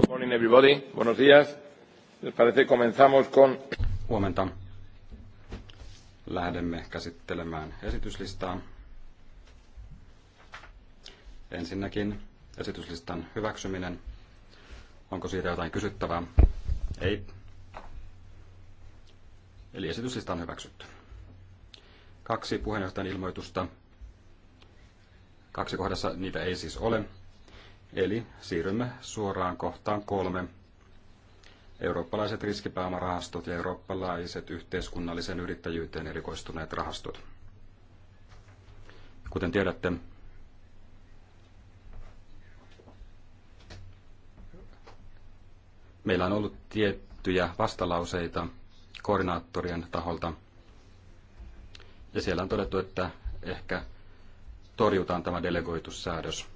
Good morning everybody. Buenos días. Me parece comenzamos con... Huomenta. Lähdemme käsittelemään esityslistaa. Ensinnäkin esityslistan hyväksyminen. Onko siitä jotain kysyttävää? Ei. Eli esityslista on hyväksytty. Kaksi puheenjohtajan ilmoitusta. Kaksi kohdassa niitä ei siis ole. Eli siirrymme suoraan kohtaan kolme. Eurooppalaiset riskipääomarahastot ja eurooppalaiset yhteiskunnallisen yrittäjyyteen erikoistuneet rahastot. Kuten tiedätte, meillä on ollut tiettyjä vastalauseita koordinaattorien taholta. Ja siellä on todettu, että ehkä torjutaan tämä delegoitussäädös.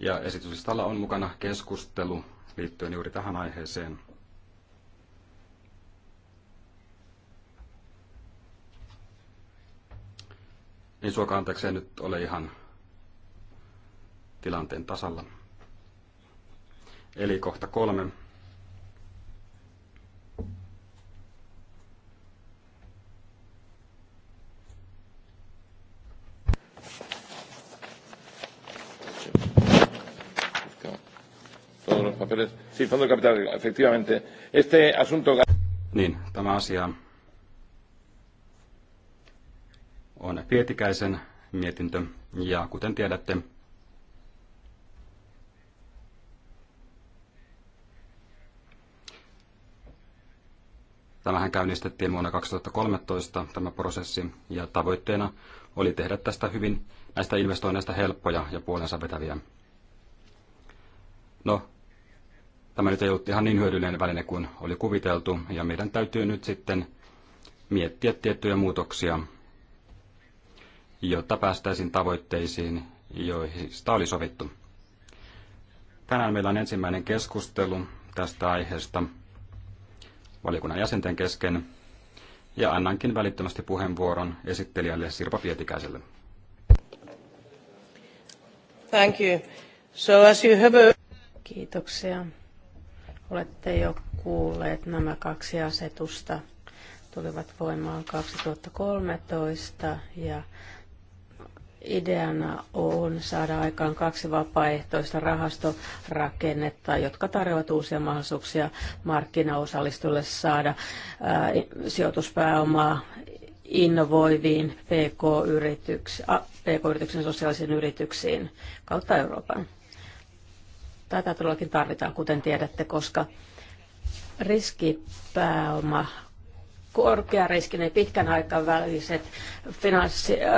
Ja esityslistalla on mukana keskustelu liittyen juuri tähän aiheeseen. Niin suokaa anteeksi, nyt ole ihan tilanteen tasalla. Eli kohta kolme. papeles. Sí, Fondo de Capital, efectivamente. Este asunto... Niin, tämä asia on Pietikäisen mietintö. Ja kuten tiedätte, Tämähän käynnistettiin vuonna 2013 tämä prosessi ja tavoitteena oli tehdä tästä hyvin näistä investoinneista helppoja ja puolensa vetäviä. No, tämä nyt ei ollut ihan niin hyödyllinen väline kuin oli kuviteltu, ja meidän täytyy nyt sitten miettiä tiettyjä muutoksia, jotta päästäisiin tavoitteisiin, joista oli sovittu. Tänään meillä on ensimmäinen keskustelu tästä aiheesta valiokunnan jäsenten kesken, ja annankin välittömästi puheenvuoron esittelijälle Sirpa Pietikäiselle. Thank you. So as you have a... Kiitoksia. Olette jo kuulleet nämä kaksi asetusta tulivat voimaan 2013 ja ideana on saada aikaan kaksi vapaaehtoista rahastorakennetta, jotka tarjoavat uusia mahdollisuuksia markkinaosallistujille saada ää, sijoituspääomaa innovoiviin PK-yrityksiin, PK-yrityksen sosiaalisiin yrityksiin kautta Euroopan. Tätä todellakin tarvitaan, kuten tiedätte, koska riskipääoma korkeariskinen pitkän aikaväliset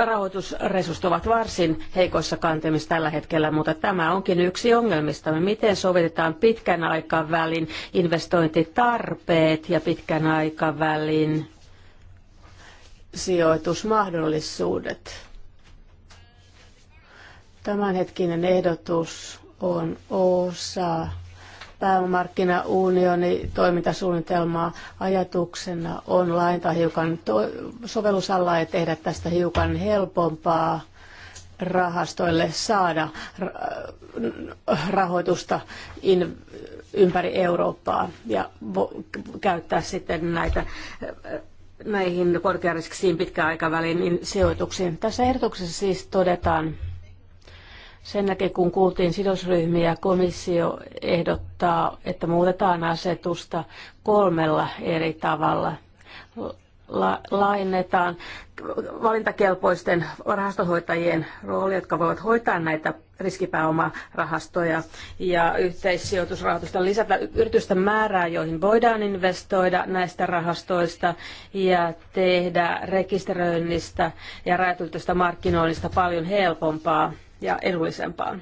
rahoitusresurssit ovat varsin heikoissa kantemissa tällä hetkellä, mutta tämä onkin yksi ongelmista. Miten sovitetaan pitkän aikavälin investointitarpeet ja pitkän aikavälin sijoitusmahdollisuudet? Tämänhetkinen ehdotus on osa pääomamarkkinaunionin toimintasuunnitelmaa. Ajatuksena on laajentaa hiukan sovellusalla ja tehdä tästä hiukan helpompaa rahastoille saada rahoitusta in, ympäri Eurooppaa ja käyttää sitten näitä näihin korkeariskisiin pitkäaikavälin sijoituksiin. Tässä ehdotuksessa siis todetaan sen jälkeen kun kuultiin sidosryhmiä, komissio ehdottaa, että muutetaan asetusta kolmella eri tavalla. La- laajennetaan valintakelpoisten rahastohoitajien rooli, jotka voivat hoitaa näitä riskipääomarahastoja ja yhteissijoitusrahoitusta lisätä yritysten määrää, joihin voidaan investoida näistä rahastoista ja tehdä rekisteröinnistä ja räätyltystä markkinoinnista paljon helpompaa ja edullisempaan.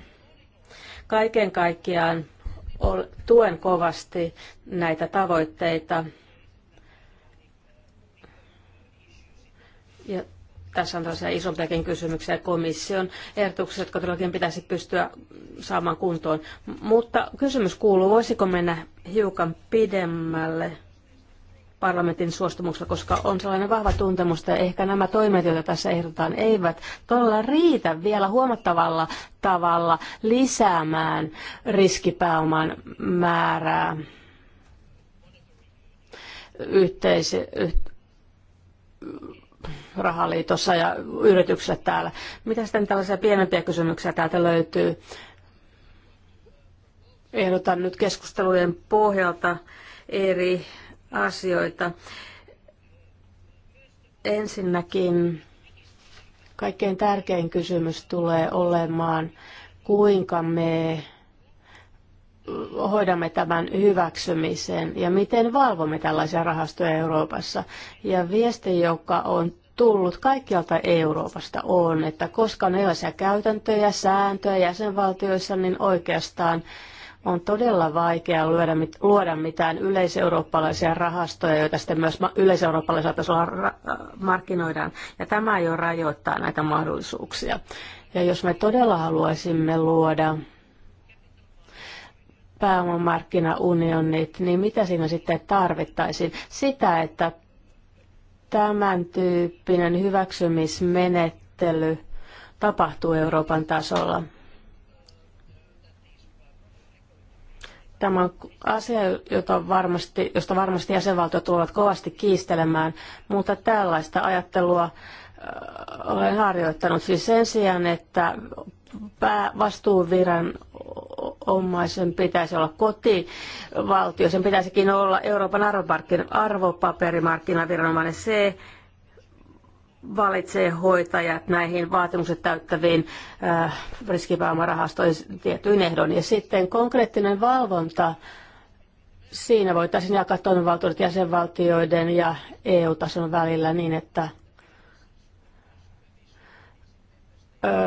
Kaiken kaikkiaan tuen kovasti näitä tavoitteita. Ja tässä on tosiaan isompiakin kysymyksiä komission ehdotuksia, jotka todellakin pitäisi pystyä saamaan kuntoon. Mutta kysymys kuuluu, voisiko mennä hiukan pidemmälle – parlamentin suostumuksella, koska on sellainen vahva tuntemus, että ehkä nämä toimet, joita tässä ehdotetaan, eivät todella riitä vielä huomattavalla tavalla lisäämään riskipääoman määrää yhteis- yht- rahaliitossa ja yrityksille täällä. Mitä sitten tällaisia pienempiä kysymyksiä täältä löytyy? Ehdotan nyt keskustelujen pohjalta eri asioita. Ensinnäkin kaikkein tärkein kysymys tulee olemaan, kuinka me hoidamme tämän hyväksymisen ja miten valvomme tällaisia rahastoja Euroopassa. Ja viesti, joka on tullut kaikkialta Euroopasta on, että koska on erilaisia käytäntöjä, sääntöjä jäsenvaltioissa, niin oikeastaan on todella vaikea luoda, luoda mitään yleiseurooppalaisia rahastoja, joita sitten myös yleiseurooppalaisella tasolla markkinoidaan. Ja tämä jo rajoittaa näitä mahdollisuuksia. Ja jos me todella haluaisimme luoda pääomamarkkinaunionit, niin mitä siinä sitten tarvittaisiin? Sitä, että tämän tyyppinen hyväksymismenettely tapahtuu Euroopan tasolla – Tämä on asia, jota varmasti, josta varmasti jäsenvaltiot tulevat kovasti kiistelemään, mutta tällaista ajattelua olen harjoittanut. Siis sen sijaan, että vastuuviran omaisen pitäisi olla kotivaltio, sen pitäisikin olla Euroopan arvopaperimarkkinaviranomainen. Se valitsee hoitajat näihin vaatimukset täyttäviin äh, riskipääomarahastoihin tietyin ehdon. Ja sitten konkreettinen valvonta, siinä voitaisiin jakaa toimivaltuudet jäsenvaltioiden ja EU-tason välillä niin, että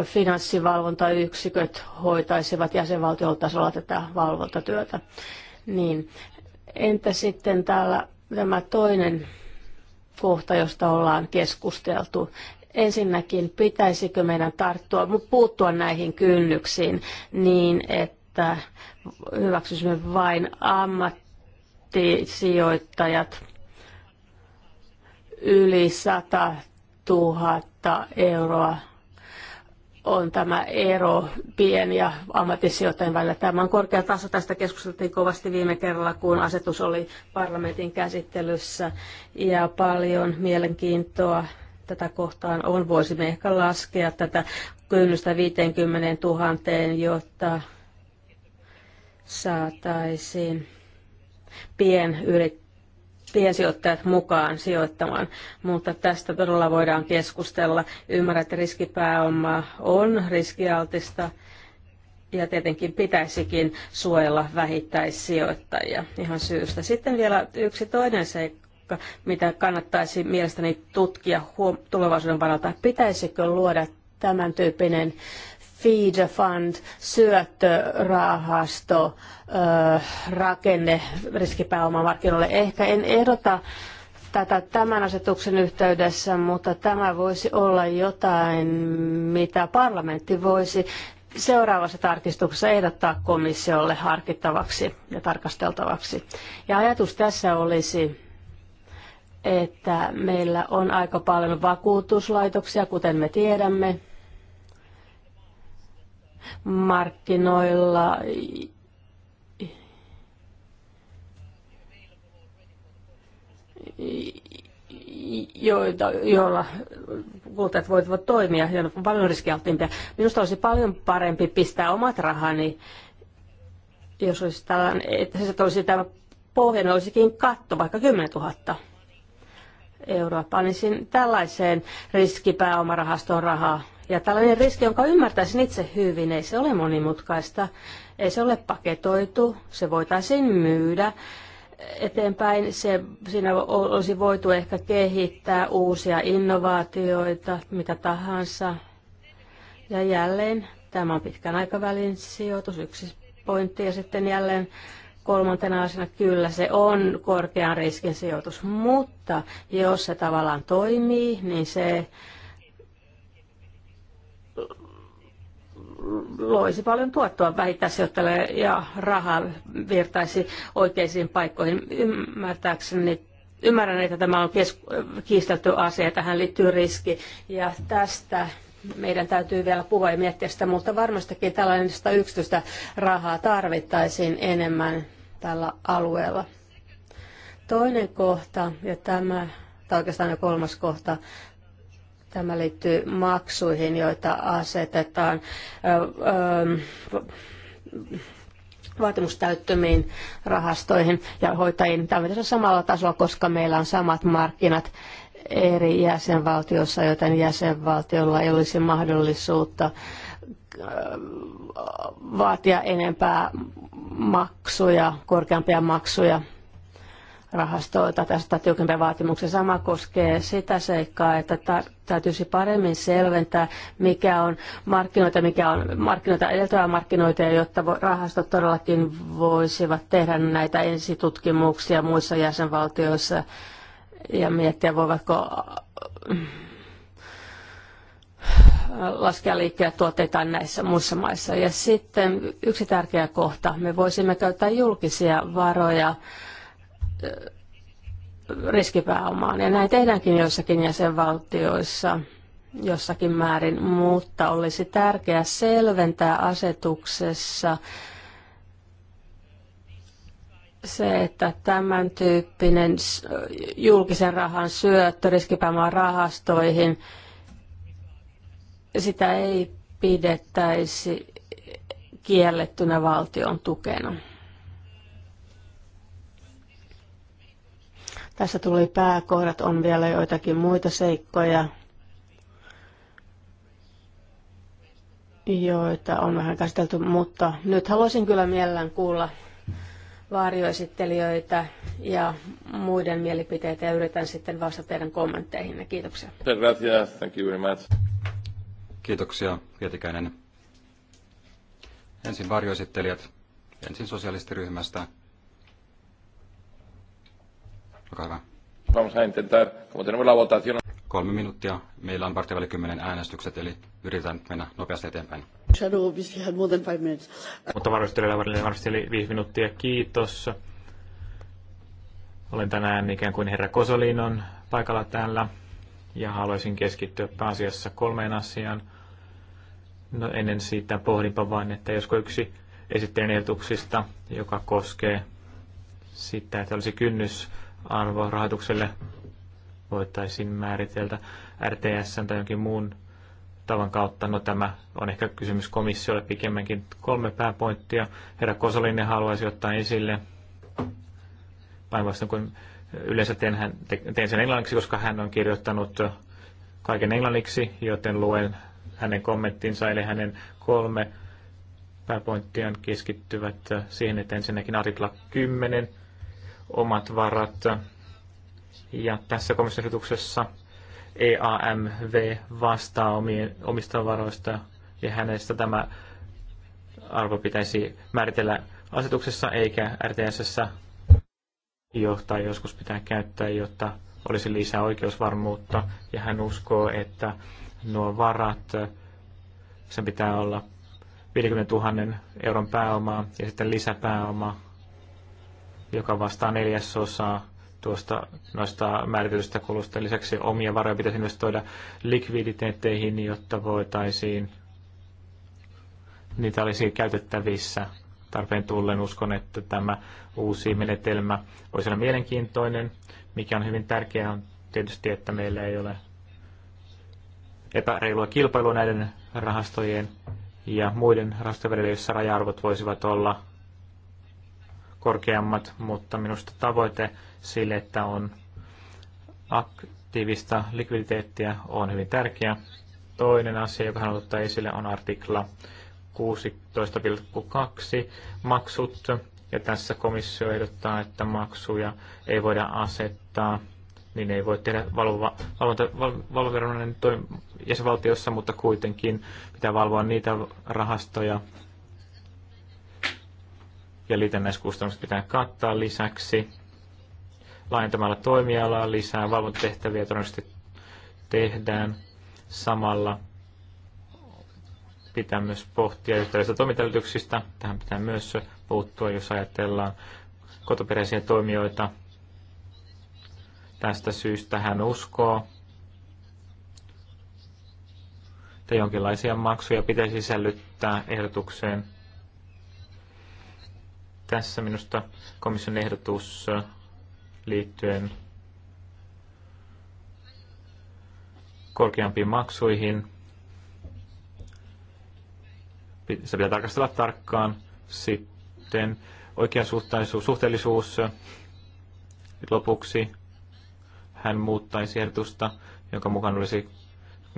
finanssivalvontayksiköt hoitaisivat tasolla tätä valvontatyötä. Niin. Entä sitten täällä tämä toinen kohta, josta ollaan keskusteltu. Ensinnäkin, pitäisikö meidän tarttua, puuttua näihin kynnyksiin niin, että hyväksyisimme vain ammattisijoittajat yli 100 000 euroa on tämä ero pien- ja ammattisijoittajien välillä. Tämä on korkea taso. Tästä keskusteltiin kovasti viime kerralla, kun asetus oli parlamentin käsittelyssä. Ja paljon mielenkiintoa tätä kohtaan on. Voisimme ehkä laskea tätä kynnystä 50 000, jotta saataisiin pienyrittäjät piensijoittajat mukaan sijoittamaan, mutta tästä todella voidaan keskustella. Ymmärrät että riskipääoma on riskialtista ja tietenkin pitäisikin suojella vähittäissijoittajia ihan syystä. Sitten vielä yksi toinen seikka, mitä kannattaisi mielestäni tutkia tulevaisuuden varalta. Pitäisikö luoda tämän tyyppinen Feed Fund, syöttörahasto, rakenne riskipääomamarkkinoille. Ehkä en ehdota tätä tämän asetuksen yhteydessä, mutta tämä voisi olla jotain, mitä parlamentti voisi seuraavassa tarkistuksessa ehdottaa komissiolle harkittavaksi ja tarkasteltavaksi. Ja ajatus tässä olisi, että meillä on aika paljon vakuutuslaitoksia, kuten me tiedämme, markkinoilla joita, joilla kuluttajat voivat toimia, ja on paljon riskialttiimpia. Minusta olisi paljon parempi pistää omat rahani, jos olisi tällainen, että se olisi tämä pohjana niin olisikin katto, vaikka 10 000 euroa. Panisin tällaiseen riskipääomarahastoon rahaa ja tällainen riski, jonka ymmärtäisin itse hyvin, ei se ole monimutkaista, ei se ole paketoitu, se voitaisiin myydä eteenpäin. Se, siinä olisi voitu ehkä kehittää uusia innovaatioita, mitä tahansa. Ja jälleen tämä on pitkän aikavälin sijoitus, yksi pointti. Ja sitten jälleen kolmantena asiana kyllä se on korkean riskin sijoitus, mutta jos se tavallaan toimii, niin se loisi paljon tuottoa vähittäisijoittajalle ja rahaa virtaisi oikeisiin paikkoihin. Ymmärtääkseni Ymmärrän, että tämä on kiistelty asia, tähän liittyy riski ja tästä meidän täytyy vielä puhua ja miettiä sitä, mutta varmastikin tällaista yksityistä rahaa tarvittaisiin enemmän tällä alueella. Toinen kohta, ja tämä, tai oikeastaan kolmas kohta, Tämä liittyy maksuihin, joita asetetaan vaatimustäyttömiin rahastoihin ja hoitajiin. Tämä on samalla tasolla, koska meillä on samat markkinat eri jäsenvaltioissa, joten jäsenvaltiolla ei olisi mahdollisuutta vaatia enempää maksuja, korkeampia maksuja rahastoilta tästä tiukempia vaatimuksia. Sama koskee sitä seikkaa, että täytyisi paremmin selventää, mikä on markkinoita, mikä on markkinoita edeltävää markkinoita, jotta rahastot todellakin voisivat tehdä näitä ensitutkimuksia muissa jäsenvaltioissa ja miettiä, voivatko äh, laskea liikkeelle tuotteita näissä muissa maissa. Ja sitten yksi tärkeä kohta, me voisimme käyttää julkisia varoja riskipääomaan. Ja näin tehdäänkin joissakin jäsenvaltioissa jossakin määrin, mutta olisi tärkeää selventää asetuksessa se, että tämän tyyppinen julkisen rahan syöttö riskipääomaan rahastoihin, sitä ei pidettäisi kiellettynä valtion tukena. Tässä tuli pääkohdat, on vielä joitakin muita seikkoja, joita on vähän käsitelty, mutta nyt haluaisin kyllä mielellään kuulla vaarioesittelijöitä ja muiden mielipiteitä ja yritän sitten vastata teidän kommentteihinne. Kiitoksia. Thank you very much. Kiitoksia, Pietikäinen. Ensin varjoesittelijät, ensin sosialistiryhmästä Olkaa hyvä. Vamos a intentar, como tenemos la votación... Kolme minuuttia. Meillä on välillä kymmenen äänestykset, eli yritetään nyt mennä nopeasti eteenpäin. Shadow obviously had more than five minutes. Mutta varmasti viisi minuuttia. Kiitos. Olen tänään ikään kuin herra Kosolinon paikalla täällä ja haluaisin keskittyä pääasiassa kolmeen asiaan. No ennen siitä pohdinpa vain, että josko yksi esittelen ehdotuksista, joka koskee sitä, että olisi kynnys Arvo-rahoitukselle voitaisiin määritellä RTS tai jonkin muun tavan kautta. No tämä on ehkä kysymys komissiolle pikemminkin kolme pääpointtia. Herra Kosolinen haluaisi ottaa esille, päinvastoin kuin yleensä teen, hän, teen sen englanniksi, koska hän on kirjoittanut kaiken englanniksi, joten luen hänen kommenttinsa, eli hänen kolme pääpointtiaan keskittyvät siihen, että ensinnäkin artikla 10 omat varat. Ja tässä komissiosuutuksessa EAMV vastaa omien, omista varoista ja hänestä tämä arvo pitäisi määritellä asetuksessa eikä RTSS johtaa joskus pitää käyttää, jotta olisi lisää oikeusvarmuutta ja hän uskoo, että nuo varat, sen pitää olla 50 000 euron pääomaa ja sitten lisäpääoma joka vastaa neljäsosaa tuosta noista määritellystä kulusta. Lisäksi omia varoja pitäisi investoida likviditeetteihin, jotta voitaisiin niitä olisi käytettävissä tarpeen tullen. Uskon, että tämä uusi menetelmä voisi olla mielenkiintoinen. Mikä on hyvin tärkeää on tietysti, että meillä ei ole epäreilua kilpailua näiden rahastojen ja muiden rahastojen välillä, joissa raja-arvot voisivat olla korkeammat, mutta minusta tavoite sille, että on aktiivista likviditeettiä, on hyvin tärkeä. Toinen asia, joka haluan ottaa esille, on artikla 16.2 maksut. Ja tässä komissio ehdottaa, että maksuja ei voida asettaa, niin ei voi tehdä valvova, valvonta, jäsenvaltiossa, mutta kuitenkin pitää valvoa niitä rahastoja, ja liitännäiskustannukset pitää kattaa lisäksi laajentamalla toimialaa lisää valvontatehtäviä todennäköisesti tehdään samalla pitää myös pohtia yhtäläisistä toimintaedellytyksistä. Tähän pitää myös puuttua, jos ajatellaan kotoperäisiä toimijoita. Tästä syystä hän uskoo, että jonkinlaisia maksuja pitäisi sisällyttää ehdotukseen – tässä minusta komission ehdotus liittyen korkeampiin maksuihin. Se pitää tarkastella tarkkaan. Sitten oikeasuhtaisuus, suhteellisuus. Lopuksi hän muuttaisi ehdotusta, jonka mukaan olisi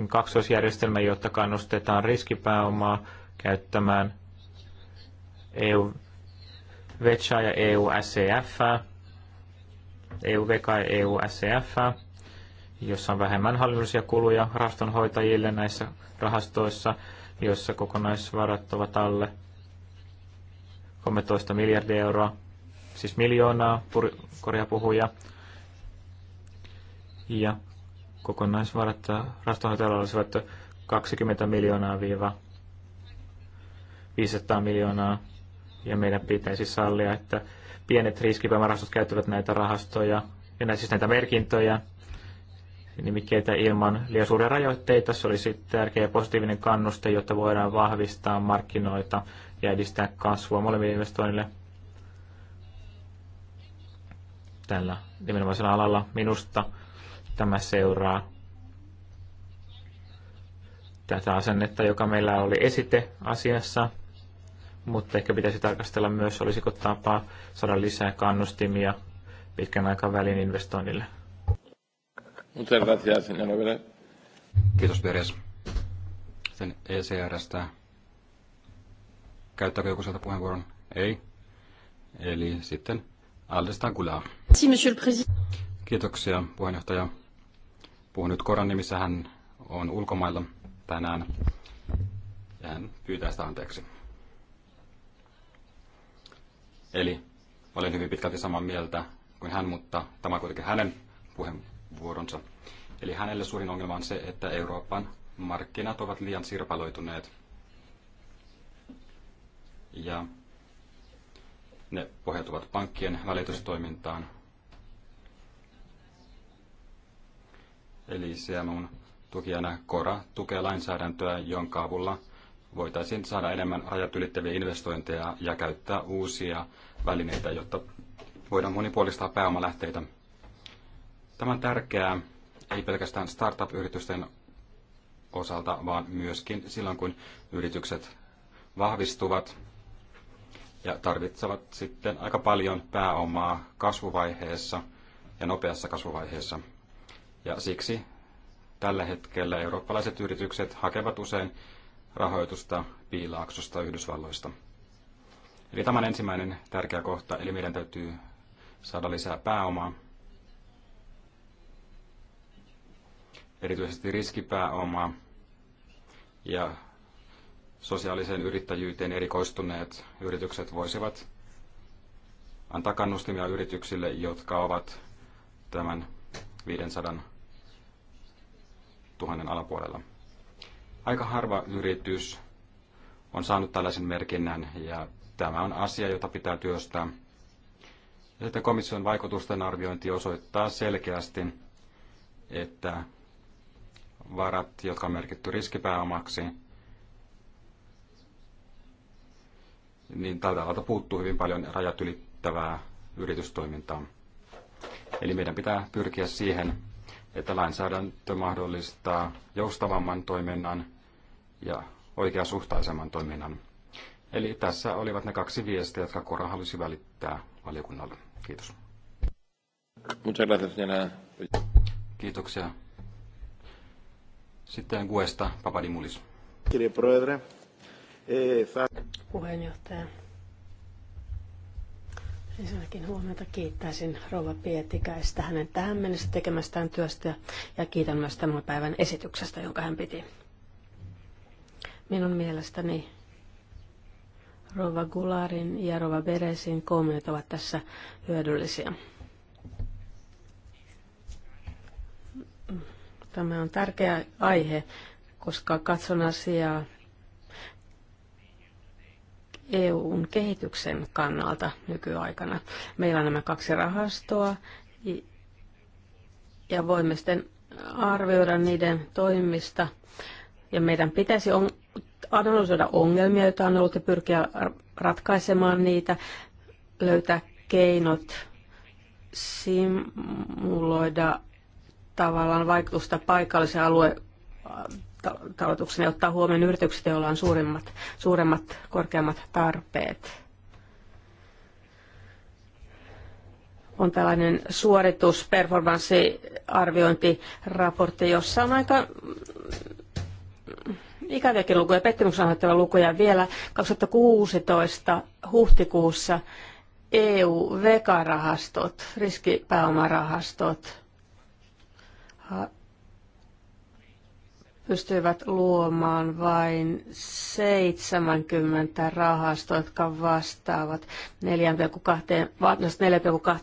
kaksoisjärjestelmä, jotta kannustetaan riskipääomaa käyttämään EU VECA e e e ja eu scf EU-VECA ja EU-SEF, jossa on vähemmän hallinnollisia kuluja rahastonhoitajille näissä rahastoissa, joissa kokonaisvarat ovat alle 13 miljardia euroa, siis miljoonaa korjapuhuja. Ja kokonaisvarat rahastonhoitajalla olisivat 20 miljoonaa viiva 500 miljoonaa ja meidän pitäisi sallia, että pienet riskipääomarahastot käyttävät näitä rahastoja, ja näitä, siis näitä merkintöjä, nimikkeitä ilman liian suuria rajoitteita. Se olisi tärkeä positiivinen kannuste, jotta voidaan vahvistaa markkinoita ja edistää kasvua molemmille investoinnille tällä nimenomaisella alalla. Minusta tämä seuraa tätä asennetta, joka meillä oli esite asiassa mutta ehkä pitäisi tarkastella myös, olisiko tapaa saada lisää kannustimia pitkän aikavälin investoinnille. Kiitos, Veres. Sen ECRstä. Käyttääkö joku sieltä puheenvuoron? Ei. Eli sitten Aldestan Kulaa. Kiitoksia, puheenjohtaja. Puhun nyt Koran nimissä. Hän on ulkomailla tänään ja hän pyytää sitä anteeksi. Eli olen hyvin pitkälti samaa mieltä kuin hän, mutta tämä on kuitenkin hänen puheenvuoronsa. Eli hänelle suurin ongelma on se, että Euroopan markkinat ovat liian sirpaloituneet. Ja ne pohjautuvat pankkien välitystoimintaan. Eli on tukijana KORA tukee lainsäädäntöä, jonka avulla – voitaisiin saada enemmän rajat ylittäviä investointeja ja käyttää uusia välineitä, jotta voidaan monipuolistaa pääomalähteitä. Tämä on tärkeää ei pelkästään startup-yritysten osalta, vaan myöskin silloin, kun yritykset vahvistuvat ja tarvitsevat sitten aika paljon pääomaa kasvuvaiheessa ja nopeassa kasvuvaiheessa. Ja siksi tällä hetkellä eurooppalaiset yritykset hakevat usein rahoitusta piilaaksosta Yhdysvalloista. Eli tämä on ensimmäinen tärkeä kohta, eli meidän täytyy saada lisää pääomaa. Erityisesti riskipääomaa ja sosiaaliseen yrittäjyyteen erikoistuneet yritykset voisivat antaa kannustimia yrityksille, jotka ovat tämän 500 000 alapuolella. Aika harva yritys on saanut tällaisen merkinnän ja tämä on asia, jota pitää työstää. Ja sitten komission vaikutusten arviointi osoittaa selkeästi, että varat, jotka on merkitty riskipääomaksi, niin tältä alalta puuttuu hyvin paljon rajat ylittävää yritystoimintaa. Eli meidän pitää pyrkiä siihen, että lainsäädäntö mahdollistaa joustavamman toiminnan ja oikeasuhtaisemman toiminnan. Eli tässä olivat ne kaksi viestiä, jotka Kora halusi välittää valiokunnalle. Kiitos. Kiitoksia. Sitten Guesta Papadimulis. Eh, Puheenjohtaja. Ensinnäkin huomiota kiittäisin Rova Pietikäistä hänen tähän mennessä tekemästään työstä ja kiitän myös tämän päivän esityksestä, jonka hän piti. Minun mielestäni Rova Gularin ja Rova Beresin kommentit ovat tässä hyödyllisiä. Tämä on tärkeä aihe, koska katson asiaa EUn kehityksen kannalta nykyaikana. Meillä on nämä kaksi rahastoa ja voimme sitten arvioida niiden toimista. Ja meidän pitäisi on, analysoida ongelmia, joita on ollut, ja pyrkiä ratkaisemaan niitä, löytää keinot simuloida tavallaan vaikutusta paikallisen alueen taloutuksen ja ottaa huomioon yritykset, joilla on suurimmat, suuremmat, korkeammat tarpeet. On tällainen suoritus, performanssiarviointiraportti, jossa on aika ikäviäkin lukuja, pettymyksen aiheuttavia lukuja vielä 2016 huhtikuussa EU-vekarahastot, riskipääomarahastot, pystyivät luomaan vain 70 rahastoa, jotka vastaavat 4,2,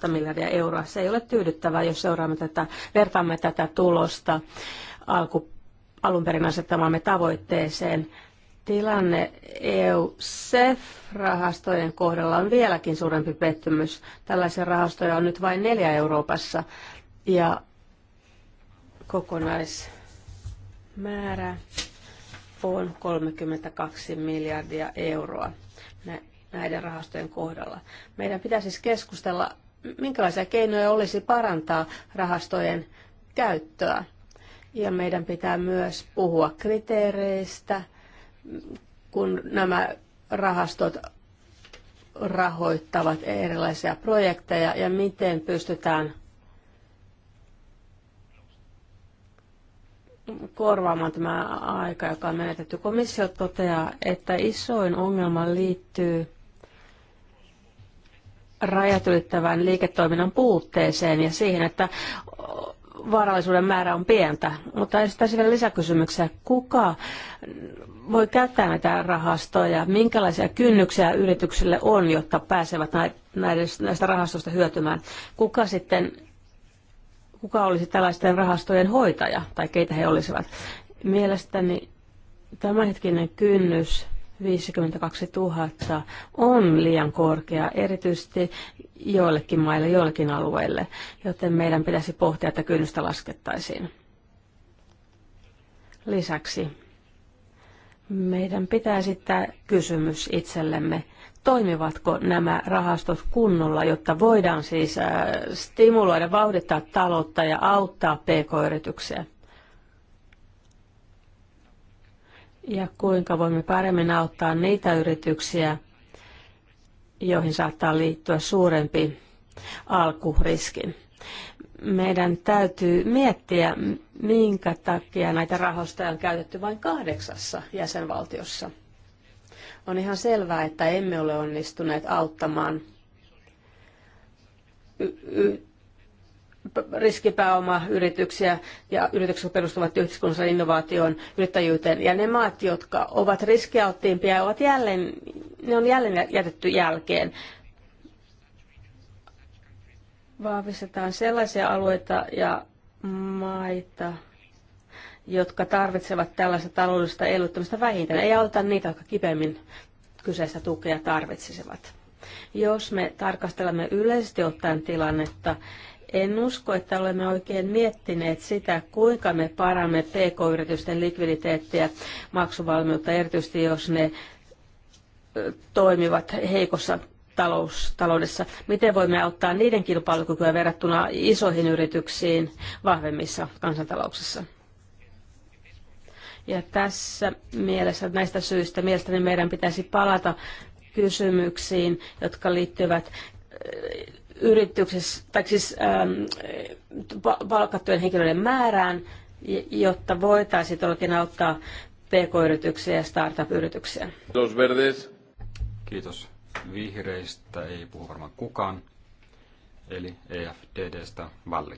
miljardia euroa. Se ei ole tyydyttävää, jos seuraamme tätä, vertaamme tätä tulosta alku, alun perin asettamaamme tavoitteeseen. Tilanne EU-SEF-rahastojen kohdalla on vieläkin suurempi pettymys. Tällaisia rahastoja on nyt vain neljä Euroopassa ja kokonais määrä on 32 miljardia euroa näiden rahastojen kohdalla. Meidän pitäisi siis keskustella, minkälaisia keinoja olisi parantaa rahastojen käyttöä. Ja meidän pitää myös puhua kriteereistä, kun nämä rahastot rahoittavat erilaisia projekteja ja miten pystytään korvaamaan tämä aika, joka on menetetty. Komissio toteaa, että isoin ongelma liittyy rajat ylittävän liiketoiminnan puutteeseen ja siihen, että varallisuuden määrä on pientä. Mutta esittäisin vielä lisäkysymyksiä. Kuka voi käyttää näitä rahastoja? Minkälaisia kynnyksiä yrityksille on, jotta pääsevät näistä rahastoista hyötymään? Kuka sitten kuka olisi tällaisten rahastojen hoitaja tai keitä he olisivat. Mielestäni tämänhetkinen kynnys 52 000 on liian korkea, erityisesti joillekin maille, joillekin alueille, joten meidän pitäisi pohtia, että kynnystä laskettaisiin. Lisäksi meidän pitää esittää kysymys itsellemme – toimivatko nämä rahastot kunnolla, jotta voidaan siis äh, stimuloida, vauhdittaa taloutta ja auttaa pk-yrityksiä? Ja kuinka voimme paremmin auttaa niitä yrityksiä, joihin saattaa liittyä suurempi alkuriskin? Meidän täytyy miettiä, minkä takia näitä rahastoja on käytetty vain kahdeksassa jäsenvaltiossa – on ihan selvää, että emme ole onnistuneet auttamaan y- y- riskipääomayrityksiä ja yritykset perustuvat yhteiskunnalliseen innovaation yrittäjyyteen. Ja ne maat, jotka ovat riskialttiimpia, ovat jälleen, ne on jälleen jätetty jälkeen. Vahvistetaan sellaisia alueita ja maita, jotka tarvitsevat tällaista taloudellista elvyttämistä vähiten. Ei auta niitä, jotka kipeämmin kyseistä tukea tarvitsisivat. Jos me tarkastelemme yleisesti ottaen tilannetta, en usko, että olemme oikein miettineet sitä, kuinka me parannamme pk-yritysten likviditeettiä, maksuvalmiutta, erityisesti jos ne toimivat heikossa talous, taloudessa. Miten voimme auttaa niiden kilpailukykyä verrattuna isoihin yrityksiin vahvemmissa kansantalouksissa? Ja tässä mielessä näistä syistä mielestäni meidän pitäisi palata kysymyksiin, jotka liittyvät äh, yrityksessä, tai siis ähm, palkattujen henkilöiden määrään, jotta voitaisiin todellakin auttaa pk-yrityksiä ja startup-yrityksiä. Kiitos, Verdes. Kiitos. Vihreistä ei puhu varmaan kukaan, eli EFDDstä Valli.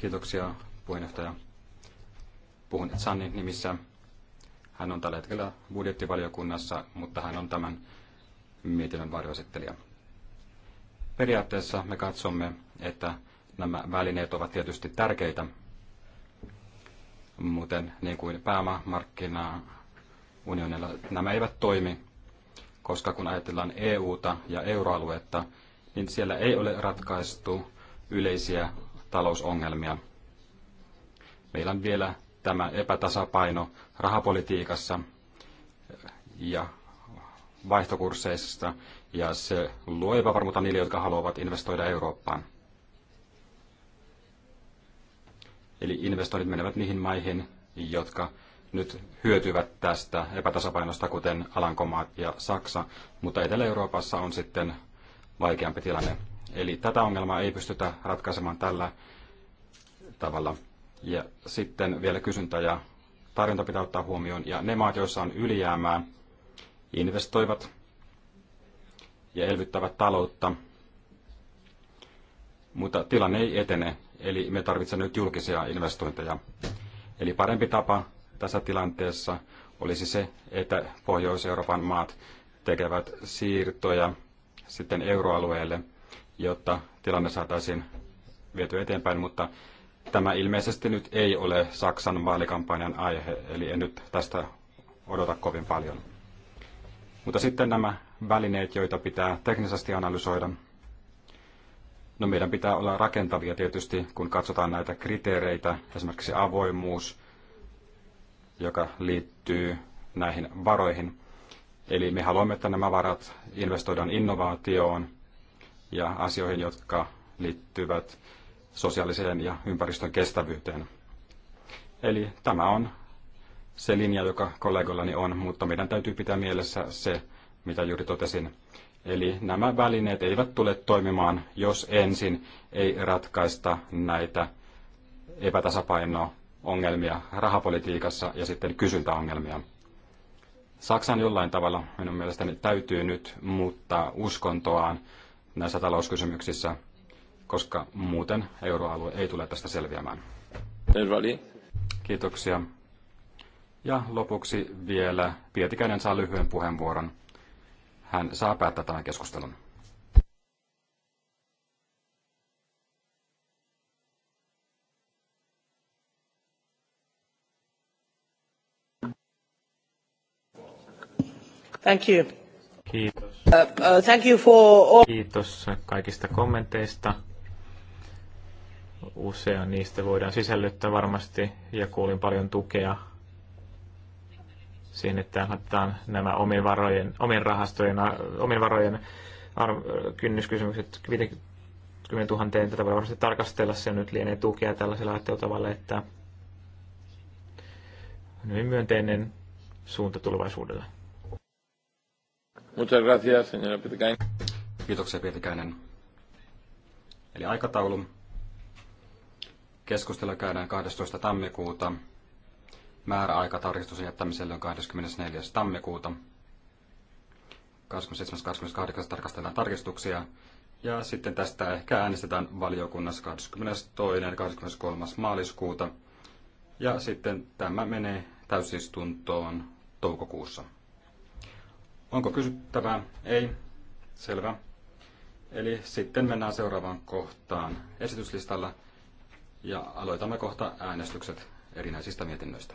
Kiitoksia puheenjohtaja puhun Sannin nimissä. Hän on tällä hetkellä budjettivaliokunnassa, mutta hän on tämän mietinnön varjoesittelijä. Periaatteessa me katsomme, että nämä välineet ovat tietysti tärkeitä, muuten niin kuin pääomamarkkina unionilla nämä eivät toimi, koska kun ajatellaan EUta ja euroaluetta, niin siellä ei ole ratkaistu yleisiä talousongelmia. Meillä on vielä tämä epätasapaino rahapolitiikassa ja vaihtokursseissa, ja se luo epävarmuutta niille, jotka haluavat investoida Eurooppaan. Eli investoinnit menevät niihin maihin, jotka nyt hyötyvät tästä epätasapainosta, kuten Alankomaat ja Saksa, mutta Etelä-Euroopassa on sitten vaikeampi tilanne. Eli tätä ongelmaa ei pystytä ratkaisemaan tällä tavalla. Ja sitten vielä kysyntä ja tarjonta pitää ottaa huomioon. Ja ne maat, joissa on ylijäämää, investoivat ja elvyttävät taloutta. Mutta tilanne ei etene, eli me tarvitsemme nyt julkisia investointeja. Eli parempi tapa tässä tilanteessa olisi se, että Pohjois-Euroopan maat tekevät siirtoja sitten euroalueelle, jotta tilanne saataisiin viety eteenpäin, mutta Tämä ilmeisesti nyt ei ole Saksan vaalikampanjan aihe, eli en nyt tästä odota kovin paljon. Mutta sitten nämä välineet, joita pitää teknisesti analysoida. No meidän pitää olla rakentavia tietysti, kun katsotaan näitä kriteereitä, esimerkiksi avoimuus, joka liittyy näihin varoihin. Eli me haluamme, että nämä varat investoidaan innovaatioon ja asioihin, jotka liittyvät sosiaaliseen ja ympäristön kestävyyteen. Eli tämä on se linja, joka kollegoillani on, mutta meidän täytyy pitää mielessä se, mitä juuri totesin. Eli nämä välineet eivät tule toimimaan, jos ensin ei ratkaista näitä epätasapaino-ongelmia rahapolitiikassa ja sitten kysyntäongelmia. Saksan jollain tavalla minun mielestäni täytyy nyt muuttaa uskontoaan näissä talouskysymyksissä – koska muuten euroalue ei tule tästä selviämään. Kiitoksia. Ja lopuksi vielä Pietikäinen saa lyhyen puheenvuoron. Hän saa päättää tämän keskustelun. Thank you. Kiitos. Uh, uh, thank you for all... Kiitos kaikista kommenteista. Usea niistä voidaan sisällyttää varmasti ja kuulin paljon tukea siihen, että laitetaan nämä omien varojen, omien rahastojen, omien varojen arv, kynnyskysymykset 50 000, tätä voi varmasti tarkastella, se nyt lienee tukea tällaisella ajattelutavalla, että on hyvin myönteinen suunta tulevaisuudelle. Muchas gracias, señora Pietikäinen. Kiitoksia, Pietikäinen. Eli aikataulu Keskustelu käydään 12. tammikuuta. Määräaika tarkistuksen jättämiselle on 24. tammikuuta. 27.28. tarkastellaan tarkistuksia. Ja sitten tästä ehkä äänestetään valiokunnassa 22. ja 23. maaliskuuta. Ja sitten tämä menee täysistuntoon toukokuussa. Onko kysyttävää? Ei. Selvä. Eli sitten mennään seuraavaan kohtaan esityslistalla ja aloitamme kohta äänestykset erinäisistä mietinnöistä.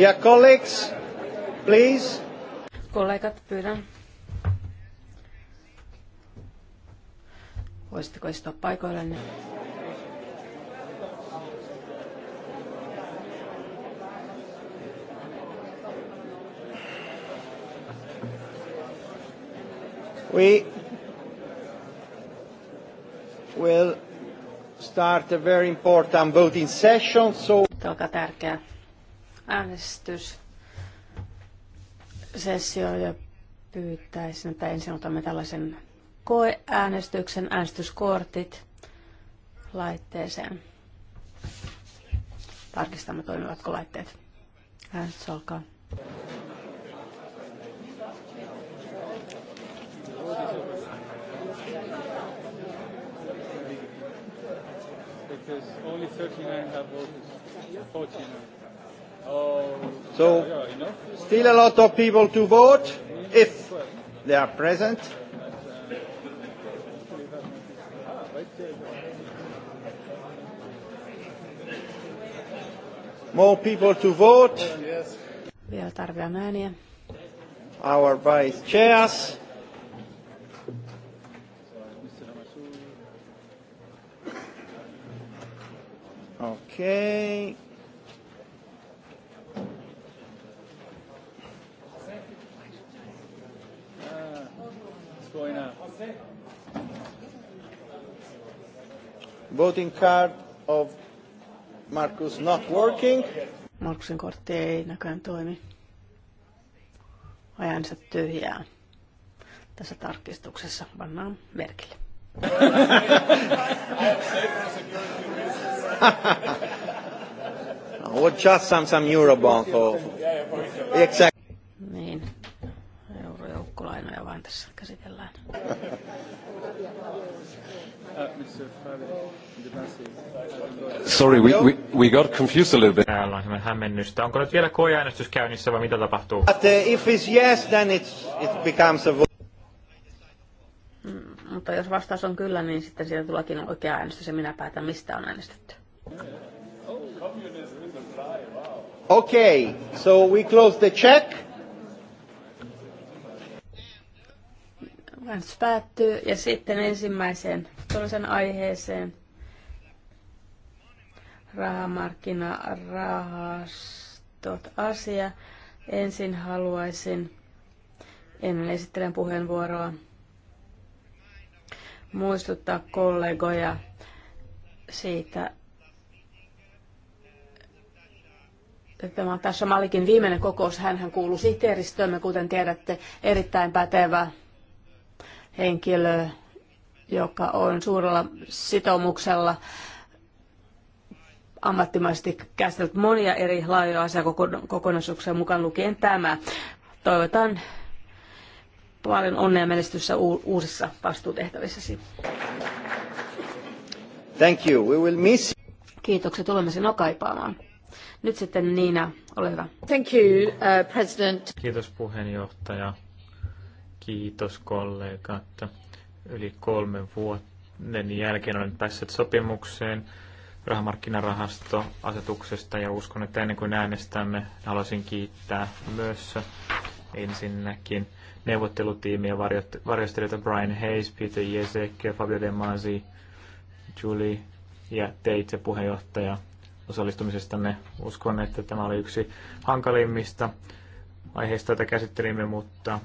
Ja colleagues, please. Kollegat, pyydän. Voisitteko istua paikoillenne? We will start a very important voting session, so... on tärkeä äänestyssessio ja pyytäisin, että ensin otamme tällaisen koeäänestyksen äänestyskortit laitteeseen. Tarkistamme, toimivatko laitteet. Äänestys alkaa. Because only 39 have voted. 49. So, still a lot of people to vote if they are present. More people to vote. Vielä tarvitaan ääniä. Our vice chairs. Okay. going up. Voting card of Markus not working. Markusin kortti ei näköjään toimi. Ajansa tyhjää. Tässä tarkistuksessa pannaan merkille. Or just some, some Eurobond. Exactly. Niin, eurojoukkolainoja vain tässä käsitellään. Sorry, we, we, we got confused a little bit. Täällä on semmoinen hämmennystä. Onko nyt vielä koeäänestys käynnissä vai mitä tapahtuu? But, uh, if it's yes, then it's, it becomes a vote. Mm, mutta jos vastaus on kyllä, niin sitten siellä tuleekin oikea äänestys ja minä päätän, mistä on äänestetty. Okei, okay, so we close the check. Äänestys päättyy ja sitten ensimmäiseen toisen aiheeseen rahamarkkina rahastot asia. Ensin haluaisin ennen esittelen puheenvuoroa muistuttaa kollegoja siitä, Tämä on tässä Malikin viimeinen kokous. hän kuuluu sihteeristöömme, kuten tiedätte, erittäin pätevä henkilö, joka on suurella sitoumuksella ammattimaisesti käsitellyt monia eri laajoja asiakokonaisuuksia mukaan lukien tämä. Toivotan paljon onnea menestyssä uusissa vastuutehtävissäsi. Thank you. We will miss... Kiitokset, tulemme sinua kaipaamaan. Nyt sitten Niina, ole hyvä. Thank you, uh, President. Kiitos puheenjohtaja. Kiitos että Yli kolmen vuoden jälkeen olen päässyt sopimukseen rahamarkkinarahastoasetuksesta ja uskon, että ennen kuin äänestämme, haluaisin kiittää myös ensinnäkin neuvottelutiimiä varjostelijoita Brian Hayes, Peter Jesek, Fabio De Masi, Julie ja teitse puheenjohtaja osallistumisestanne. Uskon, että tämä oli yksi hankalimmista aiheista, joita käsittelimme, mutta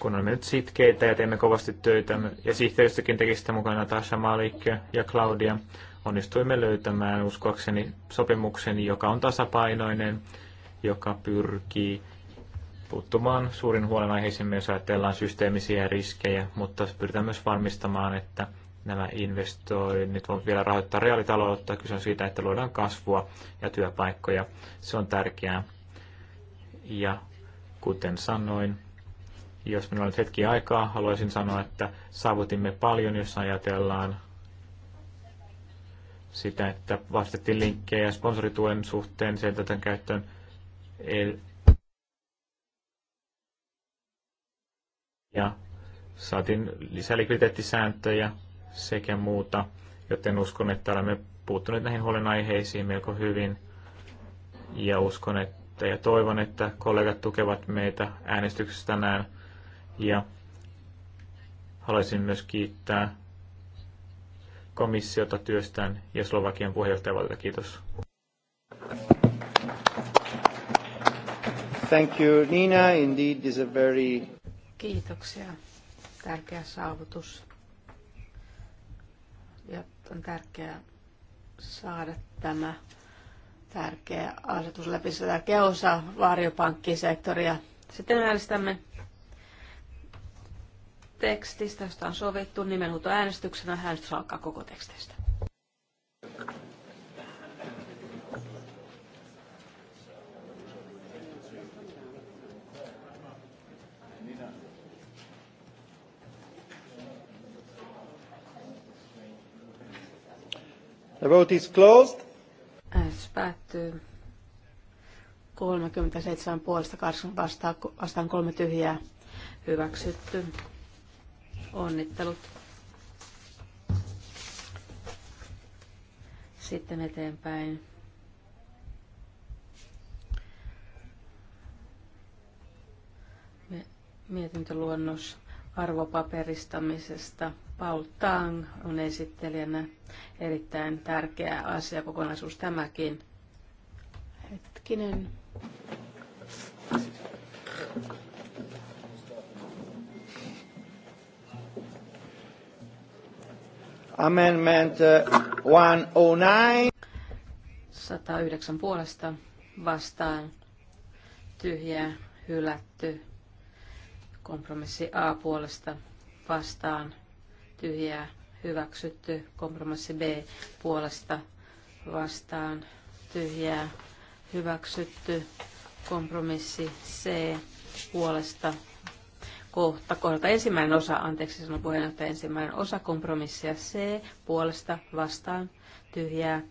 kun olemme nyt sitkeitä ja teemme kovasti töitä, ja sihteeristökin teki sitä mukana Tasha Malik ja Claudia, onnistuimme löytämään uskoakseni sopimuksen, joka on tasapainoinen, joka pyrkii puuttumaan suurin huolenaiheisiin, jos ajatellaan systeemisiä riskejä, mutta pyritään myös varmistamaan, että nämä investoinnit voivat vielä rahoittaa reaalitaloutta. Kyse on siitä, että luodaan kasvua ja työpaikkoja. Se on tärkeää. Ja kuten sanoin, jos minulla on nyt hetki aikaa, haluaisin sanoa, että saavutimme paljon, jos ajatellaan sitä, että vastettiin linkkejä sponsorituen suhteen sen tätä käyttöön. Ja saatiin lisälikviditeettisääntöjä sekä muuta, joten uskon, että olemme puuttuneet näihin huolenaiheisiin melko hyvin. Ja uskon, että ja toivon, että kollegat tukevat meitä äänestyksessä tänään ja haluaisin myös kiittää komissiota työstään ja Slovakian puheenjohtajavalta. Kiitos. Thank you, Nina. Indeed, is a very... Kiitoksia. Tärkeä saavutus. Ja on tärkeää saada tämä tärkeä asetus läpi. Se tärkeä osa varjopankkisektoria. Sitten äänestämme tekstistä, josta on sovittu nimenhuuto äänestyksenä. Äänestys alkaa koko tekstistä. The vote is closed. Äänestys päättyy. 37 puolesta 8 vastaan, vastaan kolme tyhjää hyväksytty. Onnittelut. Sitten eteenpäin. Mietintöluonnos arvopaperistamisesta. Paul Tang on esittelijänä. Erittäin tärkeä kokonaisuus tämäkin. Hetkinen. Amendment 109. Uh, 109 puolesta vastaan tyhjä hylätty. Kompromissi A puolesta vastaan tyhjä hyväksytty. Kompromissi B puolesta vastaan tyhjä hyväksytty. Kompromissi C puolesta kohta, kohdalta ensimmäinen osa, anteeksi sanon puheenjohtaja, ensimmäinen osa kompromissia C, puolesta vastaan, tyhjää,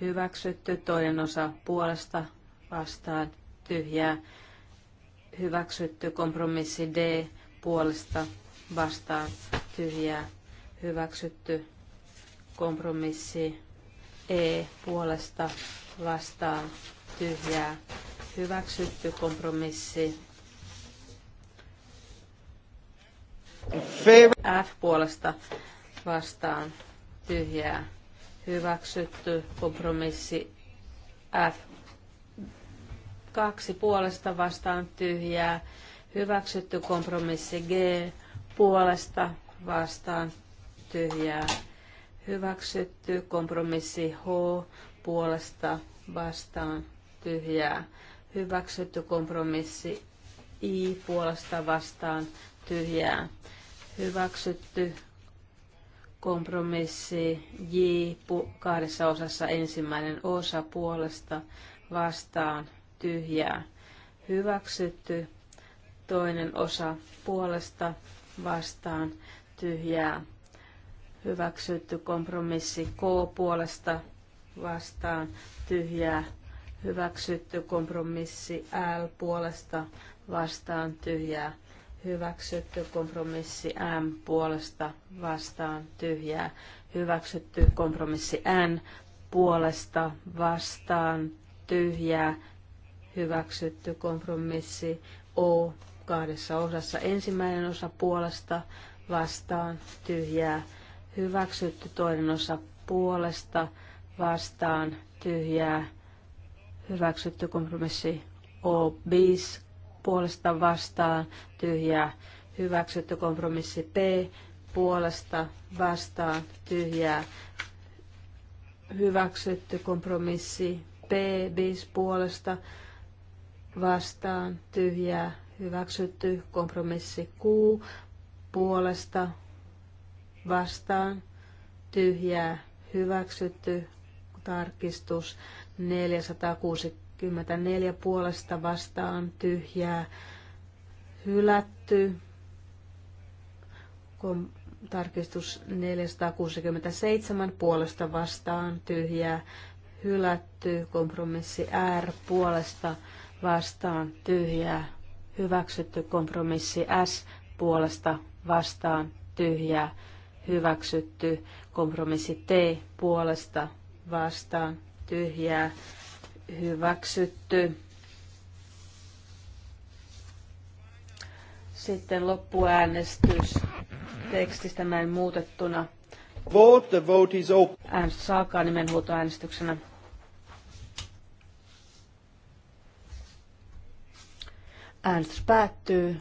hyväksytty, toinen osa puolesta vastaan, tyhjää, hyväksytty, kompromissi D, puolesta vastaan, tyhjää, hyväksytty, kompromissi E, puolesta vastaan, tyhjää, hyväksytty, kompromissi F-puolesta vastaan tyhjää hyväksytty. Kompromissi F. Kaksi puolesta vastaan tyhjää hyväksytty. Kompromissi G puolesta vastaan tyhjää hyväksytty. Kompromissi H puolesta vastaan tyhjää hyväksytty. Kompromissi I puolesta vastaan tyhjää Hyväksytty kompromissi J kahdessa osassa ensimmäinen osa puolesta vastaan tyhjää. Hyväksytty toinen osa puolesta vastaan tyhjää. Hyväksytty kompromissi K puolesta vastaan tyhjää. Hyväksytty kompromissi L puolesta vastaan tyhjää hyväksytty kompromissi M puolesta vastaan tyhjää, hyväksytty kompromissi N puolesta vastaan tyhjää, hyväksytty kompromissi O kahdessa osassa. Ensimmäinen osa puolesta vastaan tyhjää, hyväksytty toinen osa puolesta vastaan tyhjää, hyväksytty kompromissi O bis puolesta vastaan tyhjää hyväksytty. Kompromissi P puolesta vastaan tyhjää hyväksytty. Kompromissi P bis puolesta vastaan tyhjää hyväksytty. Kompromissi Q puolesta vastaan tyhjää hyväksytty tarkistus 460 24 puolesta vastaan tyhjää hylätty. Kom- tarkistus 467 puolesta vastaan tyhjää hylätty. Kompromissi R puolesta vastaan tyhjää hyväksytty. Kompromissi S puolesta vastaan tyhjää hyväksytty. Kompromissi T puolesta vastaan tyhjää hyväksytty. Sitten loppuäänestys tekstistä näin muutettuna. Vote, the vote is open. Äänestys alkaa nimenhuutoäänestyksenä. Äänestys päättyy.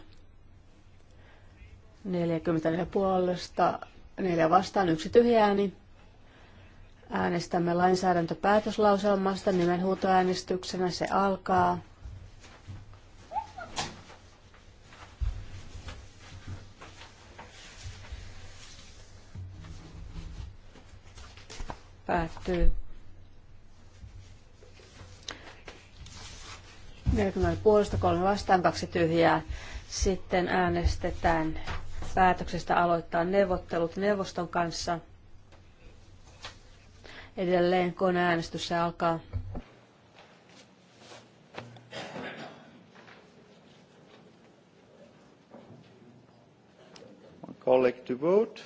44 puolesta, 4 vastaan, yksi tyhjä ääni. Niin Äänestämme lainsäädäntöpäätöslauselmasta nimenhuutoäänestyksenä. Se alkaa. Päättyy. 40 puolesta, 3 vastaan, kaksi tyhjää. Sitten äänestetään päätöksestä aloittaa neuvottelut neuvoston kanssa. Edelleen koneäänestys alkaa. Collect vote.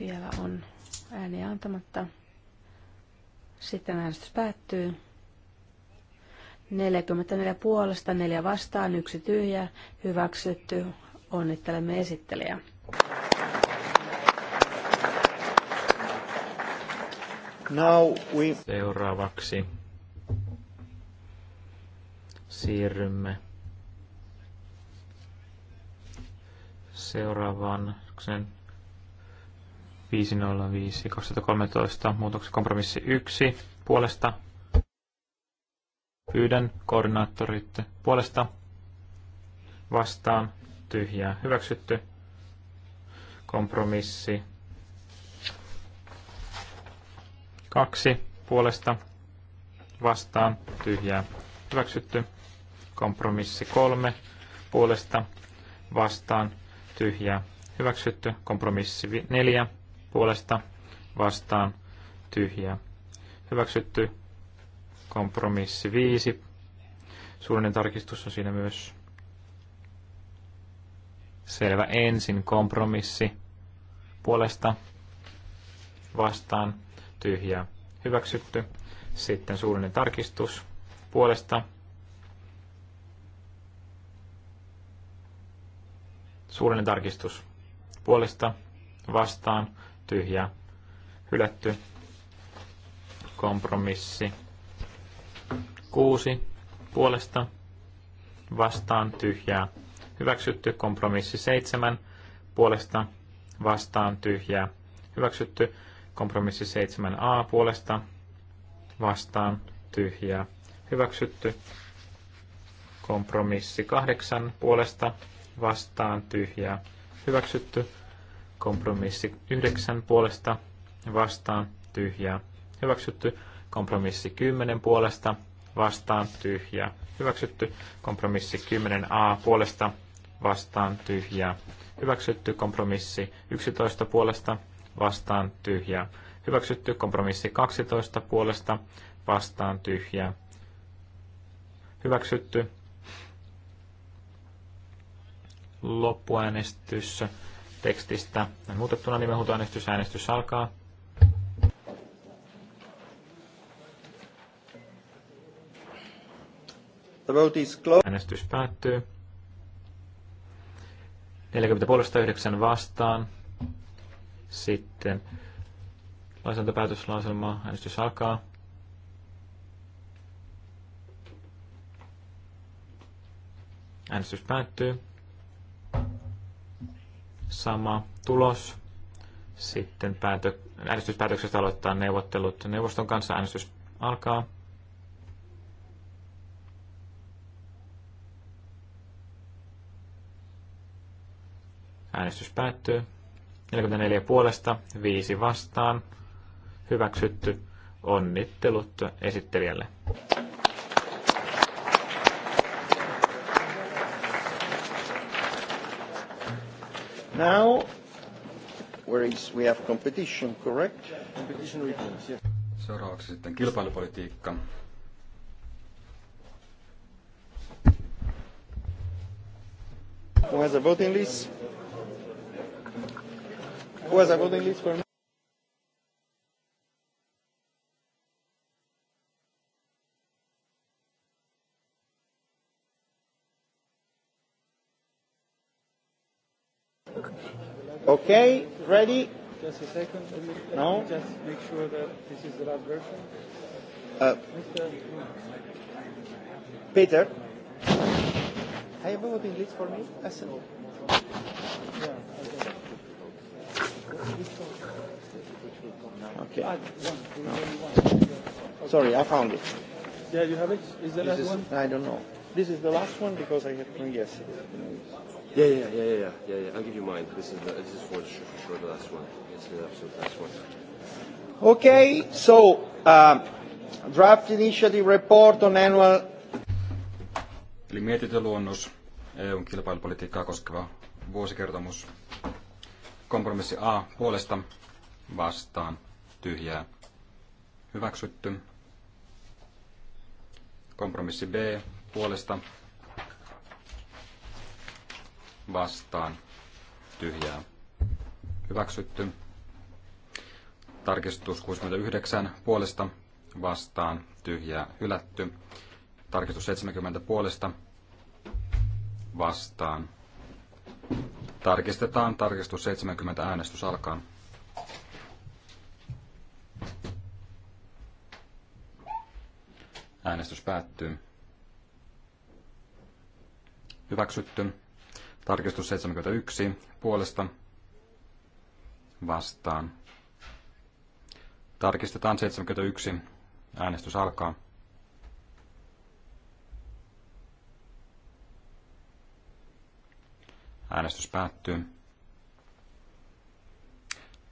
Vielä on ääni antamatta. Sitten äänestys päättyy. 44 puolesta, 4 vastaan, yksi tyhjä, hyväksytty. Onnittelemme esittelijä. Now we... Seuraavaksi siirrymme seuraavaan 505 2013 muutoksen kompromissi 1 puolesta. Pyydän koordinaattorit puolesta vastaan tyhjää hyväksytty. Kompromissi Kaksi puolesta vastaan tyhjää hyväksytty. Kompromissi kolme puolesta vastaan tyhjää hyväksytty. Kompromissi neljä puolesta vastaan tyhjää hyväksytty. Kompromissi viisi Suullinen tarkistus on siinä myös. Selvä. Ensin kompromissi puolesta vastaan tyhjää hyväksytty. Sitten suullinen tarkistus puolesta. Suullinen tarkistus puolesta vastaan tyhjää hylätty. Kompromissi. Kuusi puolesta vastaan tyhjää hyväksytty. Kompromissi seitsemän puolesta vastaan tyhjää hyväksytty Kompromissi 7a puolesta vastaan tyhjää hyväksytty. Kompromissi 8 puolesta vastaan tyhjää hyväksytty. Kompromissi 9 puolesta vastaan tyhjää hyväksytty. Kompromissi 10 puolesta vastaan tyhjää hyväksytty. Kompromissi 10a puolesta vastaan tyhjää hyväksytty. Kompromissi 11 puolesta vastaan tyhjä Hyväksytty kompromissi 12 puolesta vastaan tyhjä Hyväksytty loppuäänestys tekstistä. Muutettuna nimenhuutoäänestys, äänestys alkaa. The vote is closed. Äänestys päättyy. 40 puolesta 9 vastaan. Sitten lainsäädäntöpäätöslauselma, äänestys alkaa. Äänestys päättyy. Sama tulos. Sitten päätö, äänestyspäätöksestä aloittaa neuvottelut neuvoston kanssa. Äänestys alkaa. Äänestys päättyy. 44 puolesta, 5 vastaan. Hyväksytty. Onnittelut esittelijälle. Now, where is we have competition, correct? Competition reports, yes. Seuraavaksi sitten kilpailupolitiikka. Who has a voting list? Where's a golden no? uh, English for me. Okay, ready? Just a second. No? Just make sure that this is the right version. Uh, Mr. Peter? Have you got English for me? Yes, no. Okay. No. Sorry, I found it. Yeah, you have it? Is the last is, one? I don't know. This is the last one because I have. Yes. yesterday. Yeah, yeah, yeah, yeah, yeah, yeah. I'll give you mine. This is the, this is for sure, for sure the last one. It's the absolute last one. Okay, so um, draft initiative report on annual. Eli mietintöluonnos EUn kilpailupolitiikkaa koskeva vuosikertomus Kompromissi A puolesta vastaan tyhjää hyväksytty. Kompromissi B puolesta vastaan tyhjää hyväksytty. Tarkistus 69 puolesta vastaan tyhjää hylätty. Tarkistus 70 puolesta vastaan Tarkistetaan. Tarkistus 70. Äänestys alkaa. Äänestys päättyy. Hyväksytty. Tarkistus 71. Puolesta. Vastaan. Tarkistetaan 71. Äänestys alkaa. Äänestys päättyy.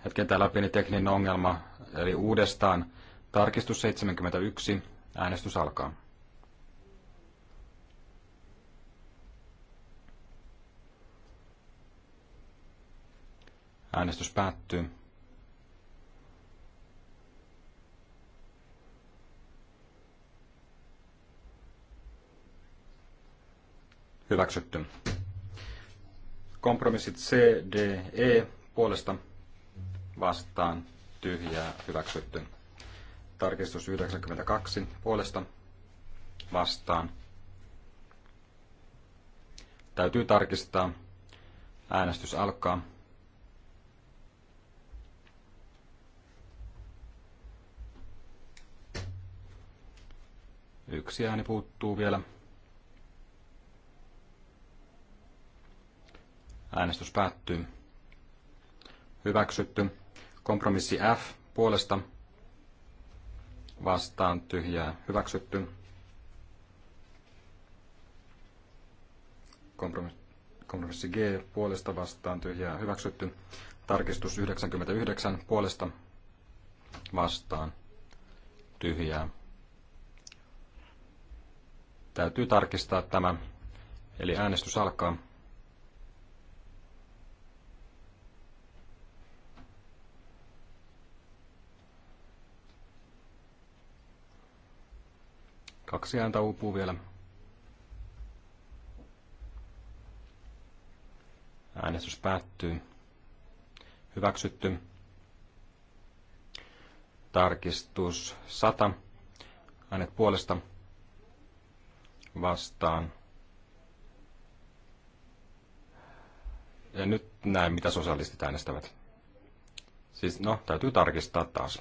Hetken täällä pieni tekninen ongelma, eli uudestaan tarkistus 71. Äänestys alkaa. Äänestys päättyy. Hyväksytty. Kompromissit C, D, E puolesta vastaan tyhjää hyväksytty. Tarkistus 92 puolesta vastaan. Täytyy tarkistaa. Äänestys alkaa. Yksi ääni puuttuu vielä. Äänestys päättyy. Hyväksytty. Kompromissi F puolesta vastaan tyhjää hyväksytty. Kompromissi G puolesta vastaan tyhjää hyväksytty. Tarkistus 99 puolesta vastaan tyhjää. Täytyy tarkistaa tämä, eli äänestys alkaa. Kaksi ääntä uupuu vielä. Äänestys päättyy. Hyväksytty. Tarkistus 100. Äänet puolesta vastaan. Ja nyt näen, mitä sosialistit äänestävät. Siis no, täytyy tarkistaa taas.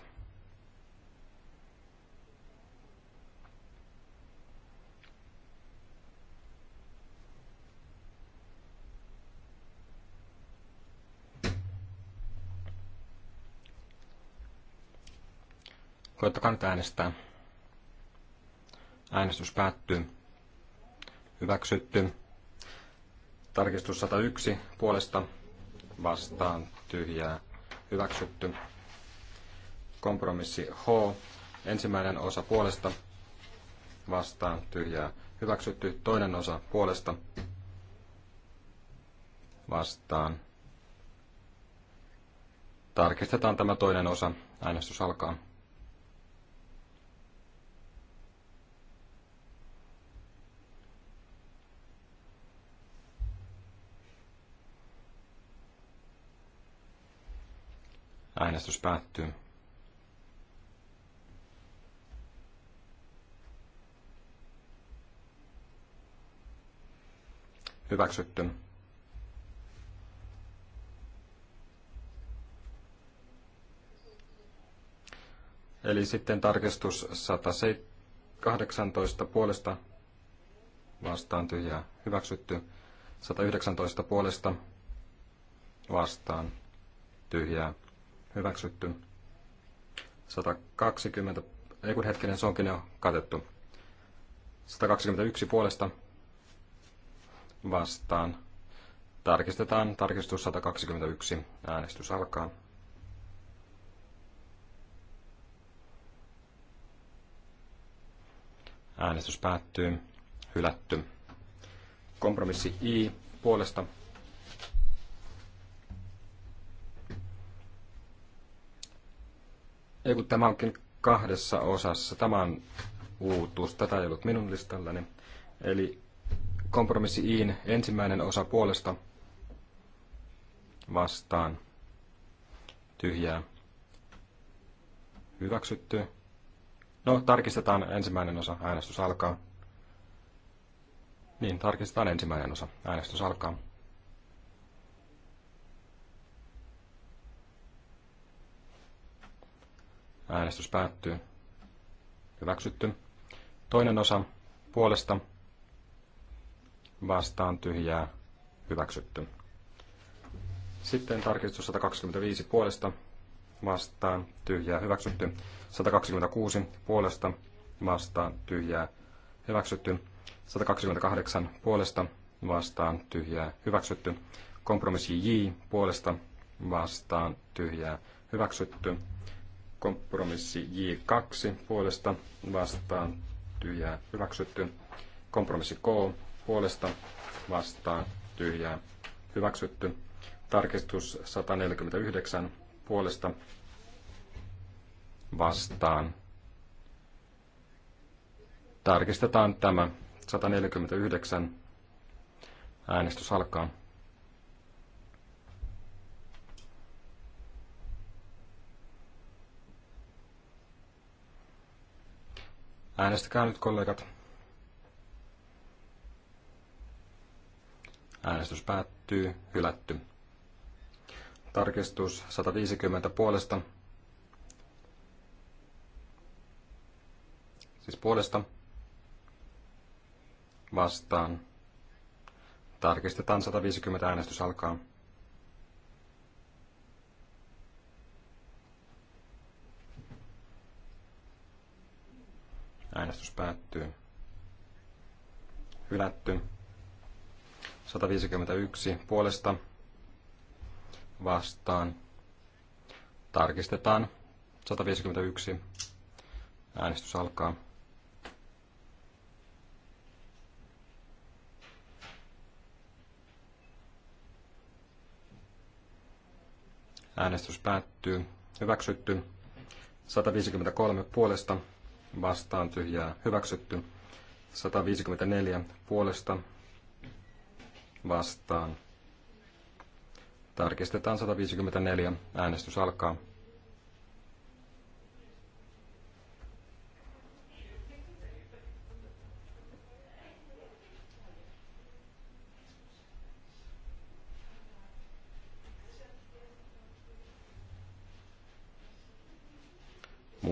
Koettakaa nyt äänestää. Äänestys päättyy. Hyväksytty. Tarkistus 101 puolesta vastaan tyhjää. Hyväksytty. Kompromissi H. Ensimmäinen osa puolesta vastaan tyhjää. Hyväksytty. Toinen osa puolesta vastaan. Tarkistetaan tämä toinen osa. Äänestys alkaa. Äänestys päättyy. Hyväksytty. Eli sitten tarkistus 118 puolesta vastaan tyhjää hyväksytty. 119 puolesta vastaan tyhjää hyväksytty. 120, ei kun hetkinen, se onkin jo katettu. 121 puolesta vastaan. Tarkistetaan. Tarkistus 121. Äänestys alkaa. Äänestys päättyy. Hylätty. Kompromissi I puolesta Ei kun tämä onkin kahdessa osassa. Tämä on uutuus. Tätä ei ollut minun listallani. Eli kompromissi Iin ensimmäinen osa puolesta vastaan tyhjää hyväksytty. No, tarkistetaan ensimmäinen osa. Äänestys alkaa. Niin, tarkistetaan ensimmäinen osa. Äänestys alkaa. Äänestys päättyy. Hyväksytty. Toinen osa puolesta vastaan tyhjää hyväksytty. Sitten tarkistus 125 puolesta vastaan tyhjää hyväksytty. 126 puolesta vastaan tyhjää hyväksytty. 128 puolesta vastaan tyhjää hyväksytty. Kompromissi J puolesta vastaan tyhjää hyväksytty. Kompromissi J2 puolesta vastaan tyhjää hyväksytty. Kompromissi K puolesta vastaan tyhjää hyväksytty. Tarkistus 149 puolesta vastaan. Tarkistetaan tämä 149. Äänestys alkaa. Äänestäkää nyt kollegat. Äänestys päättyy, hylätty. Tarkistus 150 puolesta. Siis puolesta vastaan. Tarkistetaan 150 äänestys alkaa. Äänestys päättyy. Hylätty. 151 puolesta vastaan. Tarkistetaan. 151. Äänestys alkaa. Äänestys päättyy. Hyväksytty. 153 puolesta vastaan tyhjää hyväksytty. 154 puolesta vastaan. Tarkistetaan 154. Äänestys alkaa.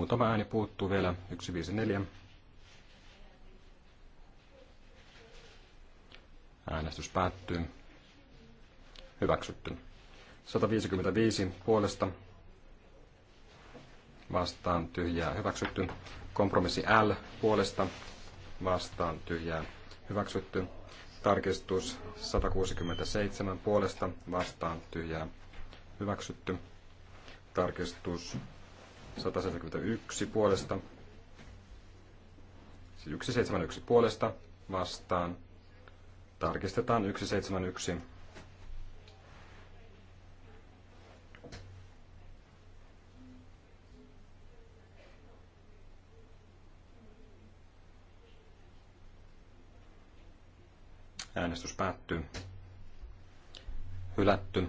Muutama ääni puuttuu vielä, 154. Äänestys päättyy. Hyväksytty. 155 puolesta vastaan tyhjää hyväksytty. Kompromissi L puolesta vastaan tyhjää hyväksytty. Tarkistus 167 puolesta vastaan tyhjää hyväksytty. Tarkistus 171 puolesta. Siis 171 puolesta vastaan. Tarkistetaan 171. Äänestys päättyy. Hylätty.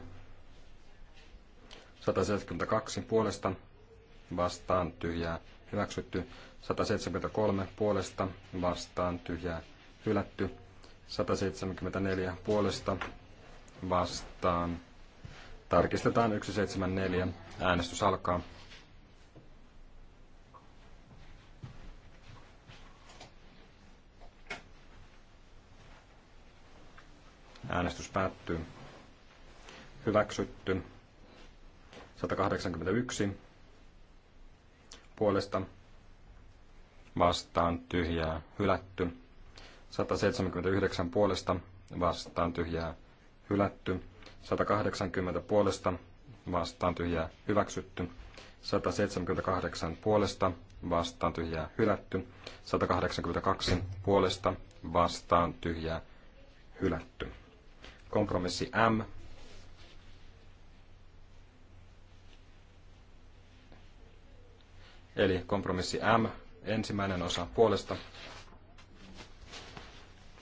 172 puolesta vastaan tyhjää hyväksytty. 173 puolesta vastaan tyhjää hylätty. 174 puolesta vastaan. Tarkistetaan 174. Äänestys alkaa. Äänestys päättyy. Hyväksytty. 181 puolesta vastaan tyhjää hylätty. 179 puolesta vastaan tyhjää hylätty. 180 puolesta vastaan tyhjää hyväksytty. 178 puolesta vastaan tyhjää hylätty. 182 puolesta vastaan tyhjää hylätty. Kompromissi M Eli kompromissi M, ensimmäinen osa puolesta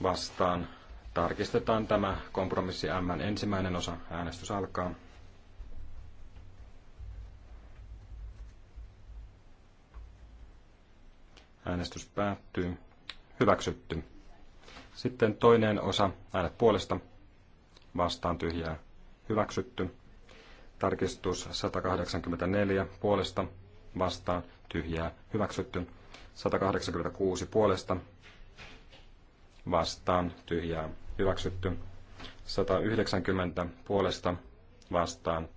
vastaan. Tarkistetaan tämä kompromissi M, ensimmäinen osa. Äänestys alkaa. Äänestys päättyy. Hyväksytty. Sitten toinen osa, äänet puolesta, vastaan tyhjää, hyväksytty. Tarkistus 184 puolesta, vastaan tyhjää hyväksytty. 186 puolesta vastaan tyhjää hyväksytty. 190 puolesta vastaan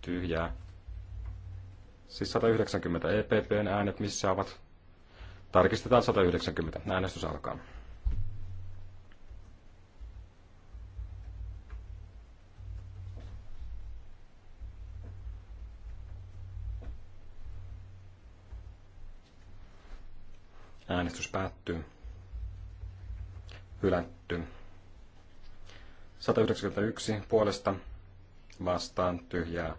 tyhjää. Siis 190 EPPn äänet missä ovat. Tarkistetaan 190. Äänestys alkaa. Äänestys päättyy. Hylätty. 191 puolesta vastaan tyhjää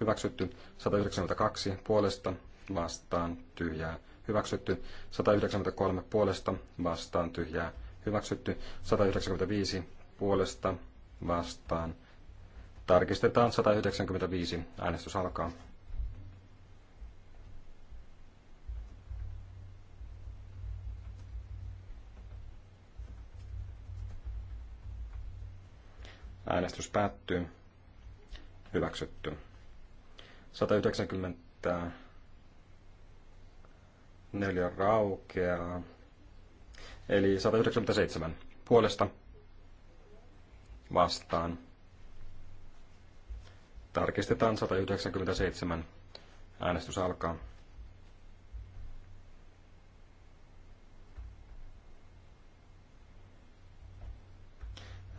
hyväksytty. 192 puolesta vastaan tyhjää hyväksytty. 193 puolesta vastaan tyhjää hyväksytty. 195 puolesta vastaan. Tarkistetaan 195. Äänestys alkaa. Äänestys päättyy. Hyväksytty. 194 raukeaa. Eli 197 puolesta vastaan. Tarkistetaan 197. Äänestys alkaa.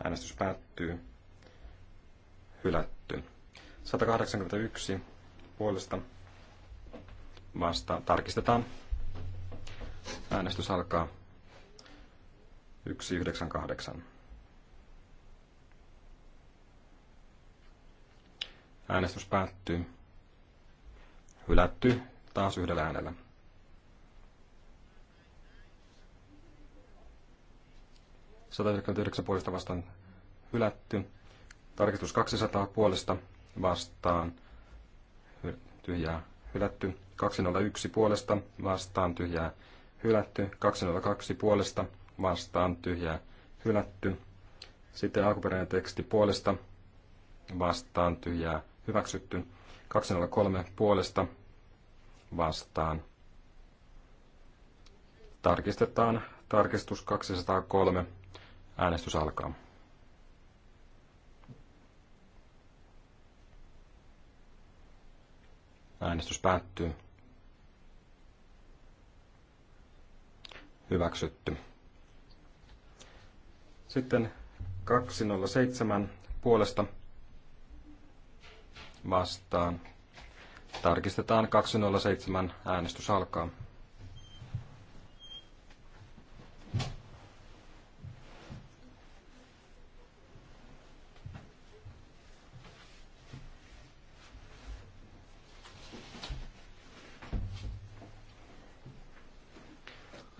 Äänestys päättyy hylätty. 181 puolesta vasta tarkistetaan. Äänestys alkaa 198. Äänestys päättyy. Hylätty taas yhdellä äänellä. puolesta vastaan hylätty. Tarkistus 200 puolesta vastaan tyhjää hylätty. 201 puolesta vastaan tyhjää hylätty. 202 puolesta vastaan tyhjää hylätty. Sitten alkuperäinen teksti puolesta vastaan tyhjää hyväksytty. 203 puolesta vastaan. Tarkistetaan tarkistus 203. Äänestys alkaa. Äänestys päättyy. Hyväksytty. Sitten 207 puolesta vastaan. Tarkistetaan 207 äänestys alkaa.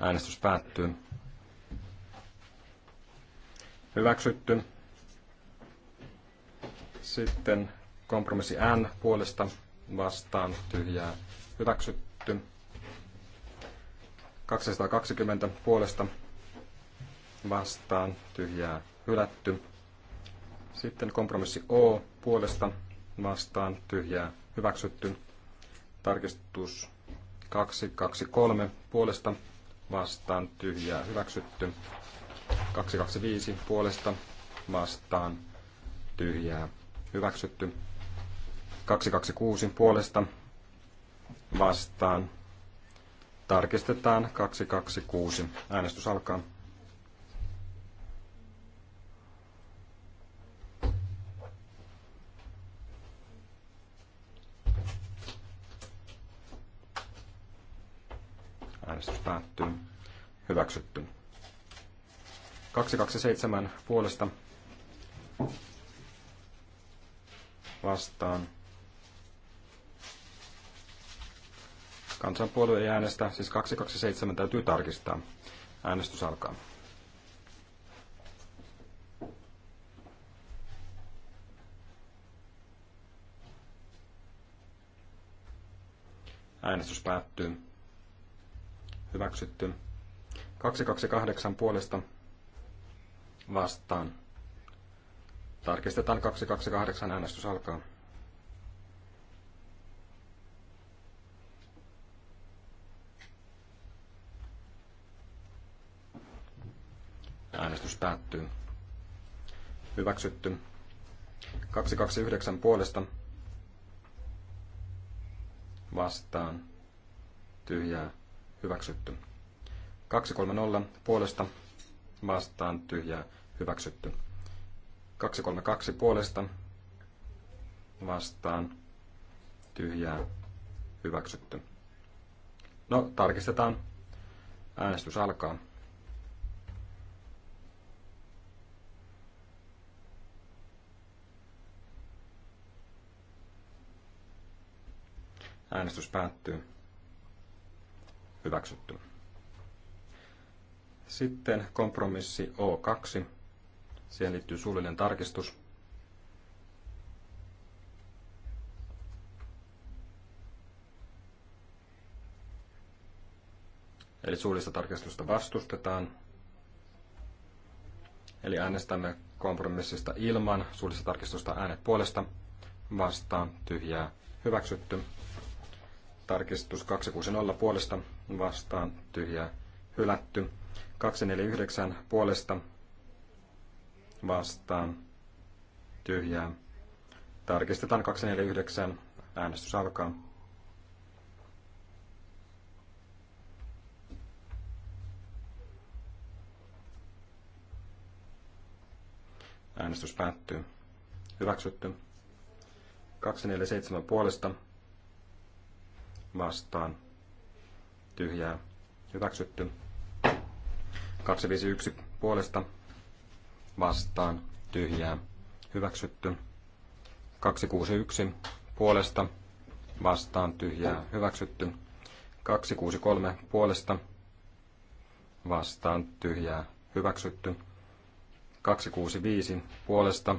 Äänestys päättyy. Hyväksytty. Sitten kompromissi N puolesta vastaan tyhjää hyväksytty. 220 puolesta vastaan tyhjää hylätty. Sitten kompromissi O puolesta vastaan tyhjää hyväksytty. Tarkistus 223 puolesta vastaan tyhjää hyväksytty. 225 puolesta vastaan tyhjää hyväksytty. 226 puolesta vastaan tarkistetaan 226. Äänestys alkaa. hyväksytty. 227 puolesta vastaan. Kansanpuolue äänestä, siis 227 täytyy tarkistaa. Äänestys alkaa. Äänestys päättyy. Hyväksytty. 228 puolesta vastaan. Tarkistetaan 228 äänestys alkaa. Äänestys päättyy. Hyväksytty. 229 puolesta vastaan. Tyhjää. Hyväksytty. 230 puolesta vastaan tyhjää hyväksytty. 232 puolesta vastaan tyhjää hyväksytty. No, tarkistetaan. Äänestys alkaa. Äänestys päättyy. Hyväksytty. Sitten kompromissi O2. Siihen liittyy suullinen tarkistus. Eli suullista tarkistusta vastustetaan. Eli äänestämme kompromissista ilman suullista tarkistusta äänet puolesta vastaan tyhjää hyväksytty. Tarkistus 260 puolesta vastaan tyhjää hylätty. 249 puolesta vastaan tyhjää. Tarkistetaan 249. Äänestys alkaa. Äänestys päättyy. Hyväksytty. 247 puolesta vastaan tyhjää hyväksytty. 251 puolesta vastaan tyhjää hyväksytty. 261 puolesta vastaan tyhjää hyväksytty. 263 puolesta vastaan tyhjää hyväksytty. 265 puolesta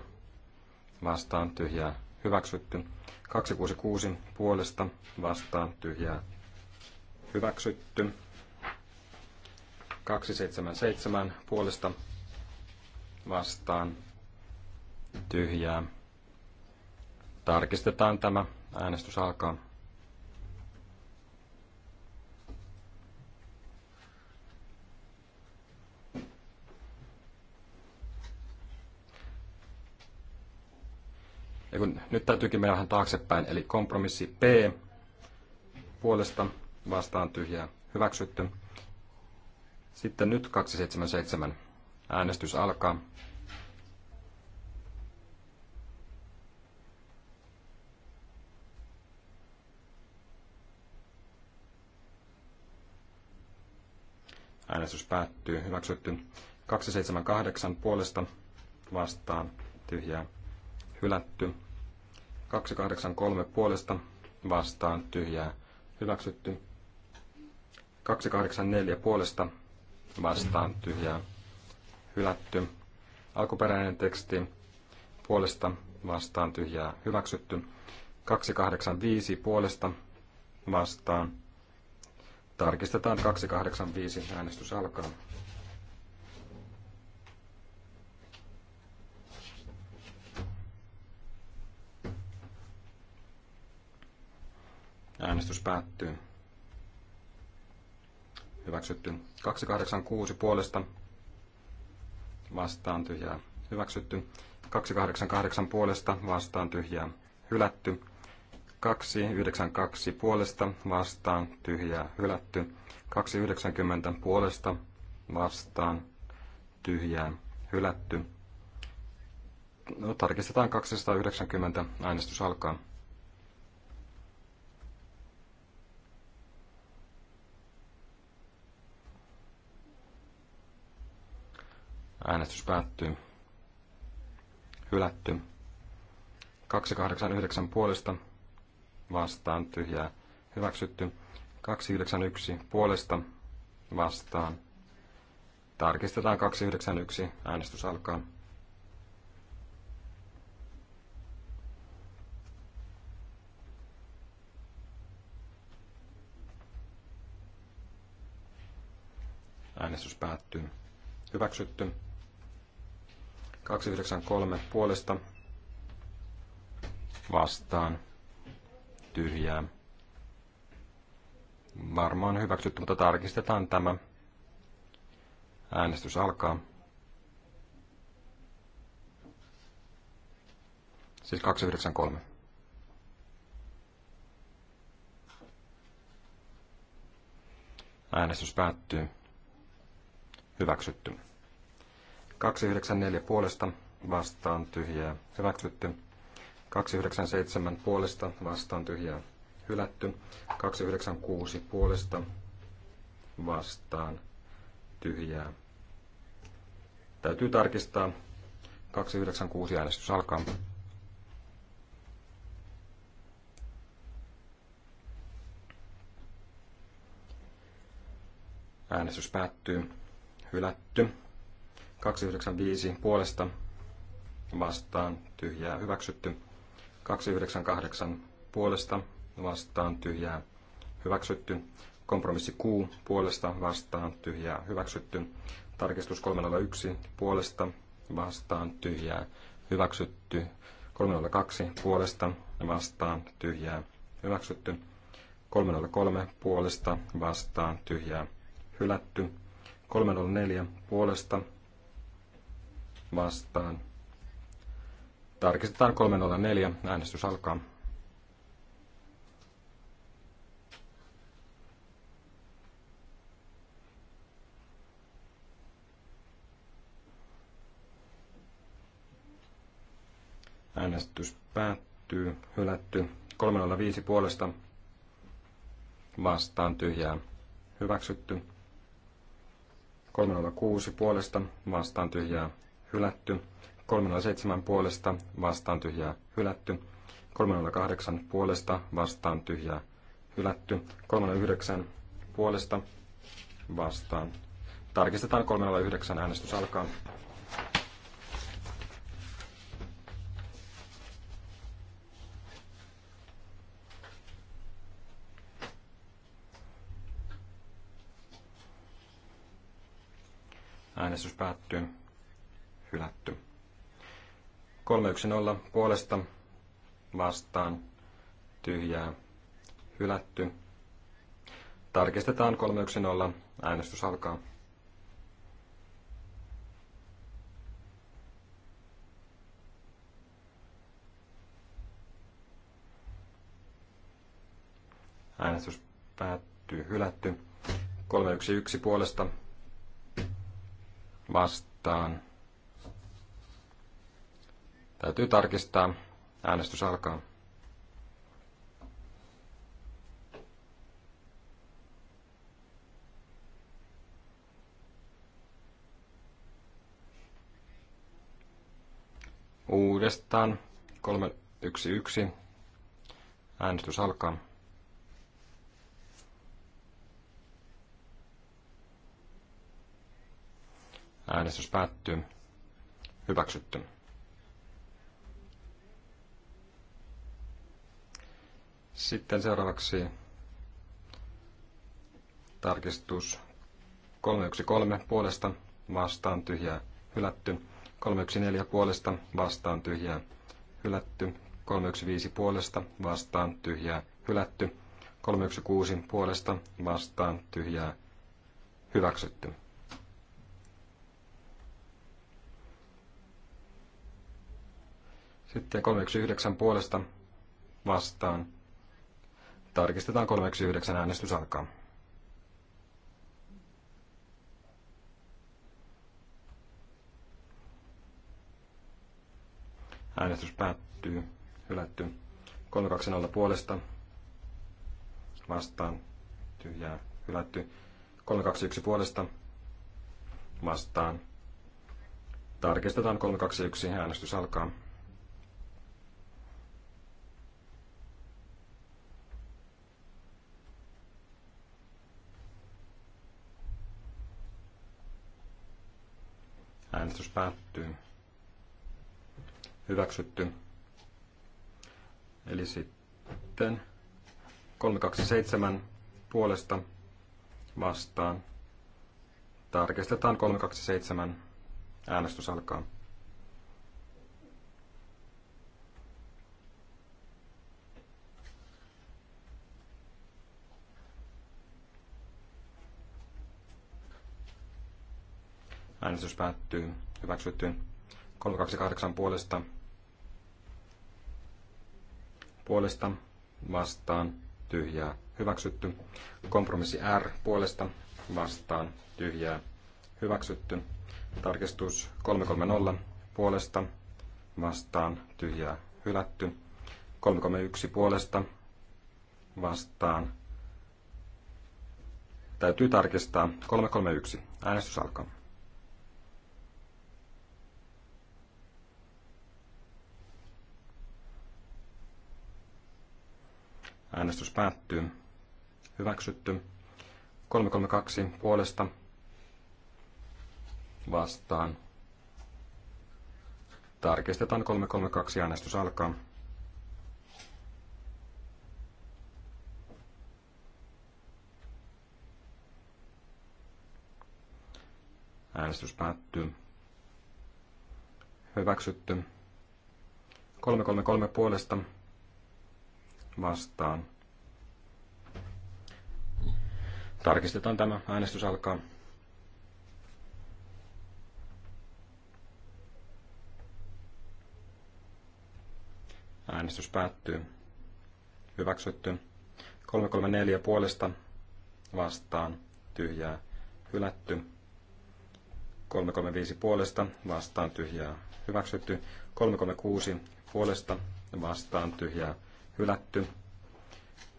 vastaan tyhjää hyväksytty. 266 puolesta vastaan tyhjää hyväksytty. 277 puolesta vastaan tyhjää. Tarkistetaan tämä. Äänestys alkaa. Ja kun nyt täytyykin mennä vähän taaksepäin, eli kompromissi P puolesta vastaan tyhjää hyväksytty. Sitten nyt 277. Äänestys alkaa. Äänestys päättyy. Hyväksytty. 278 puolesta vastaan tyhjää. Hylätty. 283 puolesta vastaan tyhjää. Hyväksytty. 284 puolesta vastaan tyhjää hylätty. Alkuperäinen teksti puolesta vastaan tyhjää hyväksytty. 285 puolesta vastaan. Tarkistetaan 285. Äänestys alkaa. Äänestys päättyy hyväksytty. 286 puolesta vastaan tyhjää hyväksytty. 288 puolesta vastaan tyhjää hylätty. 292 puolesta vastaan tyhjää hylätty. 290 puolesta vastaan tyhjää hylätty. No, tarkistetaan 290. Äänestys alkaa. Äänestys päättyy. Hylätty. 289 puolesta vastaan tyhjää hyväksytty. 291 puolesta vastaan. Tarkistetaan 291. Äänestys alkaa. Äänestys päättyy. Hyväksytty. 293 puolesta vastaan tyhjää. Varmaan hyväksytty, mutta tarkistetaan tämä. Äänestys alkaa. Siis 293. Äänestys päättyy. Hyväksytty. 294 puolesta vastaan tyhjää hyväksytty. 297 puolesta vastaan tyhjää hylätty. 296 puolesta vastaan tyhjää. Täytyy tarkistaa. 296 äänestys alkaa. Äänestys päättyy. Hylätty. 295 puolesta vastaan tyhjää hyväksytty. 298 puolesta vastaan tyhjää hyväksytty. Kompromissi Q puolesta vastaan tyhjää hyväksytty. Tarkistus 301 puolesta vastaan tyhjää hyväksytty. 302 puolesta vastaan tyhjää hyväksytty. 303 puolesta vastaan tyhjää hylätty. 304 puolesta vastaan. Tarkistetaan 304. Äänestys alkaa. Äänestys päättyy. Hylätty. 305 puolesta vastaan tyhjää. Hyväksytty. 306 puolesta vastaan tyhjää hylätty, 307 puolesta vastaan tyhjää hylätty, 308 puolesta vastaan tyhjää hylätty, 309 puolesta vastaan. Tarkistetaan 309 äänestys alkaa. Äänestys päättyy hylätty. 310 puolesta vastaan tyhjää hylätty. Tarkistetaan 310. Äänestys alkaa. Äänestys päättyy hylätty. 311 puolesta vastaan Täytyy tarkistaa. Äänestys alkaa. Uudestaan 311. Äänestys alkaa. Äänestys päättyy. Hyväksytty. Sitten seuraavaksi tarkistus 313 puolesta vastaan tyhjää hylätty. 314 puolesta vastaan tyhjää hylätty. 315 puolesta vastaan tyhjää hylätty. 316 puolesta vastaan tyhjää hyväksytty. Sitten 319 puolesta vastaan Tarkistetaan 39 äänestys alkaa. Äänestys päättyy. Hylätty. 320 puolesta. Vastaan. Tyhjää. Hylätty. 321 puolesta. Vastaan. Tarkistetaan 321. Äänestys alkaa. Äänestys päättyy. Hyväksytty. Eli sitten 327 puolesta vastaan. Tarkistetaan 327. Äänestys alkaa. Äänestys päättyy. Hyväksytty. 328 puolesta. Puolesta. Vastaan. Tyhjää. Hyväksytty. Kompromissi R. Puolesta. Vastaan. Tyhjää. Hyväksytty. Tarkistus 330. Puolesta. Vastaan. Tyhjää. Hylätty. 331 puolesta. Vastaan. Täytyy tarkistaa. 331. Äänestys alkaa. Äänestys päättyy. Hyväksytty. 332 puolesta vastaan. Tarkistetaan 332 äänestys alkaa. Äänestys päättyy. Hyväksytty. 333 puolesta vastaan. Tarkistetaan tämä. Äänestys alkaa. Äänestys päättyy. Hyväksytty. 334 puolesta vastaan. Tyhjää. Hylätty. 335 puolesta vastaan. Tyhjää. Hyväksytty. 336 puolesta vastaan. Tyhjää hylätty.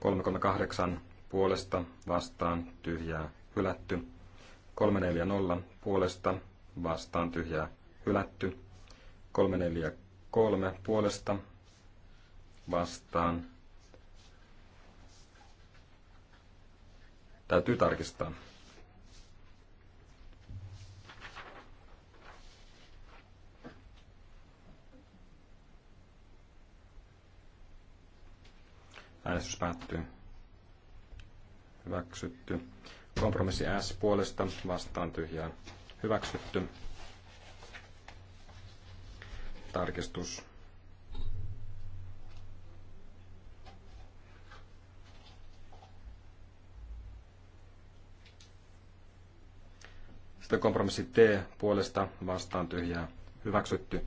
338 puolesta vastaan tyhjää hylätty. 340 puolesta vastaan tyhjää hylätty. 343 puolesta vastaan. Täytyy tarkistaa. Äänestys päättyy. Hyväksytty. Kompromissi S puolesta vastaan tyhjään. Hyväksytty. Tarkistus. Sitten kompromissi T puolesta vastaan tyhjää. Hyväksytty.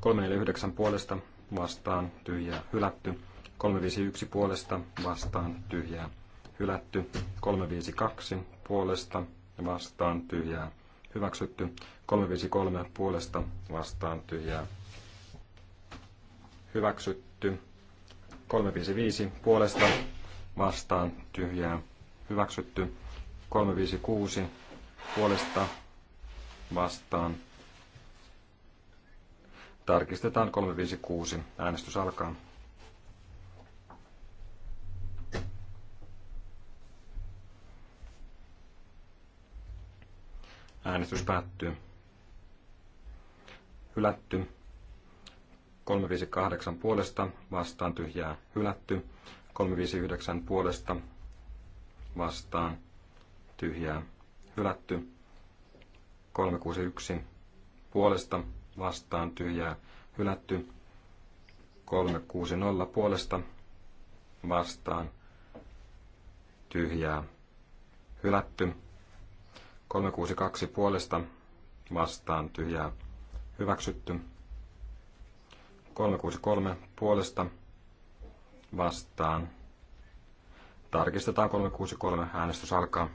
349 puolesta vastaan tyhjää. Hylätty. 351 puolesta vastaan tyhjää hylätty. 352 puolesta vastaan tyhjää hyväksytty. 353 puolesta vastaan tyhjää hyväksytty. 355 puolesta vastaan tyhjää hyväksytty. 356 puolesta vastaan. Tarkistetaan 356. Äänestys alkaa. Äänestys päättyy. Hylätty. 358 puolesta vastaan tyhjää hylätty. 359 puolesta vastaan tyhjää hylätty. 361 puolesta vastaan tyhjää hylätty. 360 puolesta vastaan tyhjää hylätty. 362 puolesta vastaan tyhjää hyväksytty. 363 puolesta vastaan. Tarkistetaan 363 äänestys alkaa.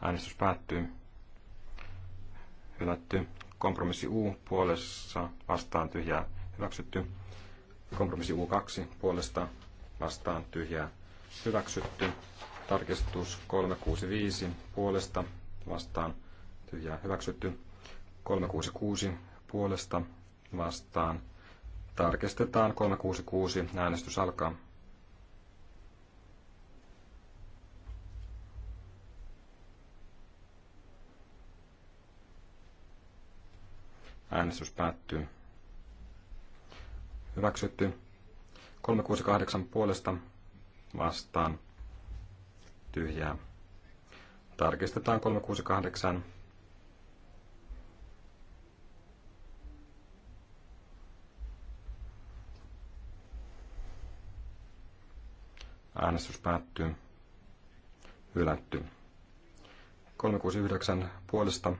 Äänestys päättyy. Hylätty Kompromissi U puolessa vastaan tyhjää hyväksytty. Kompromissi U2 puolesta vastaan tyhjää hyväksytty. Tarkistus 365 puolesta vastaan tyhjää hyväksytty. 366 puolesta vastaan. Tarkistetaan 366. Äänestys alkaa. Äänestys päättyy. Hyväksytty. 368 puolesta vastaan. Tyhjää. Tarkistetaan 368. Äänestys päättyy. Hylätty. 369 puolesta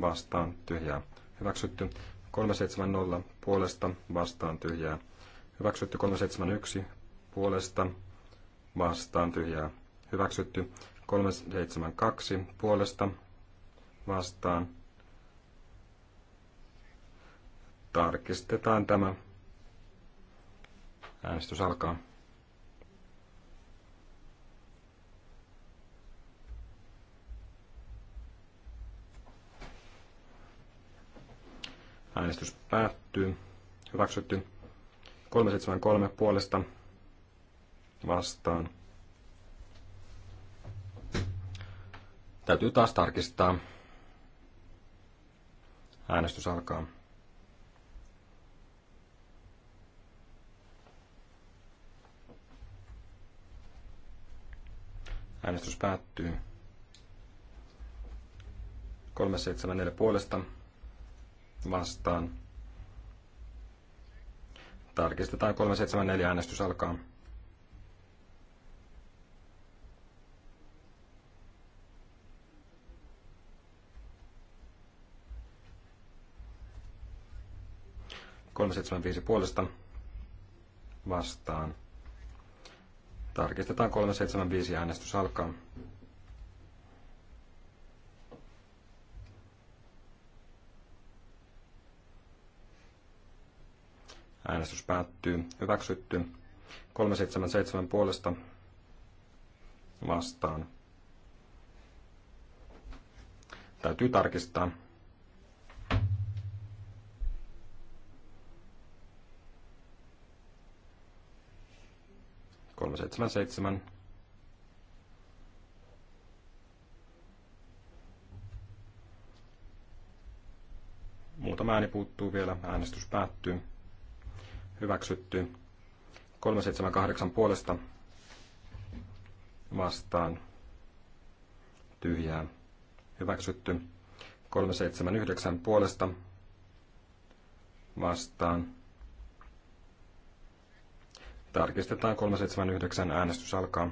vastaan tyhjää hyväksytty 370 puolesta vastaan tyhjää, hyväksytty 371 puolesta vastaan tyhjää, hyväksytty 372 puolesta vastaan. Tarkistetaan tämä. Äänestys alkaa. Äänestys päättyy. Hyväksytty. 373 puolesta vastaan. Täytyy taas tarkistaa. Äänestys alkaa. Äänestys päättyy. 374 puolesta vastaan. Tarkistetaan 374 äänestys alkaa. Kolme seitsemän viisi puolesta vastaan. Tarkistetaan viisi äänestys alkaa. Äänestys päättyy. Hyväksytty. 377 puolesta vastaan. Täytyy tarkistaa. Kolme seitsemän seitsemän. Muutama ääni puuttuu vielä. Äänestys päättyy hyväksytty. 378 puolesta vastaan tyhjää hyväksytty. 379 puolesta vastaan. Tarkistetaan 379 äänestys alkaa.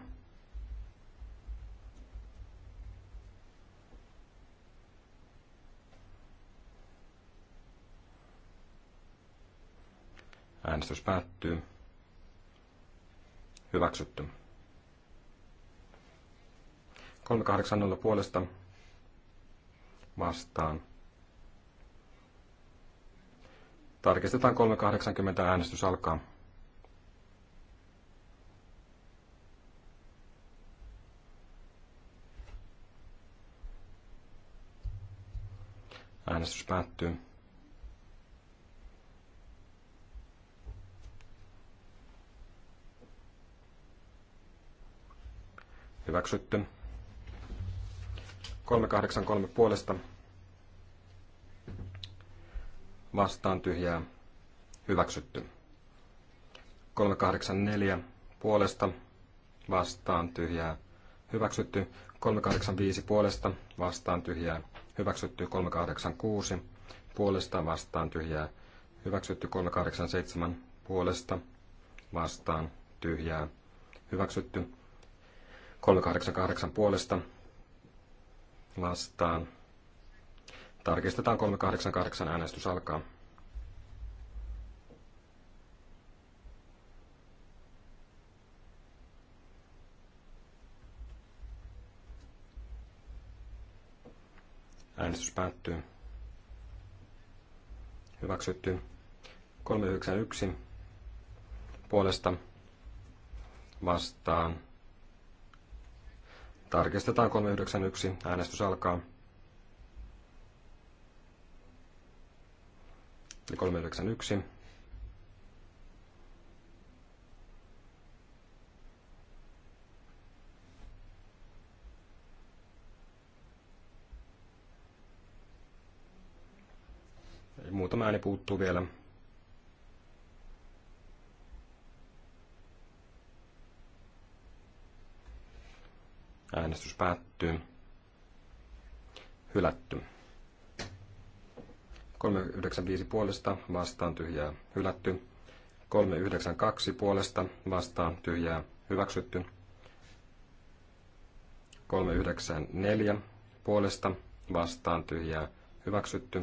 Äänestys päättyy. Hyväksytty. 380 puolesta vastaan. Tarkistetaan 380 äänestys alkaa. Äänestys päättyy. Hyväksytty. 383 puolesta. Vastaan tyhjää. Hyväksytty. 384 puolesta. Vastaan tyhjää. Hyväksytty. 385 puolesta. Vastaan tyhjää. Hyväksytty. 386 puolesta. Vastaan tyhjää. Hyväksytty. 387 puolesta. Vastaan tyhjää. Hyväksytty. 388 puolesta vastaan. Tarkistetaan 388 äänestys alkaa. Äänestys päättyy. Hyväksytty. 391 puolesta vastaan Tarkistetaan 391. Äänestys alkaa. Eli 391. Muutama ääni puuttuu vielä. Äänestys päättyy. Hylätty. 395 puolesta vastaan tyhjää hylätty. 392 puolesta vastaan tyhjää hyväksytty. 394 puolesta vastaan tyhjää hyväksytty.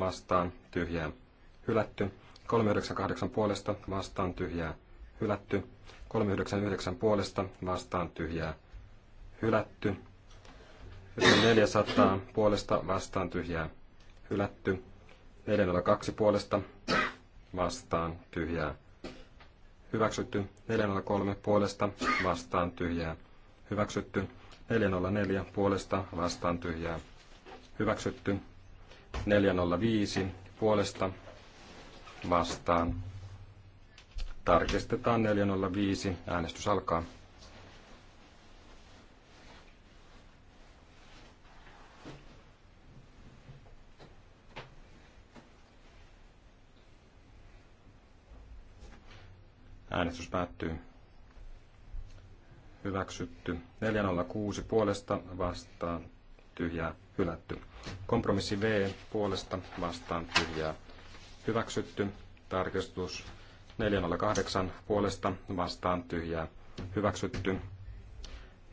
vastaan tyhjää hylätty. 398 puolesta vastaan tyhjää hylätty. 399 puolesta vastaan tyhjää hylätty. 400 puolesta vastaan tyhjää hylätty. 402 puolesta vastaan tyhjää hyväksytty. 403 puolesta vastaan tyhjää hyväksytty. 404 puolesta vastaan tyhjää hyväksytty. 405 puolesta vastaan. Tarkistetaan 405. Äänestys alkaa. Äänestys päättyy. Hyväksytty. 406 puolesta vastaan tyhjää hylätty. Kompromissi V puolesta vastaan tyhjää hyväksytty. Tarkistus 408 puolesta vastaan tyhjää hyväksytty.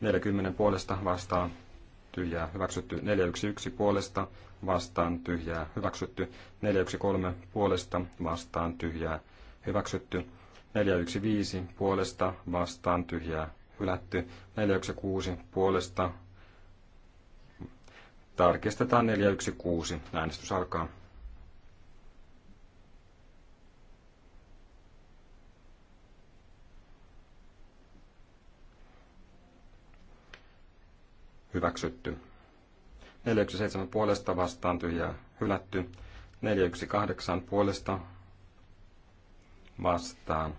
40 puolesta vastaan tyhjää hyväksytty. 411 puolesta vastaan tyhjää hyväksytty. 413 puolesta vastaan tyhjää hyväksytty. 415 puolesta vastaan tyhjää hylätty. 416 puolesta Tarkistetaan 416. Äänestys alkaa. Hyväksytty. 417 puolesta vastaan tyhjää hylätty. 418 puolesta vastaan.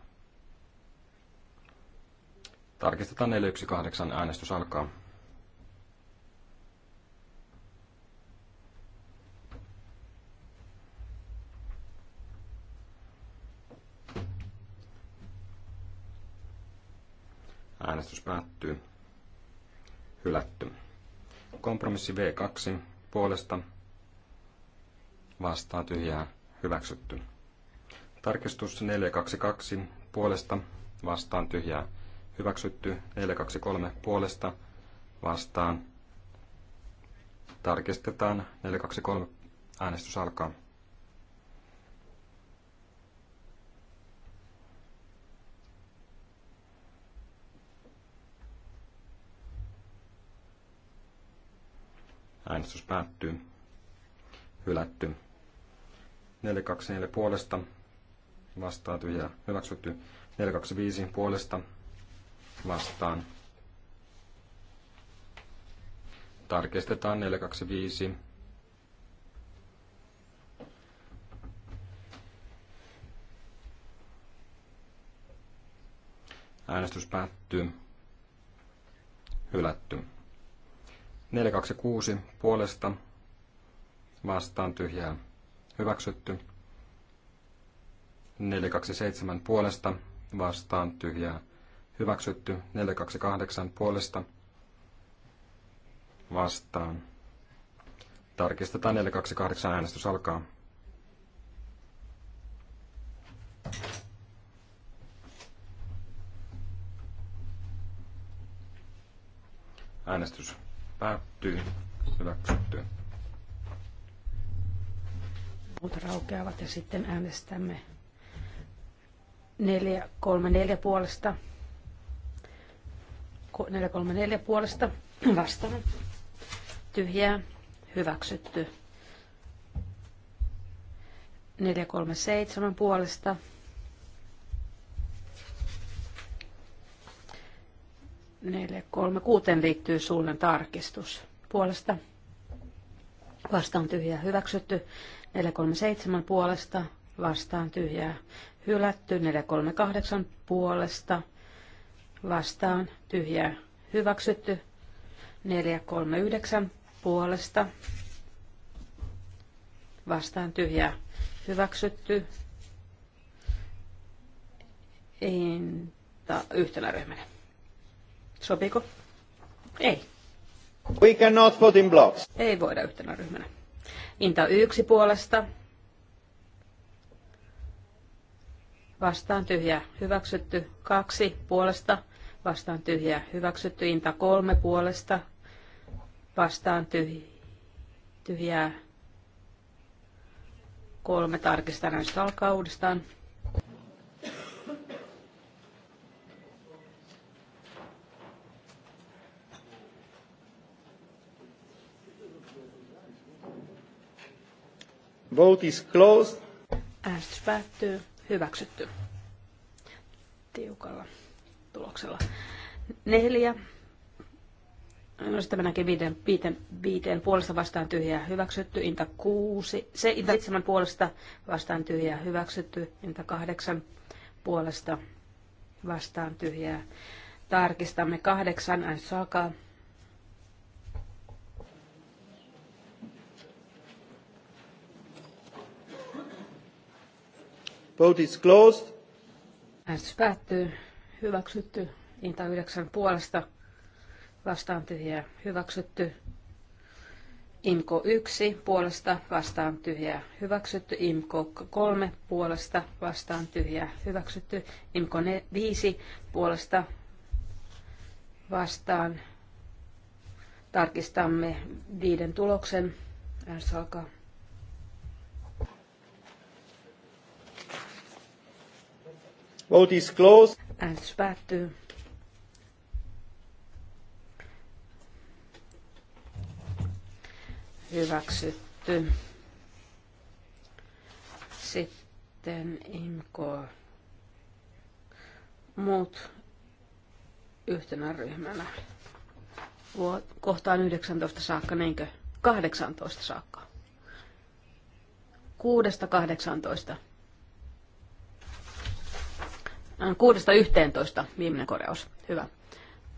Tarkistetaan 418. Äänestys alkaa. Äänestys päättyy. Hylätty. Kompromissi V2 puolesta vastaa tyhjää hyväksytty. Tarkistus 422 puolesta vastaan tyhjää hyväksytty. 423 puolesta vastaan tarkistetaan. 423 äänestys alkaa. Äänestys päättyy. Hylätty. 424 puolesta. Vastaan tyhjä. Hyväksytty. 425 puolesta. Vastaan. Tarkistetaan 425. Äänestys päättyy. Hylätty. 426 puolesta vastaan tyhjää hyväksytty. 427 puolesta vastaan tyhjää hyväksytty. 428 puolesta vastaan. Tarkistetaan 428 äänestys alkaa. Äänestys päättyy, hyväksytty. Muut raukeavat ja sitten äänestämme neljä 3, neljä puolesta. neljä 3, neljä puolesta vastaan. Tyhjää, hyväksytty. neljä kolme seitsemän puolesta 436 liittyy suunnan tarkistus. Puolesta vastaan tyhjää hyväksytty. 437 puolesta vastaan tyhjää hylätty. 438 puolesta vastaan tyhjää hyväksytty. 439 puolesta vastaan tyhjää hyväksytty. Inta yhtenä ryhmänä. Sopiiko? Ei. We cannot vote in blocks. Ei voida yhtenä ryhmänä. Inta yksi puolesta. Vastaan tyhjä hyväksytty. Kaksi puolesta. Vastaan tyhjä hyväksytty. Inta kolme puolesta. Vastaan tyhjä, tyhjää. Kolme tarkistaa näistä alkaa uudestaan. Vote is closed. Äänestys päättyy. Hyväksytty. Tiukalla tuloksella. Neljä. No sitten mennäänkin viiden, viiteen, viiteen puolesta vastaan tyhjää hyväksytty, inta kuusi, se inta seitsemän puolesta vastaan tyhjää hyväksytty, inta kahdeksan puolesta vastaan tyhjää. Tarkistamme kahdeksan, äänestys alkaa. Vote is closed. Äänestys päättyy. Hyväksytty. Inta 9 puolesta. Vastaan tyhjää. Hyväksytty. IMKO 1 puolesta vastaan tyhjää hyväksytty, IMKO 3 puolesta vastaan tyhjää hyväksytty, IMKO 5 puolesta vastaan tarkistamme viiden tuloksen. Äänestys alkaa. Vote is closed. Äänestys päättyy. Hyväksytty. Sitten IMKO. Muut yhtenä ryhmänä. Kohtaan 19 saakka, niinkö? 18 saakka. 6-18. Äh, kuudesta yhteentoista viimeinen korjaus. Hyvä.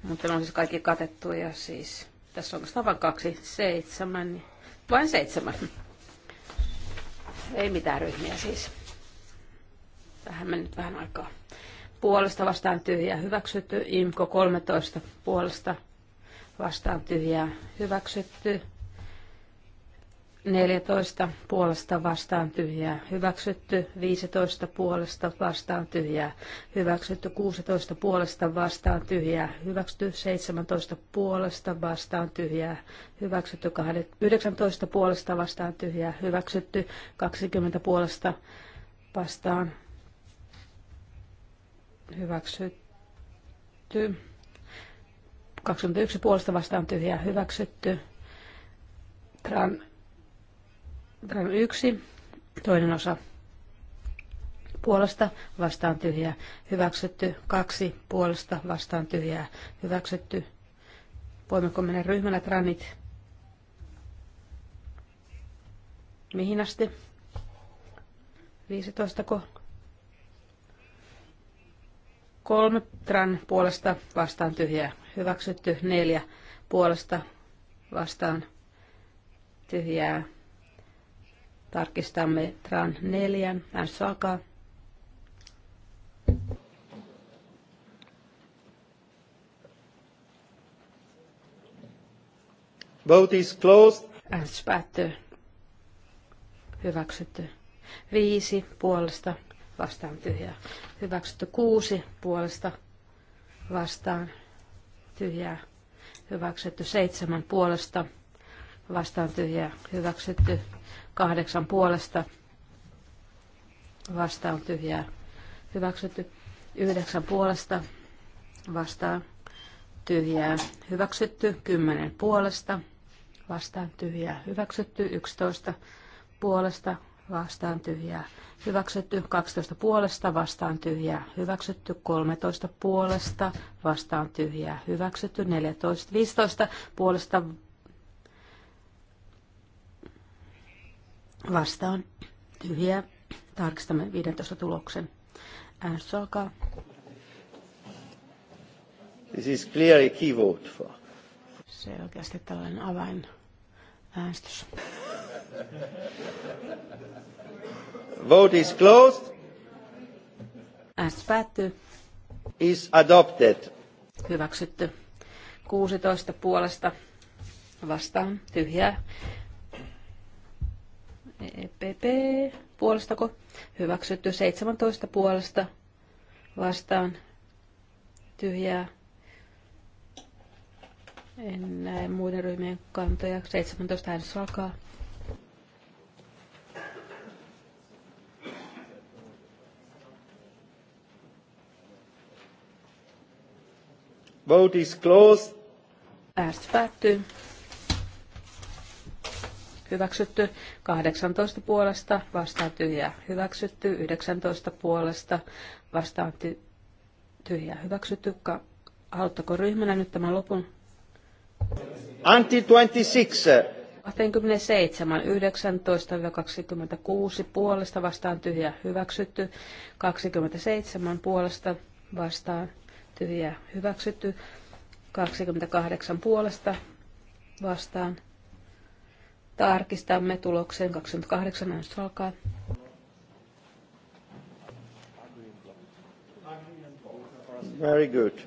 Mutta ne on siis kaikki katettu ja siis tässä on vain kaksi, seitsemän, vain seitsemän. Ei mitään ryhmiä siis. Tähän meni nyt vähän aikaa. Puolesta vastaan tyhjää hyväksytty. Imko 13 puolesta vastaan tyhjää hyväksytty. 14 puolesta vastaan tyhjää, hyväksytty 15 puolesta vastaan tyhjää, hyväksytty 16 puolesta vastaan tyhjää, hyväksytty 17 puolesta vastaan tyhjää, hyväksytty 19 puolesta vastaan tyhjää, hyväksytty 20 puolesta vastaan hyväksytty 21 puolesta vastaan tyhjää, hyväksytty Tran yksi, toinen osa puolesta vastaan tyhjää, hyväksytty kaksi puolesta vastaan tyhjää, hyväksytty. Voimmeko mennä ryhmänä tranit? Mihin asti? 15 ko. Kolme tran puolesta vastaan tyhjää, hyväksytty neljä puolesta vastaan tyhjää, Tarkistamme Tran 4. Äänestys saka. Vote is closed. Äänestys päättyy. Hyväksytty. Viisi puolesta vastaan tyhjää. Hyväksytty kuusi puolesta vastaan tyhjää. Hyväksytty seitsemän puolesta vastaan tyhjää. Hyväksytty Kahdeksan puolesta vastaan tyhjää hyväksytty. Yhdeksän puolesta vastaan tyhjää hyväksytty. Kymmenen puolesta vastaan tyhjää hyväksytty. Yksitoista puolesta vastaan tyhjää hyväksytty. 12 puolesta vastaan tyhjää hyväksytty. 13 puolesta vastaan tyhjää hyväksytty. 14, 15 puolesta Vastaan. tyhjä Tarkistamme 15 tuloksen. Äänestys alkaa. This is clearly key vote for. Se oikeasti tällainen avain äänestys. Vote is closed. Äänestys päättyy. Is adopted. Hyväksytty. 16 puolesta vastaan tyhjää EPP puolestako hyväksytty 17 puolesta vastaan tyhjää. En näe muiden ryhmien kantoja. 17 äänestys Vote is closed. Äänestys päättyy hyväksytty, 18 puolesta vastaan tyhjää hyväksytty, 19 puolesta vastaan tyhjää hyväksytty. Ka- Haluatteko ryhmänä nyt tämän lopun? Anti 26. 27, 19-26 puolesta vastaan tyhjä hyväksytty, 27 puolesta vastaan tyhjä hyväksytty, 28 puolesta vastaan Tarkistamme tuloksen 28. Äänestys alkaa. Very good.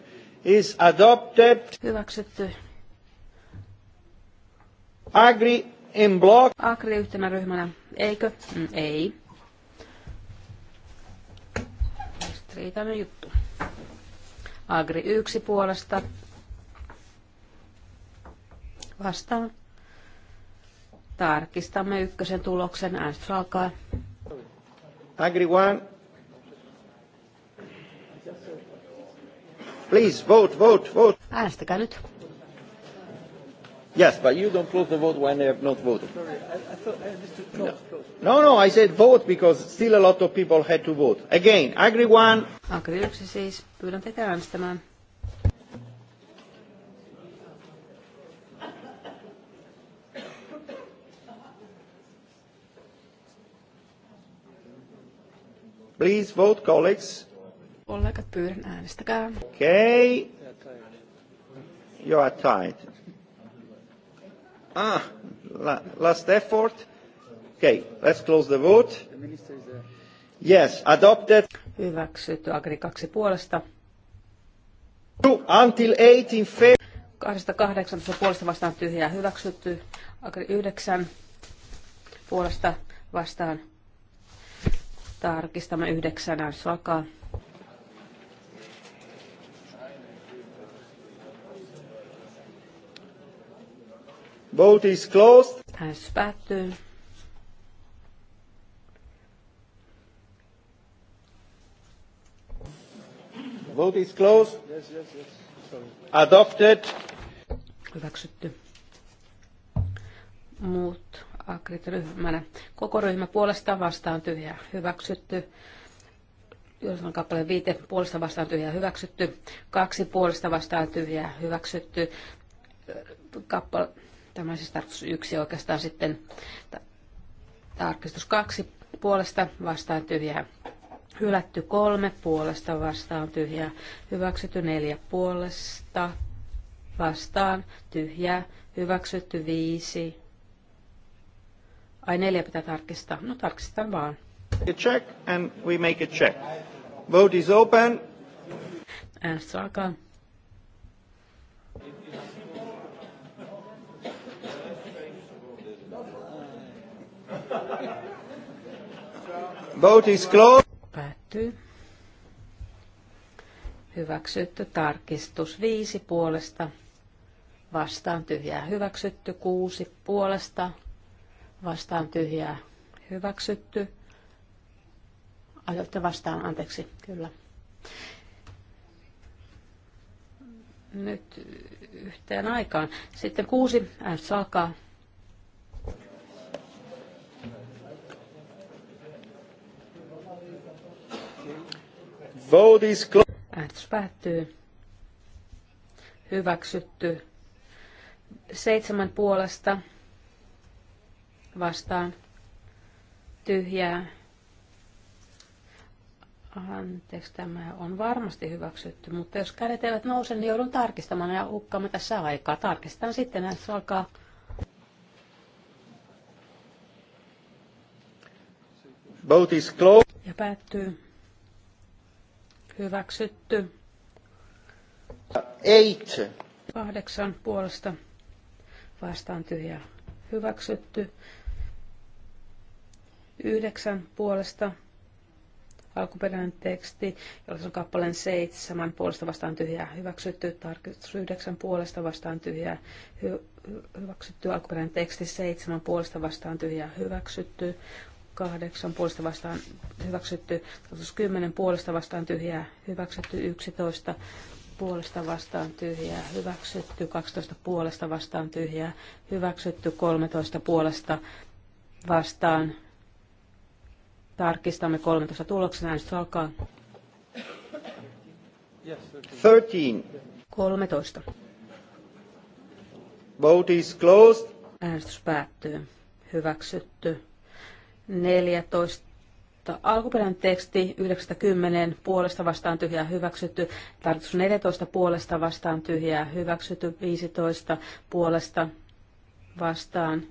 Is adopted. Hyväksytty. Agri in block. Agri yhtenä ryhmänä. Eikö? Mm, ei. Ristiriitainen juttu. Agri yksi puolesta. Vastaan Tarkistamme ykkösen tuloksen. Äänestys alkaa. Agri one. Please vote, vote, vote. Äänestäkää nyt. Yes, but you don't close the vote when they have not voted. Sorry, I, I thought I uh, close, no. close. No, no, I said vote because still a lot of people had to vote. Again, Agri one. Agree yksi siis. Pyydän teitä äänestämään. Please vote, colleagues. Kollegat, pyydän äänestäkää. Okay. You are tied. Ah, la, last effort. Okay, let's close the vote. Yes, adopted. Hyväksytty Agri 2 puolesta. Two until 8 in favor. 218 puolesta vastaan tyhjää hyväksytty. Agri 9 puolesta vastaan Tarkistamme yhdeksän, jos Vote is closed. Äänestys päättyy. Vote is closed. Yes, yes, yes. Adopted. Hyväksytty. Muut ryhmänä. Koko ryhmä puolesta vastaan tyhjää hyväksytty. Jossain kappaleen viite puolesta vastaan tyhjää hyväksytty. Kaksi puolesta vastaan tyhjää hyväksytty. Kappale, tämä siis tarkoitus yksi oikeastaan sitten. Tarkistus kaksi puolesta vastaan tyhjää hylätty kolme puolesta vastaan tyhjää, hyväksytty neljä puolesta vastaan tyhjää, hyväksytty viisi Ai neljä pitää tarkistaa. No tarkistetaan vaan. A check and we make a check. Vote is open. Äänestys alkaa. Vote is closed. Päättyy. Hyväksytty tarkistus viisi puolesta. Vastaan tyhjää hyväksytty kuusi puolesta vastaan tyhjää hyväksytty. Asioitte vastaan, anteeksi, kyllä. Nyt yhteen aikaan. Sitten kuusi äh, salkaa. Vote is Äänestys päättyy. Hyväksytty. Seitsemän puolesta vastaan tyhjää. Anteeksi, tämä on varmasti hyväksytty, mutta jos kädet eivät nouse, niin joudun tarkistamaan ja hukkaamme tässä aikaa. Tarkistan sitten, että se alkaa Vote is closed. Ja päättyy. Hyväksytty. Eight. Kahdeksan puolesta vastaan tyhjää. Hyväksytty. 9 puolesta alkuperäinen teksti, jolla on kappaleen 7 puolesta vastaan tyhjää hyväksytty, tarkistus 9 puolesta vastaan tyhjää hy- hyväksytty, alkuperäinen teksti 7 puolesta vastaan tyhjää hyväksytty, 8 puolesta vastaan hyväksytty, tarkistus 10 puolesta vastaan tyhjää hyväksytty, 11 puolesta vastaan tyhjää, hyväksytty 12 puolesta vastaan tyhjää, hyväksytty 13 puolesta vastaan Tarkistamme 13 tuloksen. Äänestys alkaa. 13. 13. Vote is Äänestys päättyy. Hyväksytty. 14. Alkuperäinen teksti 90 puolesta vastaan tyhjää hyväksytty. Tarkoitus 14 puolesta vastaan tyhjää hyväksytty. 15 puolesta vastaan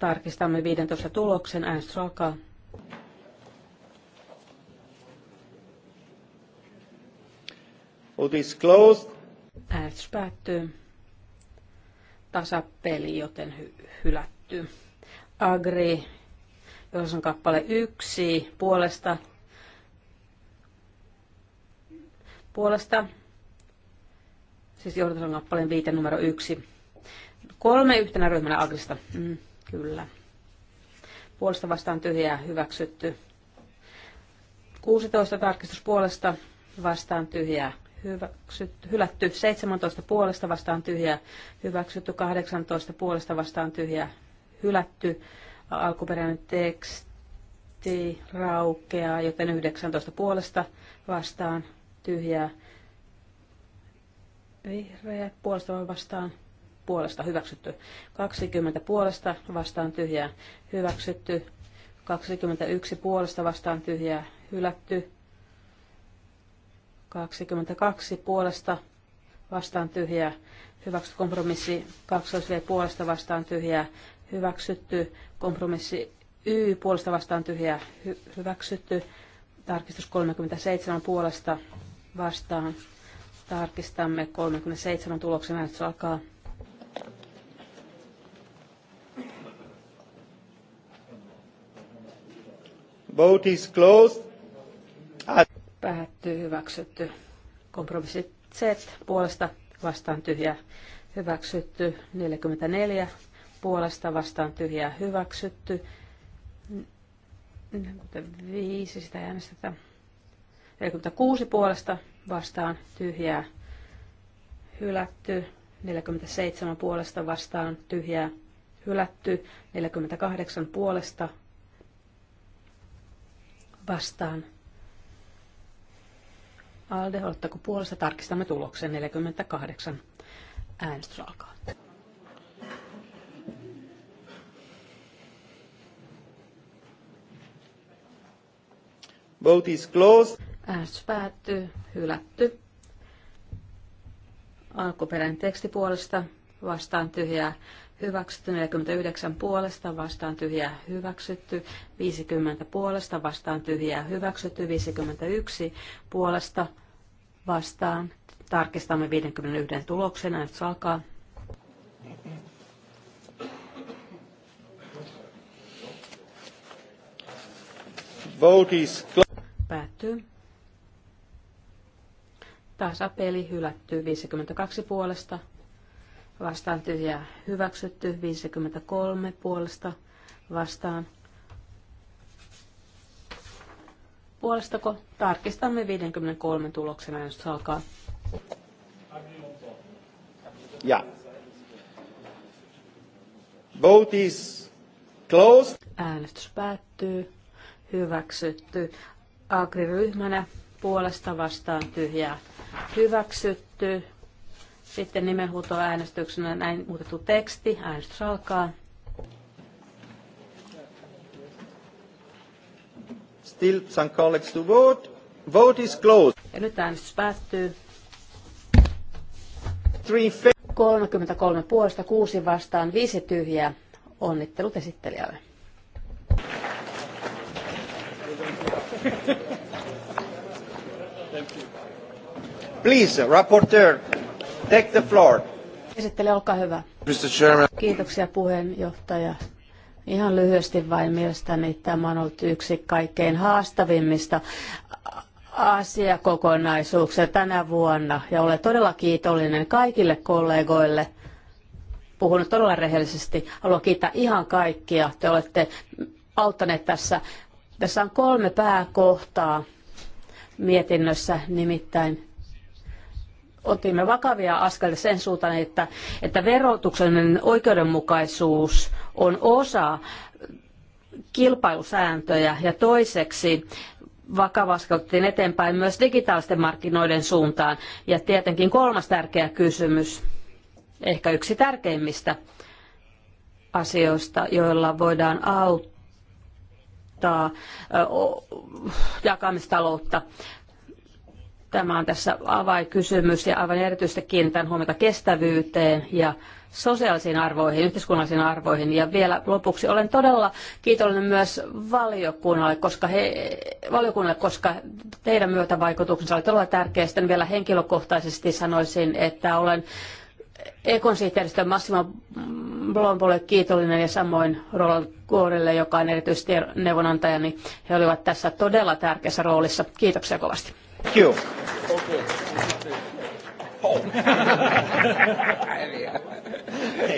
Tarkistamme 15 tuloksen. Äänestys alkaa. is closed. Äänestys päättyy. Tasapeli, joten hy- hylätty. Agri, jos on kappale yksi puolesta. Puolesta. Siis johdatus on kappaleen viite numero yksi. Kolme yhtenä ryhmänä Agrista. Mm. Kyllä. Puolesta vastaan tyhjää hyväksytty. 16 tarkistus puolesta vastaan tyhjää hyväksytty, hylätty 17 puolesta vastaan tyhjää, hyväksytty 18 puolesta vastaan tyhjää, hylätty alkuperäinen teksti raukeaa, joten 19 puolesta vastaan tyhjää, vihreät puolesta vastaan puolesta hyväksytty. 20 puolesta vastaan tyhjää hyväksytty. 21 puolesta vastaan tyhjää hylätty. 22 puolesta vastaan tyhjää hyväksytty. Kompromissi 2 v puolesta vastaan tyhjää hyväksytty. Kompromissi Y puolesta vastaan tyhjää hy- hyväksytty. Tarkistus 37 puolesta vastaan. Tarkistamme 37 tuloksen äänestys alkaa. Vote is closed. Ah. Päättyy hyväksytty. Kompromissi Z puolesta vastaan tyhjä hyväksytty. 44 puolesta vastaan tyhjää hyväksytty. 45 sitä äänestetään. 46 puolesta vastaan tyhjää hylätty. 47 puolesta vastaan tyhjää hylätty. 48 puolesta vastaan. Alde, oletteko puolesta? Tarkistamme tuloksen 48. Äänestys alkaa. Vote is closed. Äänestys päättyy. Hylätty. Alkuperäinen teksti puolesta vastaan tyhjää hyväksytty 49 puolesta, vastaan tyhjää hyväksytty 50 puolesta, vastaan tyhjää hyväksytty 51 puolesta, vastaan. Tarkistamme 51 tuloksen, se alkaa. Vote is Päättyy. Tasapeli hylätty 52 puolesta, vastaan tyhjää hyväksytty, 53 puolesta vastaan. Puolestako tarkistamme 53 tuloksen äänestys alkaa. Ja. Vote is closed. Äänestys päättyy. Hyväksytty. Agri-ryhmänä puolesta vastaan tyhjää. Hyväksytty. Sitten nimenhuutoäänestyksenä näin muutettu teksti. Äänestys alkaa. Still some colleagues to vote. Vote is closed. Ja nyt äänestys päättyy. 33 puolesta, 6 vastaan, 5 tyhjää. Onnittelut esittelijälle. Please, rapporteur. Take the floor. Esittele, olkaa hyvä. Mr. Chairman. Kiitoksia puheenjohtaja. Ihan lyhyesti vain mielestäni tämä on ollut yksi kaikkein haastavimmista asiakokonaisuuksia tänä vuonna ja olen todella kiitollinen kaikille kollegoille. Puhun todella rehellisesti. Haluan kiittää ihan kaikkia. Te olette auttaneet tässä. Tässä on kolme pääkohtaa mietinnössä, nimittäin otimme vakavia askelia sen suuntaan, että, että verotuksellinen oikeudenmukaisuus on osa kilpailusääntöjä ja toiseksi vakavasti otettiin eteenpäin myös digitaalisten markkinoiden suuntaan. Ja tietenkin kolmas tärkeä kysymys, ehkä yksi tärkeimmistä asioista, joilla voidaan auttaa jakamistaloutta Tämä on tässä avainkysymys ja aivan erityisesti kiinnitän huomiota kestävyyteen ja sosiaalisiin arvoihin, yhteiskunnallisiin arvoihin. Ja vielä lopuksi olen todella kiitollinen myös valiokunnalle, koska, he, valiokunnalle, koska teidän myötävaikutuksensa oli todella tärkeä. Sitten vielä henkilökohtaisesti sanoisin, että olen Ekon sihteeristön Massimo Blombolle kiitollinen ja samoin Roland Kuorille, joka on erityisesti neuvonantajani. He olivat tässä todella tärkeässä roolissa. Kiitoksia kovasti. Thank you. Okay. Oh.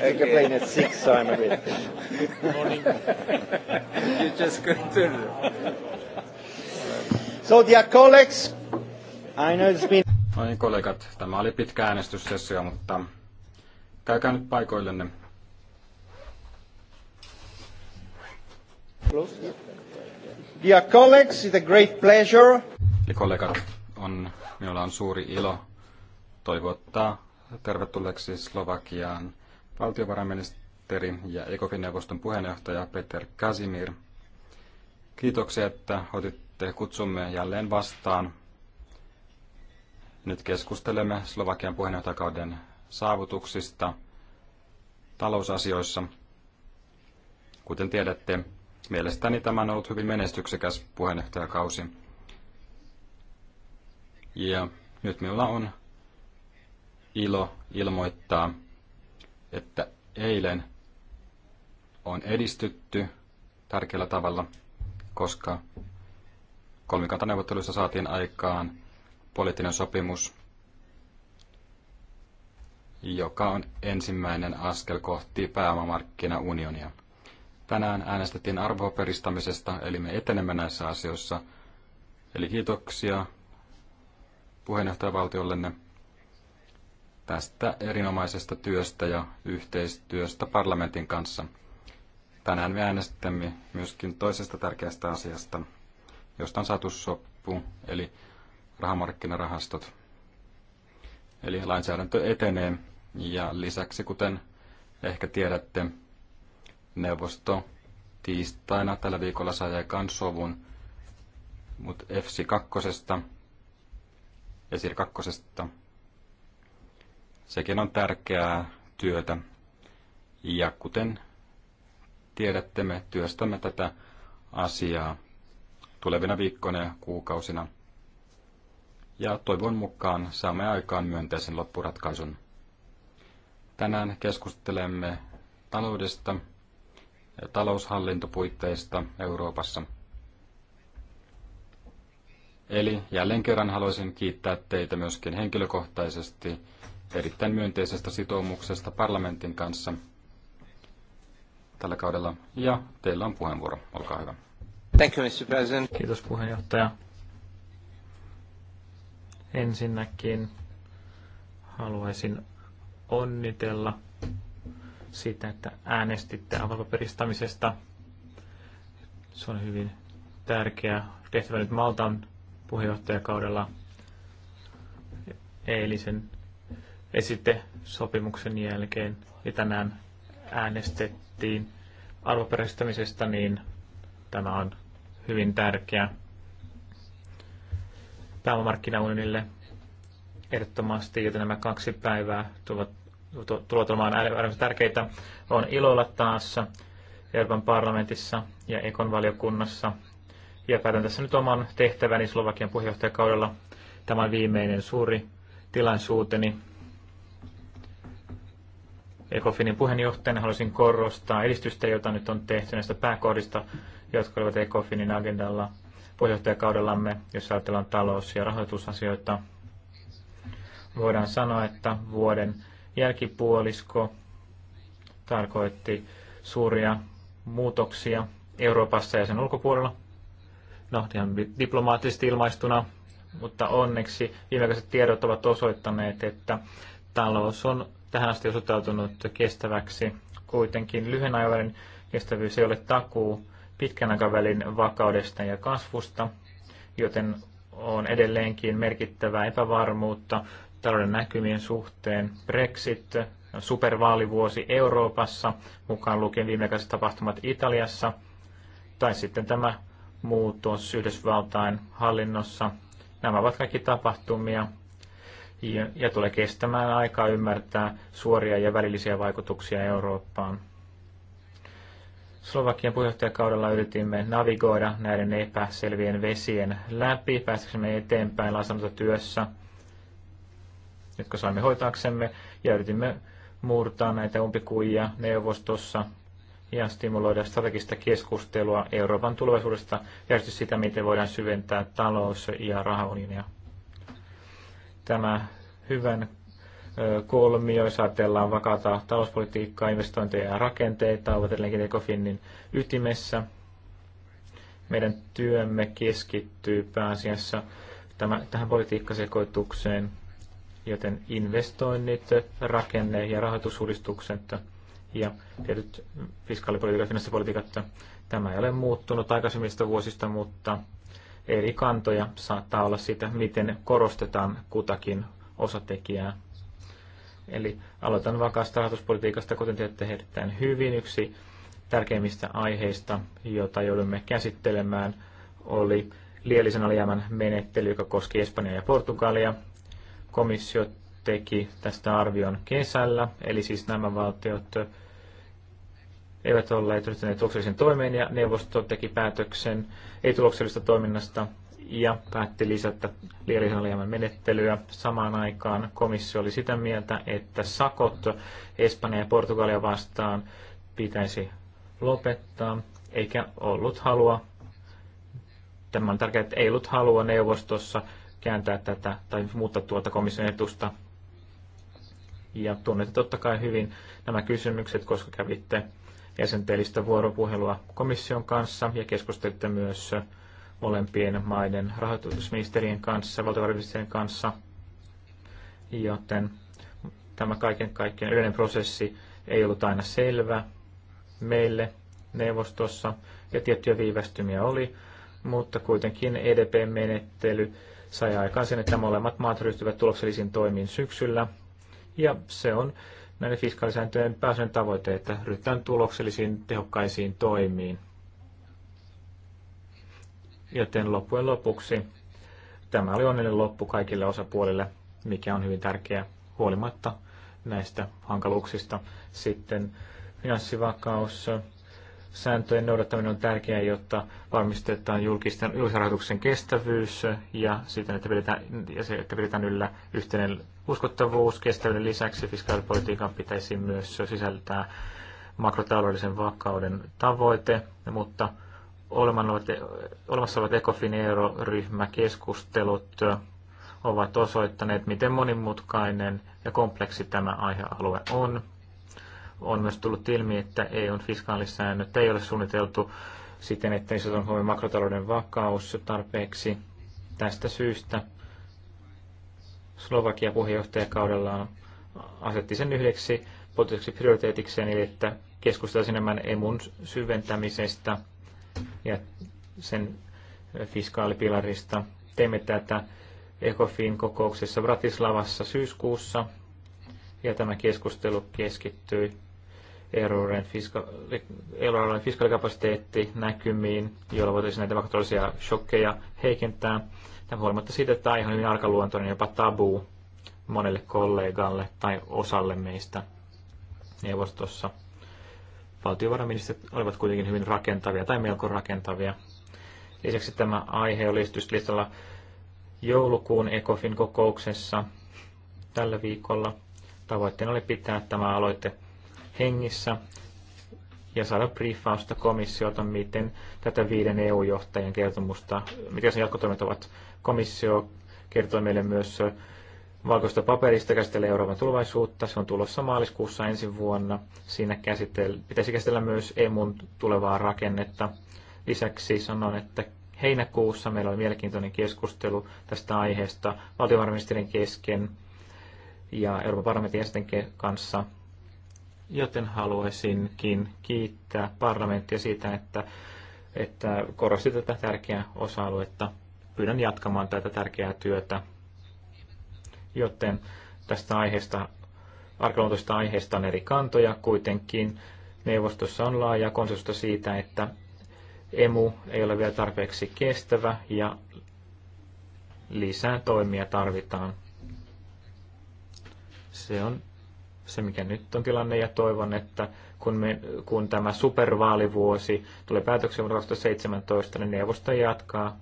I can play at six, so I'm a bit. Good morning. you just continue. So, dear colleagues, I know it's been... No niin, kollegat, tämä oli pitkä äänestyssessio, mutta käykää nyt paikoillenne. Dear colleagues, it's a great pleasure Eli kollegat, on, minulla on suuri ilo toivottaa tervetulleeksi Slovakiaan valtiovarainministeri ja ECOFIN-neuvoston puheenjohtaja Peter Kazimir. Kiitoksia, että otitte kutsumme jälleen vastaan. Nyt keskustelemme Slovakian puheenjohtajakauden saavutuksista talousasioissa. Kuten tiedätte, mielestäni tämä on ollut hyvin menestyksekäs puheenjohtajakausi ja nyt minulla on ilo ilmoittaa, että eilen on edistytty tärkeällä tavalla, koska kolmikantaneuvotteluissa saatiin aikaan poliittinen sopimus, joka on ensimmäinen askel kohti pääomamarkkinaunionia. Tänään äänestettiin arvoperistamisesta, eli me etenemme näissä asioissa. Eli kiitoksia puheenjohtajavaltiollenne tästä erinomaisesta työstä ja yhteistyöstä parlamentin kanssa. Tänään me äänestämme myöskin toisesta tärkeästä asiasta, josta on saatu soppu, eli rahamarkkinarahastot. Eli lainsäädäntö etenee ja lisäksi, kuten ehkä tiedätte, neuvosto tiistaina tällä viikolla sai aikaan sovun, mutta FC2 esir kakkosesta. Sekin on tärkeää työtä. Ja kuten tiedätte, me työstämme tätä asiaa tulevina viikkoina ja kuukausina. Ja toivon mukaan saamme aikaan myönteisen loppuratkaisun. Tänään keskustelemme taloudesta ja taloushallintopuitteista Euroopassa – Eli jälleen kerran haluaisin kiittää teitä myöskin henkilökohtaisesti erittäin myönteisestä sitoumuksesta parlamentin kanssa tällä kaudella. Ja teillä on puheenvuoro. Olkaa hyvä. Thank you, Mr. President. Kiitos puheenjohtaja. Ensinnäkin haluaisin onnitella siitä, että äänestitte avalpaperistamisesta. Se on hyvin tärkeä tehtävä nyt Maltan puheenjohtajakaudella eilisen esitesopimuksen jälkeen ja tänään äänestettiin arvoperäistämisestä, niin tämä on hyvin tärkeä pääomamarkkinaunionille ehdottomasti, joten nämä kaksi päivää tulevat, tulevat olemaan äärimmäisen tärkeitä. On ilolla taas Euroopan parlamentissa ja Ekon valiokunnassa ja päätän tässä nyt oman tehtäväni Slovakian puheenjohtajakaudella. Tämä on viimeinen suuri tilaisuuteni. Ekofinin puheenjohtajana haluaisin korostaa edistystä, jota nyt on tehty näistä pääkohdista, jotka olivat Ekofinin agendalla puheenjohtajakaudellamme, jos ajatellaan talous- ja rahoitusasioita. Voidaan sanoa, että vuoden jälkipuolisko tarkoitti suuria muutoksia Euroopassa ja sen ulkopuolella no ihan diplomaattisesti ilmaistuna, mutta onneksi viimeaikaiset tiedot ovat osoittaneet, että talous on tähän asti osoittautunut kestäväksi. Kuitenkin lyhyen ajan kestävyys ei ole takuu pitkän aikavälin vakaudesta ja kasvusta, joten on edelleenkin merkittävää epävarmuutta talouden näkymien suhteen. Brexit, supervaalivuosi Euroopassa, mukaan lukien viimeaikaiset tapahtumat Italiassa, tai sitten tämä muutos Yhdysvaltain hallinnossa. Nämä ovat kaikki tapahtumia ja, ja tulee kestämään aikaa ymmärtää suoria ja välillisiä vaikutuksia Eurooppaan. Slovakian puheenjohtajakaudella yritimme navigoida näiden epäselvien vesien läpi, päästäksemme eteenpäin lainsäädäntötyössä, jotka saimme hoitaaksemme, ja yritimme murtaa näitä umpikujia neuvostossa ja stimuloida strategista keskustelua Euroopan tulevaisuudesta ja sitä, miten voidaan syventää talous- ja rahaunionia. Tämä hyvän kolmio, jos ajatellaan vakaata talouspolitiikkaa, investointeja ja rakenteita, ovat edelleenkin Ecofinin ytimessä. Meidän työmme keskittyy pääasiassa tämä, tähän politiikkasekoitukseen, joten investoinnit, rakenne- ja rahoitusuudistukset – ja tietyt fiskaalipolitiikat, finanssipolitiikat, tämä ei ole muuttunut aikaisemmista vuosista, mutta eri kantoja saattaa olla siitä, miten korostetaan kutakin osatekijää. Eli aloitan vakaasta rahoituspolitiikasta, kuten tiedätte, erittäin hyvin. Yksi tärkeimmistä aiheista, jota joudumme käsittelemään, oli liellisen alijäämän menettely, joka koski Espanjaa ja Portugalia. Komissio teki tästä arvion kesällä, eli siis nämä valtiot eivät olleet ryhtyneet tuloksellisen toimeen ja neuvosto teki päätöksen ei-tuloksellisesta toiminnasta ja päätti lisätä liiallisen alijäämän menettelyä. Samaan aikaan komissio oli sitä mieltä, että sakot Espanja ja Portugalia vastaan pitäisi lopettaa, eikä ollut halua, tämä on tärkeää, että ei ollut halua neuvostossa kääntää tätä tai muuttaa tuota komission etusta ja tunnette totta kai hyvin nämä kysymykset, koska kävitte jäsenteellistä vuoropuhelua komission kanssa ja keskustelitte myös molempien maiden rahoitusministerien kanssa, valtiovarainministerien kanssa, joten tämä kaiken kaikkiaan yleinen prosessi ei ollut aina selvä meille neuvostossa ja tiettyjä viivästymiä oli, mutta kuitenkin EDP-menettely sai aikaan sen, että molemmat maat ryhtyvät tuloksellisiin toimiin syksyllä ja se on näiden fiskaalisääntöjen pääsyn tavoite, että ryhdytään tuloksellisiin tehokkaisiin toimiin. Joten loppujen lopuksi tämä oli onnellinen loppu kaikille osapuolille, mikä on hyvin tärkeää huolimatta näistä hankaluuksista. Sitten finanssivakaus, sääntöjen noudattaminen on tärkeää, jotta varmistetaan julkisten, julkisen kestävyys ja, sitten että pidetään, ja se, että pidetään yllä yhteinen uskottavuus. Kestävyyden lisäksi fiskaalipolitiikan pitäisi myös sisältää makrotaloudellisen vakauden tavoite, mutta olemassa olevat e, ECOFIN ryhmäkeskustelut ovat osoittaneet, miten monimutkainen ja kompleksi tämä aihealue on on myös tullut ilmi, että EUn fiskaalisäännöt ei ole suunniteltu siten, että niissä on huomioon makrotalouden vakaus tarpeeksi. Tästä syystä Slovakia puheenjohtajakaudellaan asetti sen yhdeksi poliittiseksi prioriteetikseen, eli että keskusteltaisiin enemmän emun syventämisestä ja sen fiskaalipilarista. Teemme tätä ECOFIN kokouksessa Bratislavassa syyskuussa, ja tämä keskustelu keskittyi eurojen fiska- fiskalikapasiteetti näkymiin, joilla voitaisiin näitä vakatollisia shokkeja heikentää. Tämä huolimatta siitä, että aihe on hyvin arkaluontoinen, jopa tabu monelle kollegalle tai osalle meistä neuvostossa. Valtiovarainministerit olivat kuitenkin hyvin rakentavia tai melko rakentavia. Lisäksi tämä aihe oli listalla joulukuun ECOFIN kokouksessa tällä viikolla. Tavoitteena oli pitää tämä aloite hengissä ja saada briefausta komissiolta, miten tätä viiden EU-johtajan kertomusta, mitä sen jatkotoimet ovat. Komissio kertoi meille myös valkoista paperista käsitellä Euroopan tulevaisuutta. Se on tulossa maaliskuussa ensi vuonna. Siinä käsitel- pitäisi käsitellä myös EMUn tulevaa rakennetta. Lisäksi sanon, että heinäkuussa meillä oli mielenkiintoinen keskustelu tästä aiheesta valtiovarainministerin kesken ja Euroopan parlamentin jäsenten kanssa Joten haluaisinkin kiittää parlamenttia siitä, että, että korosti tätä tärkeää osa-aluetta. Pyydän jatkamaan tätä tärkeää työtä. Joten tästä aiheesta, arkaluontoisesta aiheesta on eri kantoja. Kuitenkin neuvostossa on laaja konsensusta siitä, että emu ei ole vielä tarpeeksi kestävä ja lisää toimia tarvitaan. Se on se, mikä nyt on tilanne, ja toivon, että kun, me, kun tämä supervaalivuosi tulee päätöksen vuonna 2017, niin neuvosto jatkaa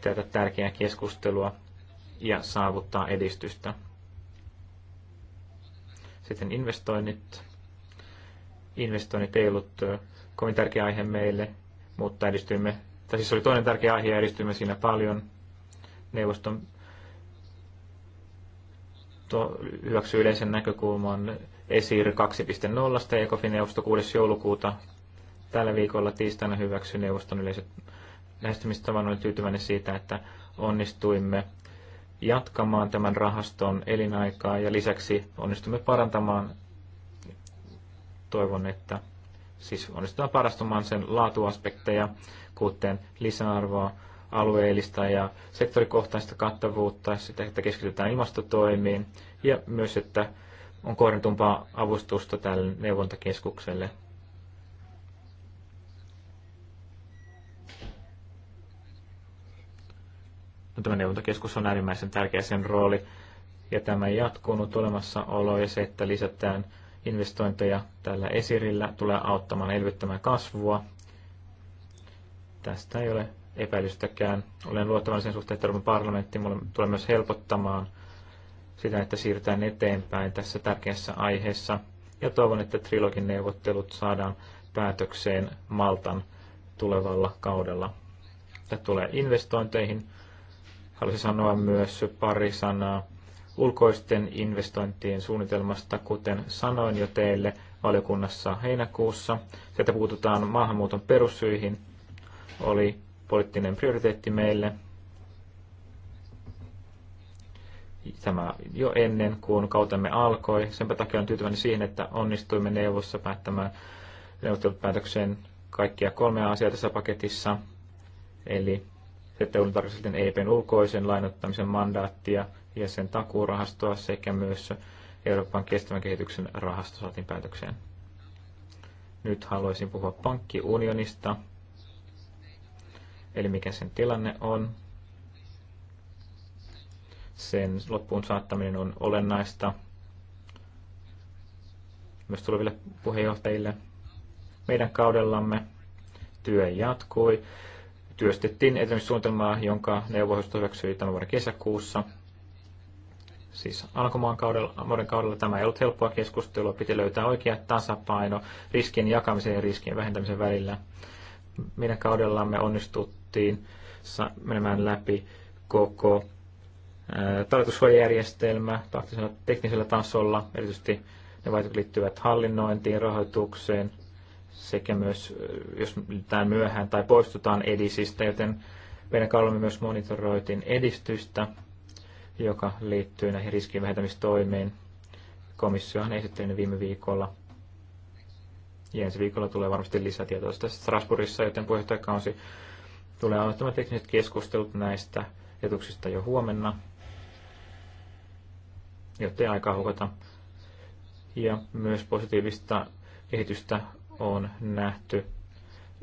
tätä tärkeää keskustelua ja saavuttaa edistystä. Sitten investoinnit. Investoinnit ei ollut kovin tärkeä aihe meille, mutta edistyimme, tai siis oli toinen tärkeä aihe ja edistyimme siinä paljon. Neuvoston neuvosto hyväksyy yleisen näkökulman ESIR 2.0 ja ECOFIN neuvosto 6. joulukuuta tällä viikolla tiistaina hyväksyi neuvoston yleiset lähestymistavan. Olen tyytyväinen siitä, että onnistuimme jatkamaan tämän rahaston elinaikaa ja lisäksi onnistumme parantamaan, toivon, että siis onnistutaan parastamaan sen laatuaspekteja, kuten lisäarvoa, alueellista ja sektorikohtaista kattavuutta, sitä, että keskitytään ilmastotoimiin ja myös, että on kohdentumpaa avustusta tälle neuvontakeskukselle. No, tämä neuvontakeskus on äärimmäisen tärkeä sen rooli ja tämä jatkunut olemassaolo ja se, että lisätään investointeja tällä esirillä tulee auttamaan elvyttämään kasvua. Tästä ei ole epäilystäkään. Olen luottavan sen suhteen, että Euroopan parlamentti tulee myös helpottamaan sitä, että siirrytään eteenpäin tässä tärkeässä aiheessa. Ja toivon, että trilogin neuvottelut saadaan päätökseen Maltan tulevalla kaudella. Tämä tulee investointeihin. Haluaisin sanoa myös pari sanaa ulkoisten investointien suunnitelmasta, kuten sanoin jo teille valiokunnassa heinäkuussa. Sieltä puututaan maahanmuuton perussyihin. Oli poliittinen prioriteetti meille. Tämä jo ennen kuin kautemme alkoi. Sen takia on tyytyväinen siihen, että onnistuimme neuvossa päättämään neuvottelupäätökseen kaikkia kolmea asiaa tässä paketissa. Eli se, että tarkasteltiin EPn ulkoisen lainottamisen mandaattia ja sen takuurahastoa sekä myös Euroopan kestävän kehityksen rahasto saatiin päätökseen. Nyt haluaisin puhua pankkiunionista eli mikä sen tilanne on. Sen loppuun saattaminen on olennaista myös tuleville puheenjohtajille. Meidän kaudellamme työ jatkui. Työstettiin etenemissuunnitelmaa, jonka neuvosto hyväksyi tämän vuoden kesäkuussa. Siis alkumaan kaudella, kaudella tämä ei ollut helppoa keskustelua, piti löytää oikea tasapaino riskien jakamisen ja riskien vähentämisen välillä. Meidän kaudellamme onnistut, pystyttiin menemään läpi koko talletussuojajärjestelmä taktisella teknisellä tasolla, erityisesti ne vaikutukset liittyvät hallinnointiin, rahoitukseen sekä myös, jos tämä myöhään tai poistutaan edisistä, joten meidän kallamme myös monitoroitiin edistystä, joka liittyy näihin riskien vähentämistoimiin. Komissiohan esitteli ne viime viikolla. Ja ensi viikolla tulee varmasti lisätietoa tästä Strasbourgissa, joten puheenjohtajakausi Tulee aloittamaan tekniset keskustelut näistä etuksista jo huomenna, jotta ei aikaa hukata. Ja myös positiivista kehitystä on nähty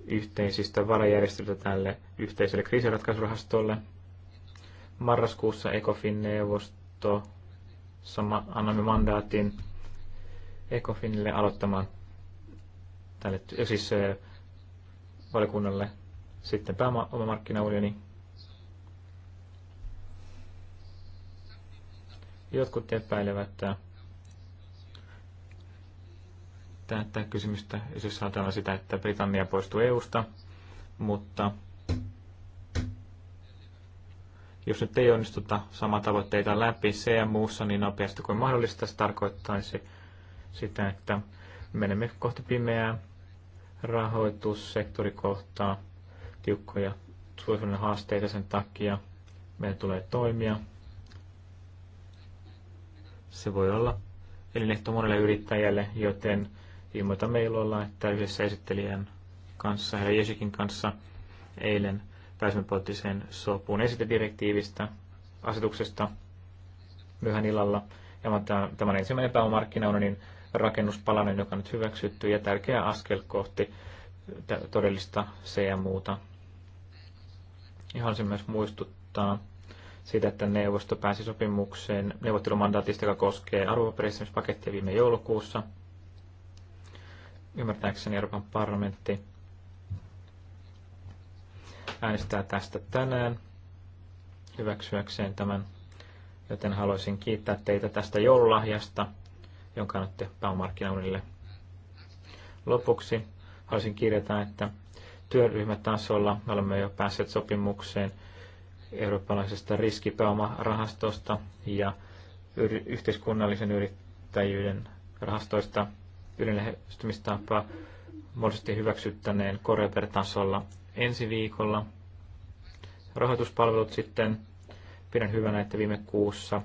yhteisistä varajärjestelyistä tälle yhteiselle kriisiratkaisurahastolle. Marraskuussa ECOFIN-neuvosto sama, annamme mandaatin ECOFINille aloittamaan tälle, siis valikunnalle sitten pääomamarkkinaunioni. Jotkut epäilevät että tätä kysymystä, jos ajatellaan sitä, että Britannia poistuu EUsta, mutta jos nyt ei onnistuta samaa tavoitteita läpi muussa niin nopeasti kuin mahdollista, se tarkoittaisi sitä, että menemme kohti pimeää rahoitussektorikohtaa. kohtaa tiukkoja suosuuden haasteita sen takia. Meidän tulee toimia. Se voi olla elinehto monelle yrittäjälle, joten ilmoitamme ilolla, että yhdessä esittelijän kanssa, ja Jesikin kanssa, eilen pääsimme poliittiseen sopuun esitedirektiivistä, asetuksesta myöhän illalla. Ja tämä on ensimmäinen pääomarkkinaunionin rakennuspalanen, joka on nyt hyväksytty ja tärkeä askel kohti todellista CMUta. Halusin myös muistuttaa siitä, että neuvosto pääsi sopimukseen neuvottelumandaatista, joka koskee arvopaperistamispakettia viime joulukuussa. Ymmärtääkseni Euroopan parlamentti äänestää tästä tänään hyväksyäkseen tämän, joten haluaisin kiittää teitä tästä joululahjasta, jonka annatte pääomarkkinaunille. Lopuksi haluaisin kirjata, että työryhmätasolla. Me olemme jo päässeet sopimukseen eurooppalaisesta riskipääomarahastosta ja yhteiskunnallisen yrittäjyyden rahastoista yleistymistapaa muodollisesti hyväksyttäneen coreper tasolla ensi viikolla. Rahoituspalvelut sitten pidän hyvänä, että viime kuussa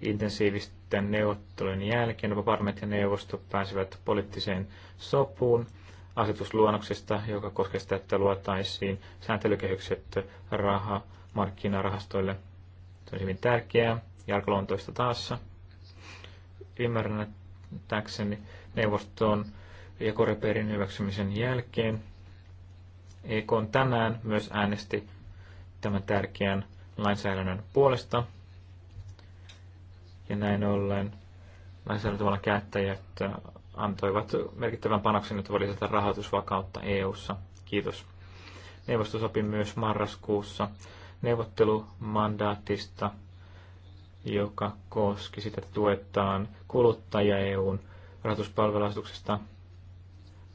intensiivisten neuvottelujen jälkeen parlamentin neuvosto pääsivät poliittiseen sopuun asetusluonnoksesta, joka koskee sitä, että luotaisiin sääntelykehykset raha markkinarahastoille. Se on hyvin tärkeää ja arkaluontoista taas. Ymmärrätäkseni neuvoston ja koreperin hyväksymisen jälkeen EK on tänään myös äänesti tämän tärkeän lainsäädännön puolesta. Ja näin ollen lainsäädäntövallan käyttäjät antoivat merkittävän panoksen, että voi lisätä rahoitusvakautta EU:ssa. Kiitos. Neuvosto sopi myös marraskuussa neuvottelumandaatista, joka koski sitä, että tuetaan kuluttajia EUn rahoituspalveluasetuksesta.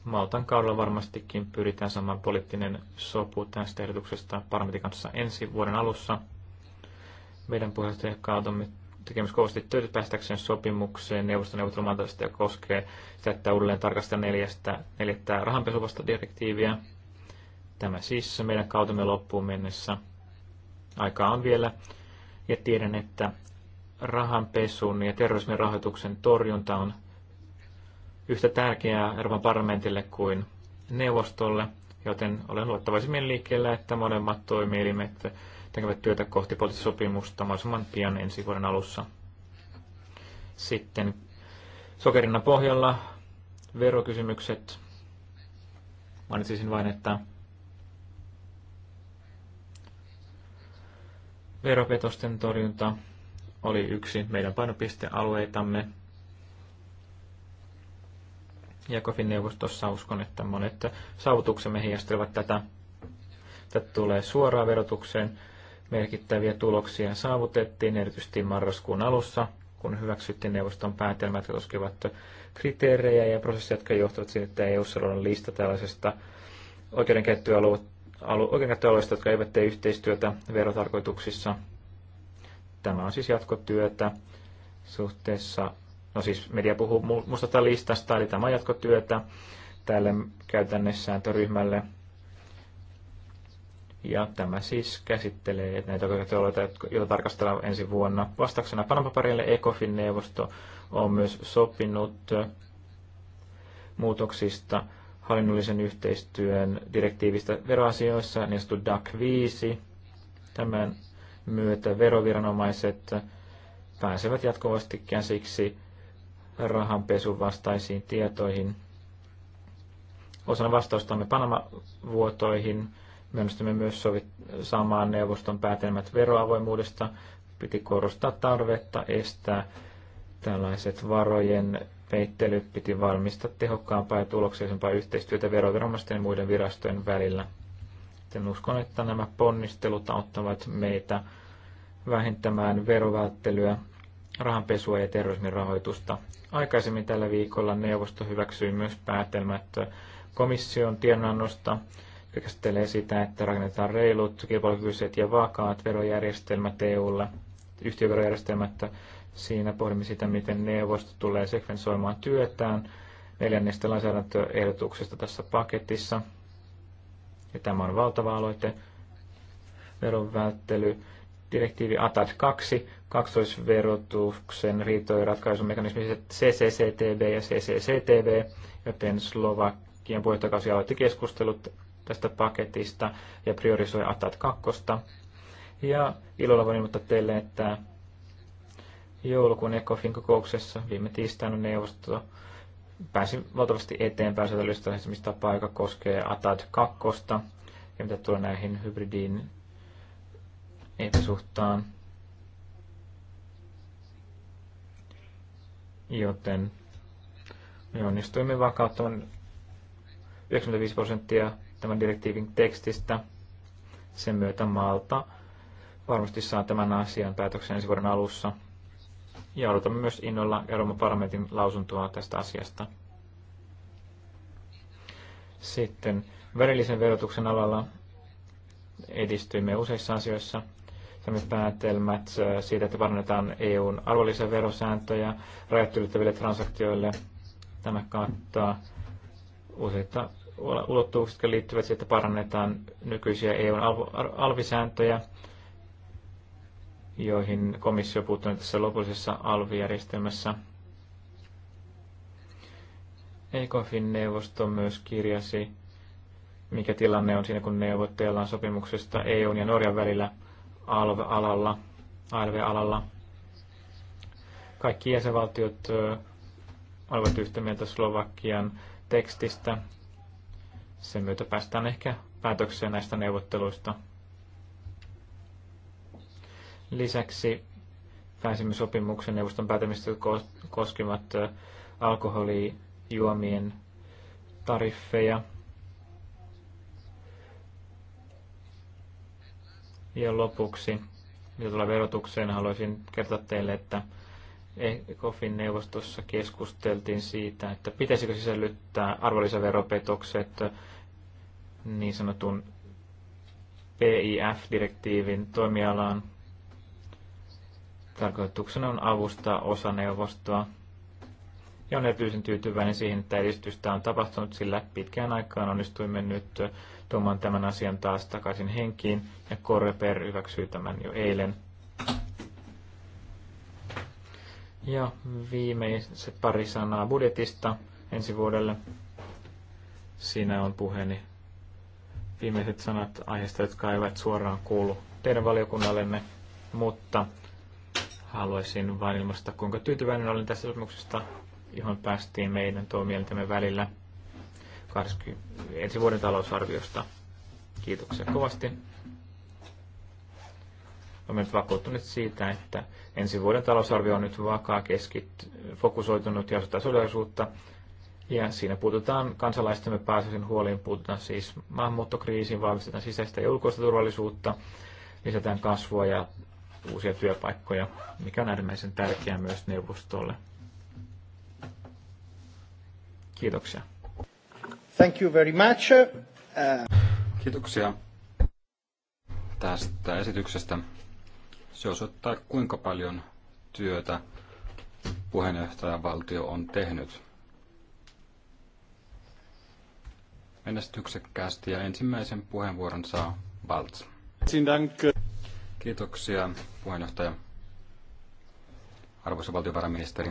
Maltan kaudella varmastikin pyritään saamaan poliittinen sopu tästä ehdotuksesta parlamentin kanssa ensi vuoden alussa. Meidän puheenjohtajakautomme tekemässä kovasti töitä päästäkseen sopimukseen neuvoston neuvottelumantaloista, joka koskee sitä, että uudelleen tarkastetaan neljästä, neljättä rahanpesuvasta direktiiviä. Tämä siis meidän kautemme loppuun mennessä. Aikaa on vielä. Ja tiedän, että rahanpesun ja terrorismin rahoituksen torjunta on yhtä tärkeää Euroopan parlamentille kuin neuvostolle, joten olen luottavaisemmin liikkeellä, että molemmat toimielimet tekevät työtä kohti poliittista sopimusta mahdollisimman pian ensi vuoden alussa. Sitten sokerina pohjalla verokysymykset. Mainitsisin vain, että veropetosten torjunta oli yksi meidän painopistealueitamme. Jakofin neuvostossa uskon, että monet saavutuksemme heijastelevat tätä. Tätä tulee suoraan verotukseen merkittäviä tuloksia saavutettiin, erityisesti marraskuun alussa, kun hyväksyttiin neuvoston päätelmät, jotka koskevat kriteerejä ja prosesseja, jotka johtavat siihen, että eu on lista tällaisesta oikeudenkäyttöalueista, jotka eivät tee yhteistyötä verotarkoituksissa. Tämä on siis jatkotyötä suhteessa, no siis media puhuu mustasta listasta, eli tämä on jatkotyötä tälle ryhmälle ja tämä siis käsittelee näitä oikeuteoloita, joita tarkastellaan ensi vuonna. Vastauksena Panamapaperille ECOFIN-neuvosto on myös sopinut muutoksista hallinnollisen yhteistyön direktiivistä veroasioissa, niin sanottu DAC 5. Tämän myötä veroviranomaiset pääsevät jatkuvasti käsiksi rahanpesun vastaisiin tietoihin. Osana vastaustamme Panama-vuotoihin me myös sovit, saamaan neuvoston päätelmät veroavoimuudesta. Piti korostaa tarvetta estää tällaiset varojen peittelyt. Piti valmistaa tehokkaampaa ja tuloksellisempaa yhteistyötä veroviranomaisten ja muiden virastojen välillä. Sitten uskon, että nämä ponnistelut auttavat meitä vähentämään verovälttelyä, rahanpesua ja terrorismin rahoitusta. Aikaisemmin tällä viikolla neuvosto hyväksyi myös päätelmät komission tiedonannosta käsittelee sitä, että rakennetaan reilut, kilpailukykyiset ja vakaat verojärjestelmät EUlla, yhtiöverojärjestelmät. Siinä pohdimme sitä, miten neuvosto tulee sekvensoimaan työtään neljännestä lainsäädäntöehdotuksesta tässä paketissa. Ja tämä on valtava aloite. Veronvälttely. Direktiivi ATAD 2, kaksoisverotuksen riitojen ratkaisumekanismiset CCCTB ja CCCTB, joten Slovakian puheenjohtajakausi aloitti keskustelut tästä paketista ja priorisoi Atat 2. Ja ilolla voin ilmoittaa teille, että joulukuun ECOFIN kokouksessa viime tiistaina neuvosto pääsi valtavasti eteenpäin mistä joka koskee Atat 2. Ja mitä tulee näihin hybridiin epäsuhtaan. Joten me onnistuimme vakauttamaan 95 prosenttia tämän direktiivin tekstistä. Sen myötä Malta varmasti saa tämän asian päätöksen ensi vuoden alussa. Ja odotamme myös innolla Euroopan parlamentin lausuntoa tästä asiasta. Sitten välillisen verotuksen alalla edistyimme useissa asioissa. Saimme päätelmät äh, siitä, että parannetaan EUn arvonlisä verosääntöjä rajat ylittäville transaktioille. Tämä kattaa useita ulottuvuukset, jotka liittyvät siihen, että parannetaan nykyisiä EUn alvisääntöjä, joihin komissio puuttuu tässä lopullisessa alvijärjestelmässä. ECOFin neuvosto myös kirjasi, mikä tilanne on siinä, kun neuvotellaan sopimuksesta EUn ja Norjan välillä alv-alalla. ALV-alalla. Kaikki jäsenvaltiot olivat yhtä mieltä Slovakian tekstistä sen myötä päästään ehkä päätökseen näistä neuvotteluista. Lisäksi pääsimme sopimuksen neuvoston päätämistä koskevat alkoholijuomien tariffeja. Ja lopuksi, mitä tulee verotukseen, haluaisin kertoa teille, että ECOFin neuvostossa keskusteltiin siitä, että pitäisikö sisällyttää arvonlisäveropetokset niin sanotun PIF-direktiivin toimialaan. Tarkoituksena on avustaa osa neuvostoa ja on erityisen tyytyväinen siihen, että edistystä on tapahtunut, sillä pitkään aikaan onnistuimme nyt tuomaan tämän asian taas takaisin henkiin ja Korreper hyväksyi tämän jo eilen. Ja viimeiset pari sanaa budjetista ensi vuodelle. Siinä on puheeni viimeiset sanat aiheesta, jotka eivät suoraan kuulu teidän valiokunnallenne, mutta haluaisin vain ilmaista, kuinka tyytyväinen olen tästä sopimuksesta, johon päästiin meidän toimielintemme välillä 20, ensi vuoden talousarviosta. Kiitoksia kovasti. Olemme nyt vakuuttuneet siitä, että ensi vuoden talousarvio on nyt vakaa, keskit, fokusoitunut ja osoittaa Ja siinä puututaan kansalaistemme pääsäisen huoliin, puututaan siis maahanmuuttokriisiin, vahvistetaan sisäistä ja ulkoista turvallisuutta, lisätään kasvua ja uusia työpaikkoja, mikä on äärimmäisen tärkeää myös neuvostolle. Kiitoksia. Thank you very much. Uh... Kiitoksia tästä esityksestä. Se osoittaa, kuinka paljon työtä puheenjohtajavaltio on tehnyt menestyksekkäästi ja ensimmäisen puheenvuoron saa Valts. Kiitoksia puheenjohtaja. Arvoisa valtiovarainministeri,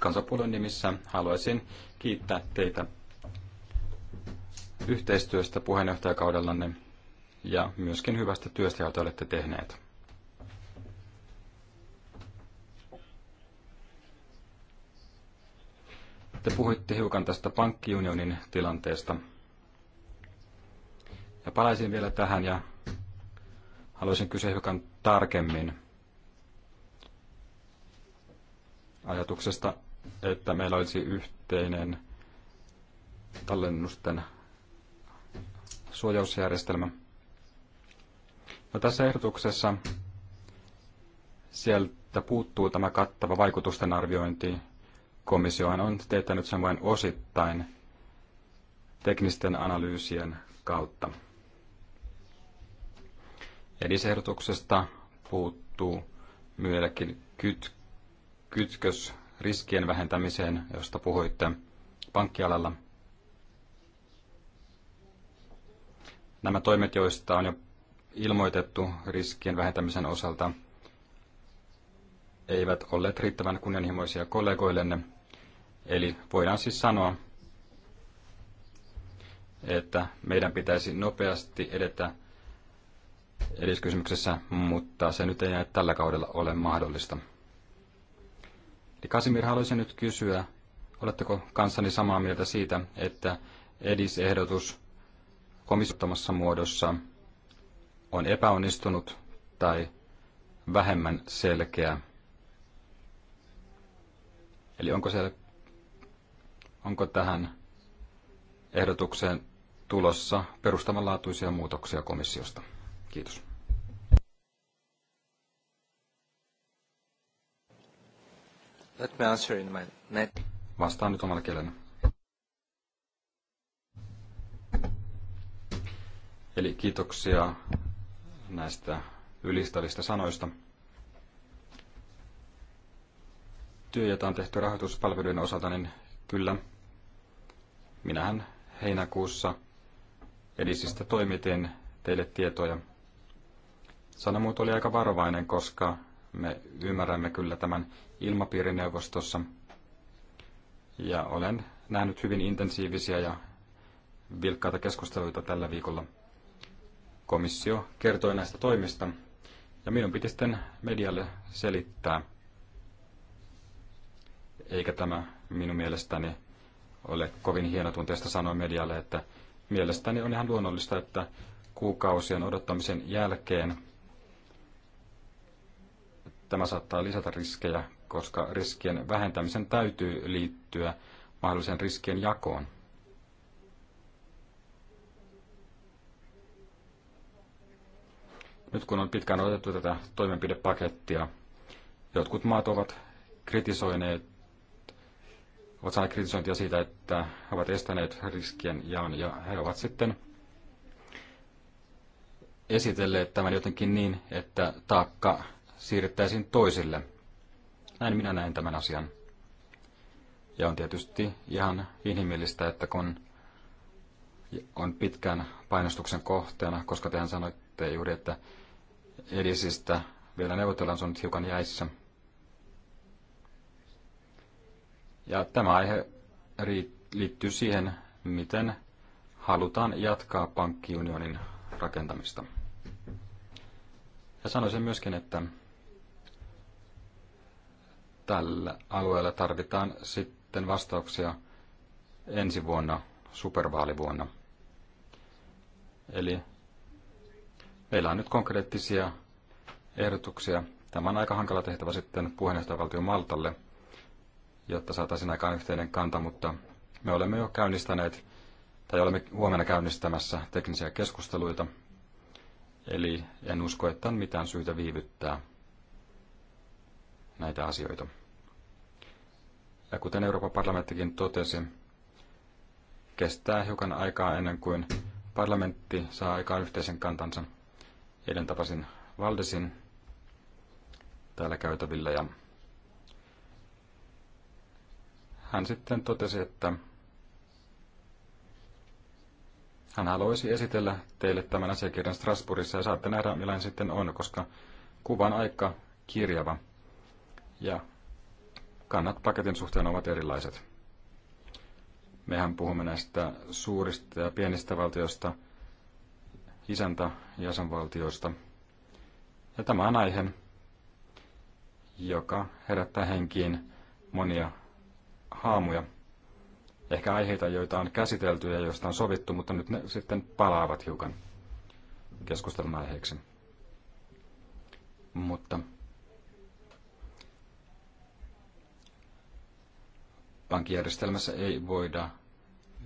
kansapuolen nimissä haluaisin kiittää teitä yhteistyöstä puheenjohtajakaudellanne ja myöskin hyvästä työstä, jota olette tehneet. Te puhuitte hiukan tästä pankkiunionin tilanteesta. Ja palaisin vielä tähän ja haluaisin kysyä hiukan tarkemmin ajatuksesta, että meillä olisi yhteinen tallennusten suojausjärjestelmä. No, tässä ehdotuksessa sieltä puuttuu tämä kattava vaikutusten arviointi. Komissio on teettänyt sen vain osittain teknisten analyysien kautta. Edisehdotuksesta puuttuu myöskin kyt, kytkös riskien vähentämiseen, josta puhuitte pankkialalla. Nämä toimet, joista on jo ilmoitettu riskien vähentämisen osalta eivät olleet riittävän kunnianhimoisia kollegoillenne. Eli voidaan siis sanoa, että meidän pitäisi nopeasti edetä edistyskysymyksessä, mutta se nyt ei tällä kaudella ole mahdollista. Eli Kasimir, haluaisin nyt kysyä, oletteko kanssani samaa mieltä siitä, että edisehdotus komissuttamassa muodossa – on epäonnistunut tai vähemmän selkeä. Eli onko, siellä, onko tähän ehdotukseen tulossa perustavanlaatuisia muutoksia komissiosta? Kiitos. Let me answer in my net. Vastaan nyt omalla kielellä. Eli kiitoksia näistä ylistävistä sanoista. Työ, jota on tehty rahoituspalveluiden osalta, niin kyllä, minähän heinäkuussa edisistä toimitin teille tietoja. Sanamuut oli aika varovainen, koska me ymmärrämme kyllä tämän ilmapiirineuvostossa. Ja olen nähnyt hyvin intensiivisiä ja vilkkaita keskusteluita tällä viikolla – komissio kertoi näistä toimista, ja minun piti sitten medialle selittää, eikä tämä minun mielestäni ole kovin hienotunteista sanoa medialle, että mielestäni on ihan luonnollista, että kuukausien odottamisen jälkeen tämä saattaa lisätä riskejä, koska riskien vähentämisen täytyy liittyä mahdollisen riskien jakoon. Nyt kun on pitkään otettu tätä toimenpidepakettia, jotkut maat ovat kritisoineet, ovat saaneet kritisointia siitä, että he ovat estäneet riskien jaon ja he ovat sitten esitelleet tämän jotenkin niin, että taakka siirrettäisiin toisille. Näin minä näen tämän asian. Ja on tietysti ihan inhimillistä, että kun on pitkän painostuksen kohteena, koska tehän sanoitte juuri, että edisistä vielä neuvotellaan, se on nyt hiukan jäissä. Ja tämä aihe liittyy siihen, miten halutaan jatkaa pankkiunionin rakentamista. Ja sanoisin myöskin, että tällä alueella tarvitaan sitten vastauksia ensi vuonna, supervaalivuonna. Eli Meillä on nyt konkreettisia ehdotuksia. Tämä on aika hankala tehtävä sitten puheenjohtajavaltio Maltalle, jotta saataisiin aikaan yhteinen kanta, mutta me olemme jo käynnistäneet, tai olemme huomenna käynnistämässä teknisiä keskusteluita, eli en usko, että on mitään syytä viivyttää näitä asioita. Ja kuten Euroopan parlamenttikin totesi, kestää hiukan aikaa ennen kuin parlamentti saa aikaan yhteisen kantansa. Eilen tapasin Valdesin täällä käytävillä ja hän sitten totesi, että hän haluaisi esitellä teille tämän asiakirjan Strasbourgissa ja saatte nähdä, millainen sitten on, koska kuvan aika kirjava ja kannat paketin suhteen ovat erilaiset. Mehän puhumme näistä suurista ja pienistä valtioista – isäntä jäsenvaltioista. Ja tämä on aihe, joka herättää henkiin monia haamuja. Ehkä aiheita, joita on käsitelty ja joista on sovittu, mutta nyt ne sitten palaavat hiukan keskustelun aiheeksi. Mutta pankkijärjestelmässä ei voida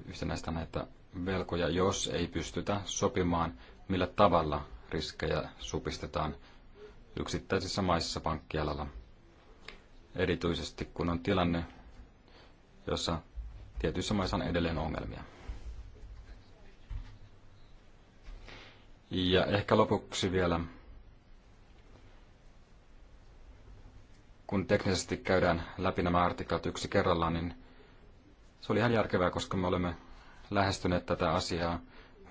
yhtenäistä näitä velkoja, jos ei pystytä sopimaan, millä tavalla riskejä supistetaan yksittäisissä maissa pankkialalla. Erityisesti kun on tilanne, jossa tietyissä maissa on edelleen ongelmia. Ja ehkä lopuksi vielä, kun teknisesti käydään läpi nämä artiklat yksi kerrallaan, niin se oli ihan järkevää, koska me olemme lähestyneet tätä asiaa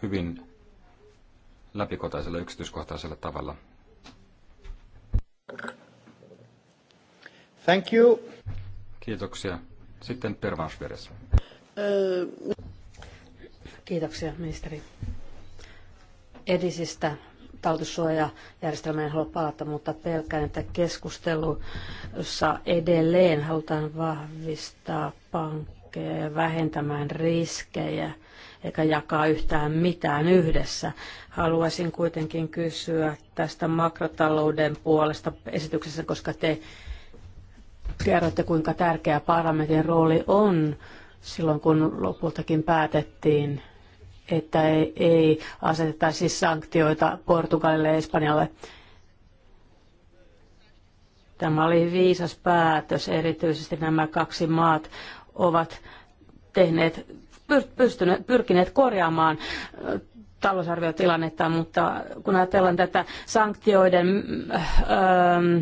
hyvin läpikotaisella yksityiskohtaisella tavalla. Thank you. Kiitoksia. Sitten Pervansveres. Kiitoksia, ministeri. Edisistä tautissuojajärjestelmään en halua palata, mutta pelkään, että keskustelussa edelleen halutaan vahvistaa pankkia kaikkea ja vähentämään riskejä eikä jakaa yhtään mitään yhdessä. Haluaisin kuitenkin kysyä tästä makrotalouden puolesta esityksessä, koska te kerrotte, kuinka tärkeä parlamentin rooli on silloin, kun lopultakin päätettiin, että ei, ei asetettaisi sanktioita Portugalille ja Espanjalle. Tämä oli viisas päätös, erityisesti nämä kaksi maat ovat tehneet, pystyneet, pyrkineet korjaamaan talousarviotilannetta, mutta kun ajatellaan tätä sanktioiden öö,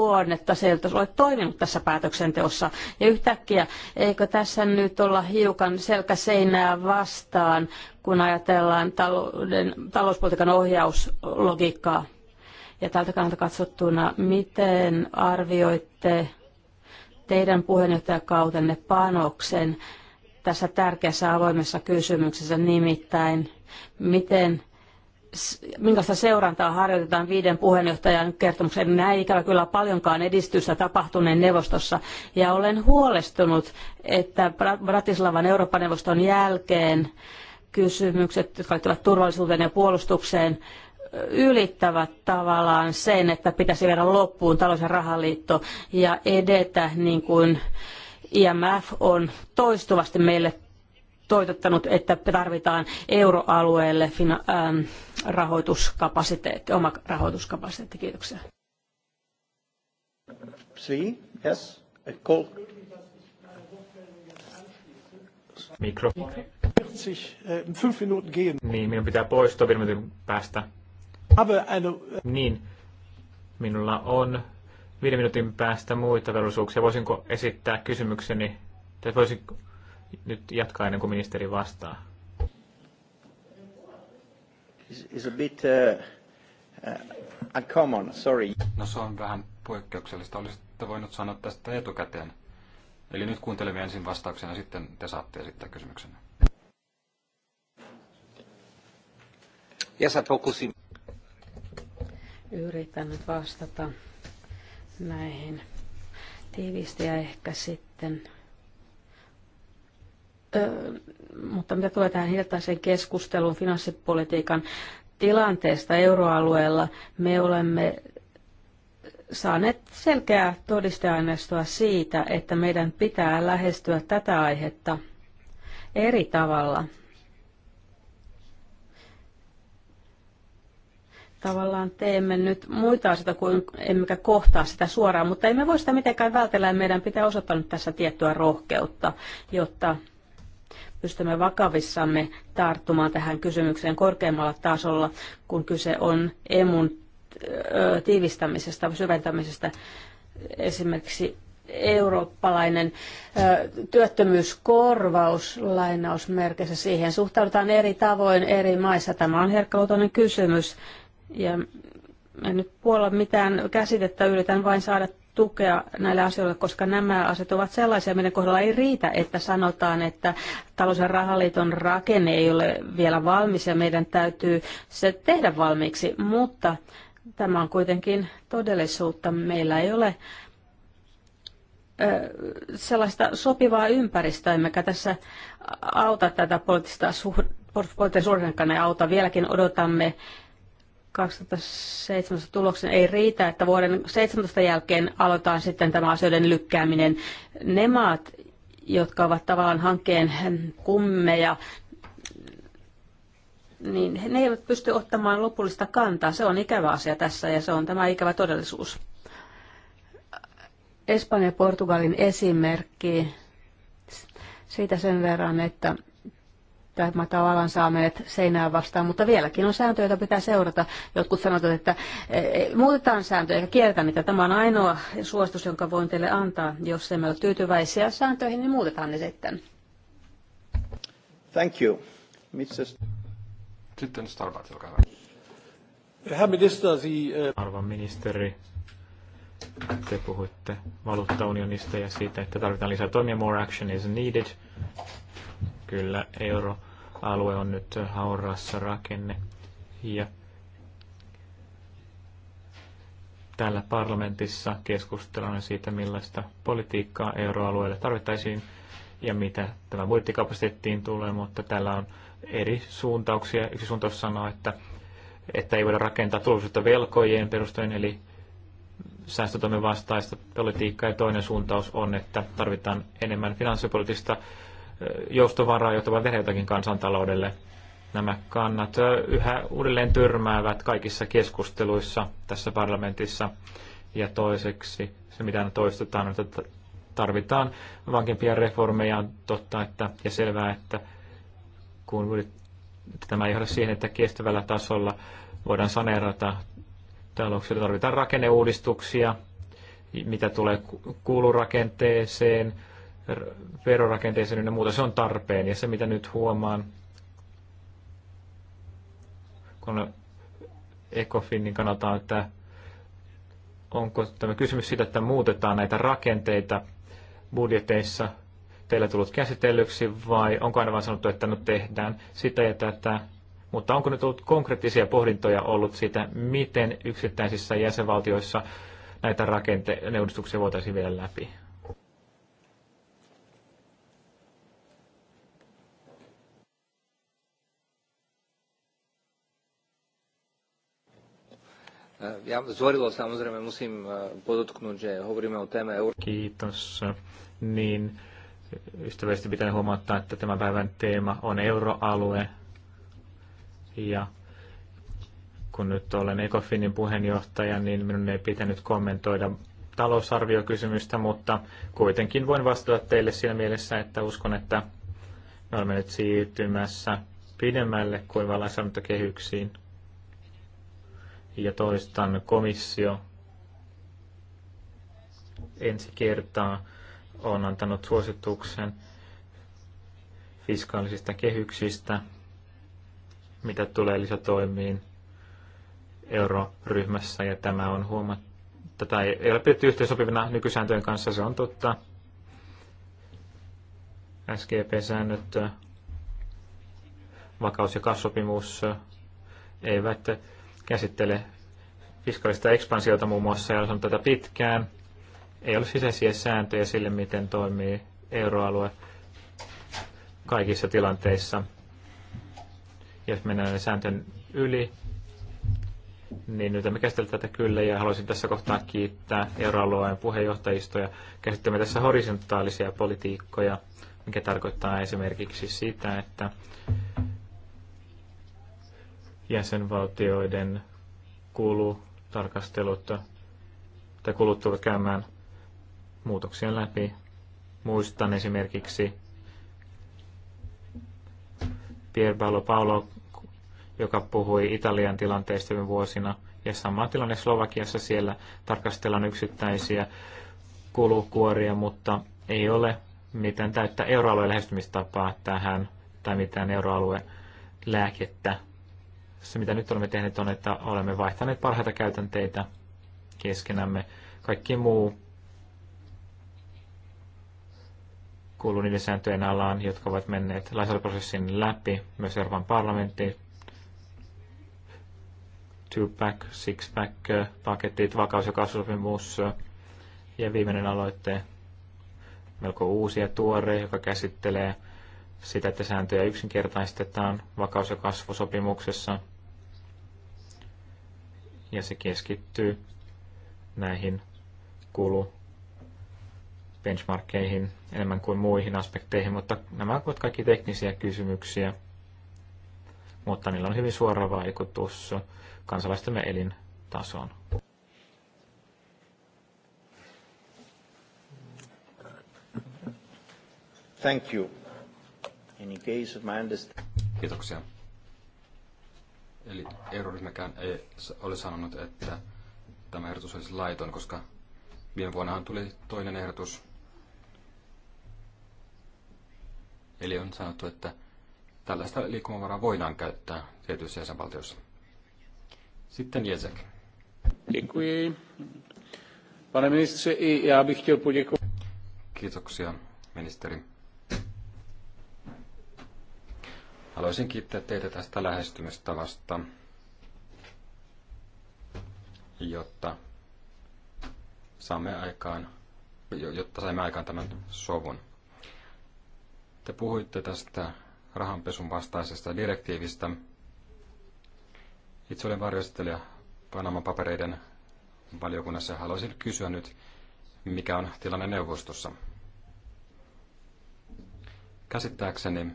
luonnetta, se ei ole toiminut tässä päätöksenteossa. Ja yhtäkkiä, eikö tässä nyt olla hiukan selkäseinää vastaan, kun ajatellaan talouden, talouspolitiikan ohjauslogiikkaa? Ja tältä kannalta katsottuna, miten arvioitte teidän puheenjohtajakautenne panoksen tässä tärkeässä avoimessa kysymyksessä, nimittäin miten minkälaista seurantaa harjoitetaan viiden puheenjohtajan kertomuksen. Näin ikävä kyllä paljonkaan edistystä tapahtuneen neuvostossa. Ja olen huolestunut, että Bratislavan Eurooppa-neuvoston jälkeen kysymykset, jotka liittyvät turvallisuuteen ja puolustukseen, ylittävät tavallaan sen, että pitäisi viedä loppuun talous- ja rahaliitto ja edetä niin kuin IMF on toistuvasti meille toitottanut, että tarvitaan euroalueelle fina- ähm, rahoituskapasiteetti, oma rahoituskapasiteetti. Kiitoksia. Yes? call. Mikrofoni. Eh, niin, minun pitää poistua minun päästä. Niin, minulla on viiden minuutin päästä muita velvollisuuksia. Voisinko esittää kysymykseni, tai voisinko nyt jatkaa ennen kuin ministeri vastaa? Is a bit, uh, uh, uncommon, sorry. No se on vähän poikkeuksellista. Olisitte voinut sanoa tästä etukäteen. Eli nyt kuuntelemme ensin vastauksena, ja sitten te saatte esittää kysymyksen. Yes, I Yritän nyt vastata näihin tiivisti ja ehkä sitten ö, mutta mitä tulee tähän hiljattaiseen keskusteluun finanssipolitiikan tilanteesta euroalueella, me olemme saaneet selkeää todisteaineistoa siitä, että meidän pitää lähestyä tätä aihetta eri tavalla tavallaan teemme nyt muita asioita kuin emmekä kohtaa sitä suoraan, mutta emme voi sitä mitenkään vältellä ja meidän pitää osoittaa nyt tässä tiettyä rohkeutta, jotta pystymme vakavissamme tarttumaan tähän kysymykseen korkeammalla tasolla, kun kyse on emun tiivistämisestä, syventämisestä. Esimerkiksi eurooppalainen työttömyyskorvaus lainausmerkeissä siihen suhtaudutaan eri tavoin eri maissa. Tämä on herkkaluotoinen kysymys ja en nyt puolella mitään käsitettä, yritän vain saada tukea näille asioille, koska nämä asiat ovat sellaisia, meidän kohdalla ei riitä, että sanotaan, että talous- ja rahaliiton rakenne ei ole vielä valmis ja meidän täytyy se tehdä valmiiksi, mutta tämä on kuitenkin todellisuutta. Meillä ei ole sellaista sopivaa ympäristöä, emmekä tässä auta tätä poliittista suhdetta, poliittisen suhdekanne auta. Vieläkin odotamme 2017 tuloksen ei riitä, että vuoden 17 jälkeen aloitetaan sitten tämä asioiden lykkääminen. Ne maat, jotka ovat tavallaan hankkeen kummeja, niin ne eivät pysty ottamaan lopullista kantaa. Se on ikävä asia tässä ja se on tämä ikävä todellisuus. espanja ja Portugalin esimerkki siitä sen verran, että tämä tavallaan saa meidät seinään vastaan, mutta vieläkin on sääntöjä, joita pitää seurata. Jotkut sanovat, että e, e, muutetaan sääntöjä eikä kiertä niitä. Tämä on ainoa suositus, jonka voin teille antaa. Jos emme ole tyytyväisiä sääntöihin, niin muutetaan ne sitten. Thank you. Mrs. Sitten Starbucks, olkaa hyvä. Herr Minister, Sie... Äh, Arvon ministeri, te puhuitte valuuttaunionista ja siitä, että tarvitaan lisää toimia. More action is needed. Kyllä euroalue on nyt hauraassa rakenne ja täällä parlamentissa keskustellaan siitä, millaista politiikkaa euroalueelle tarvittaisiin ja mitä tämä budjettikapasiteettiin tulee, mutta täällä on eri suuntauksia. Yksi suuntaus sanoo, että, että ei voida rakentaa tulosuutta velkojen perustojen eli säästötoimen vastaista politiikkaa, ja toinen suuntaus on, että tarvitaan enemmän finanssipoliittista joustovaraa, jotta voi tehdä jotakin kansantaloudelle. Nämä kannat yhä uudelleen tyrmäävät kaikissa keskusteluissa tässä parlamentissa. Ja toiseksi se, mitä aina toistetaan, että tarvitaan vankempia reformeja. On totta että, ja selvää, että kun tämä ei johda siihen, että kestävällä tasolla voidaan saneerata talouksia, tarvitaan rakenneuudistuksia, mitä tulee kuulurakenteeseen, verorakenteeseen ja muuta, se on tarpeen. Ja se, mitä nyt huomaan, kun Ecofinin kannalta on, että onko tämä kysymys siitä, että muutetaan näitä rakenteita budjeteissa teillä tullut käsitellyksi vai onko aina vain sanottu, että nyt no tehdään sitä ja tätä, mutta onko nyt ollut konkreettisia pohdintoja ollut siitä, miten yksittäisissä jäsenvaltioissa näitä rakenteuudistuksia voitaisiin vielä läpi? Eh, ja suorilla samozrejme musím eh, podotknúť, že hovoríme o téme euro. Kiitos. Niin, ystävällisesti pitää huomauttaa, että tämän päivän teema on euroalue. Ja kun nyt olen Ecofinin puheenjohtaja, niin minun ei pitänyt kommentoida talousarviokysymystä, mutta kuitenkin voin vastata teille siinä mielessä, että uskon, että me olemme nyt siirtymässä pidemmälle kuin vain kehyksiin ja toistan komissio ensi kertaa on antanut suosituksen fiskaalisista kehyksistä, mitä tulee lisätoimiin euroryhmässä, ja tämä on huomattu, tätä ei ole pidetty yhteensopivina nykysääntöjen kanssa, se on totta. SGP-säännöt, vakaus- ja kassopimus eivät Käsittelee fiskaalista ekspansiota muun muassa ja on tätä pitkään. Ei ole sisäisiä sääntöjä sille, miten toimii euroalue kaikissa tilanteissa. Jos mennään sääntön yli, niin nyt me käsitellä tätä kyllä ja haluaisin tässä kohtaa kiittää euroalueen puheenjohtajistoja. Käsittelemme tässä horisontaalisia politiikkoja, mikä tarkoittaa esimerkiksi sitä, että jäsenvaltioiden kulutarkastelut tai kulut tulevat käymään muutoksia läpi. Muistan esimerkiksi Pier Paolo Paolo, joka puhui Italian tilanteesta viime vuosina, ja sama tilanne Slovakiassa siellä tarkastellaan yksittäisiä kulukuoria, mutta ei ole mitään täyttä euroalueen lähestymistapaa tähän tai mitään euroalueen lääkettä se, mitä nyt olemme tehneet, on, että olemme vaihtaneet parhaita käytänteitä keskenämme. Kaikki muu kuuluu niiden sääntöjen alaan, jotka ovat menneet lainsäädäntöprosessin läpi, myös Euroopan parlamentti, Two-pack, six-pack, paketit, vakaus- ja kasvusopimus ja viimeinen aloitte, melko uusi ja tuore, joka käsittelee sitä, että sääntöjä yksinkertaistetaan vakaus- ja kasvusopimuksessa – ja se keskittyy näihin kulu benchmarkkeihin enemmän kuin muihin aspekteihin, mutta nämä ovat kaikki teknisiä kysymyksiä, mutta niillä on hyvin suora vaikutus kansalaistemme elintasoon. Thank you. In case of my understanding. Kiitoksia. Eli euroryhmäkään ei ole sanonut, että tämä ehdotus olisi laiton, koska viime vuonnahan tuli toinen ehdotus. Eli on sanottu, että tällaista liikkumavaraa voidaan käyttää tietyissä jäsenvaltioissa. Sitten Jesek. Děkuji. Pane ministře, i já bych chtěl poděkovat. Kiitoksia, ministeri. Haluaisin kiittää teitä tästä lähestymistavasta, jotta saamme aikaan, jotta saimme aikaan tämän sovun. Te puhuitte tästä rahanpesun vastaisesta direktiivistä. Itse olen varjostelija Panaman papereiden valiokunnassa ja haluaisin kysyä nyt, mikä on tilanne neuvostossa. Käsittääkseni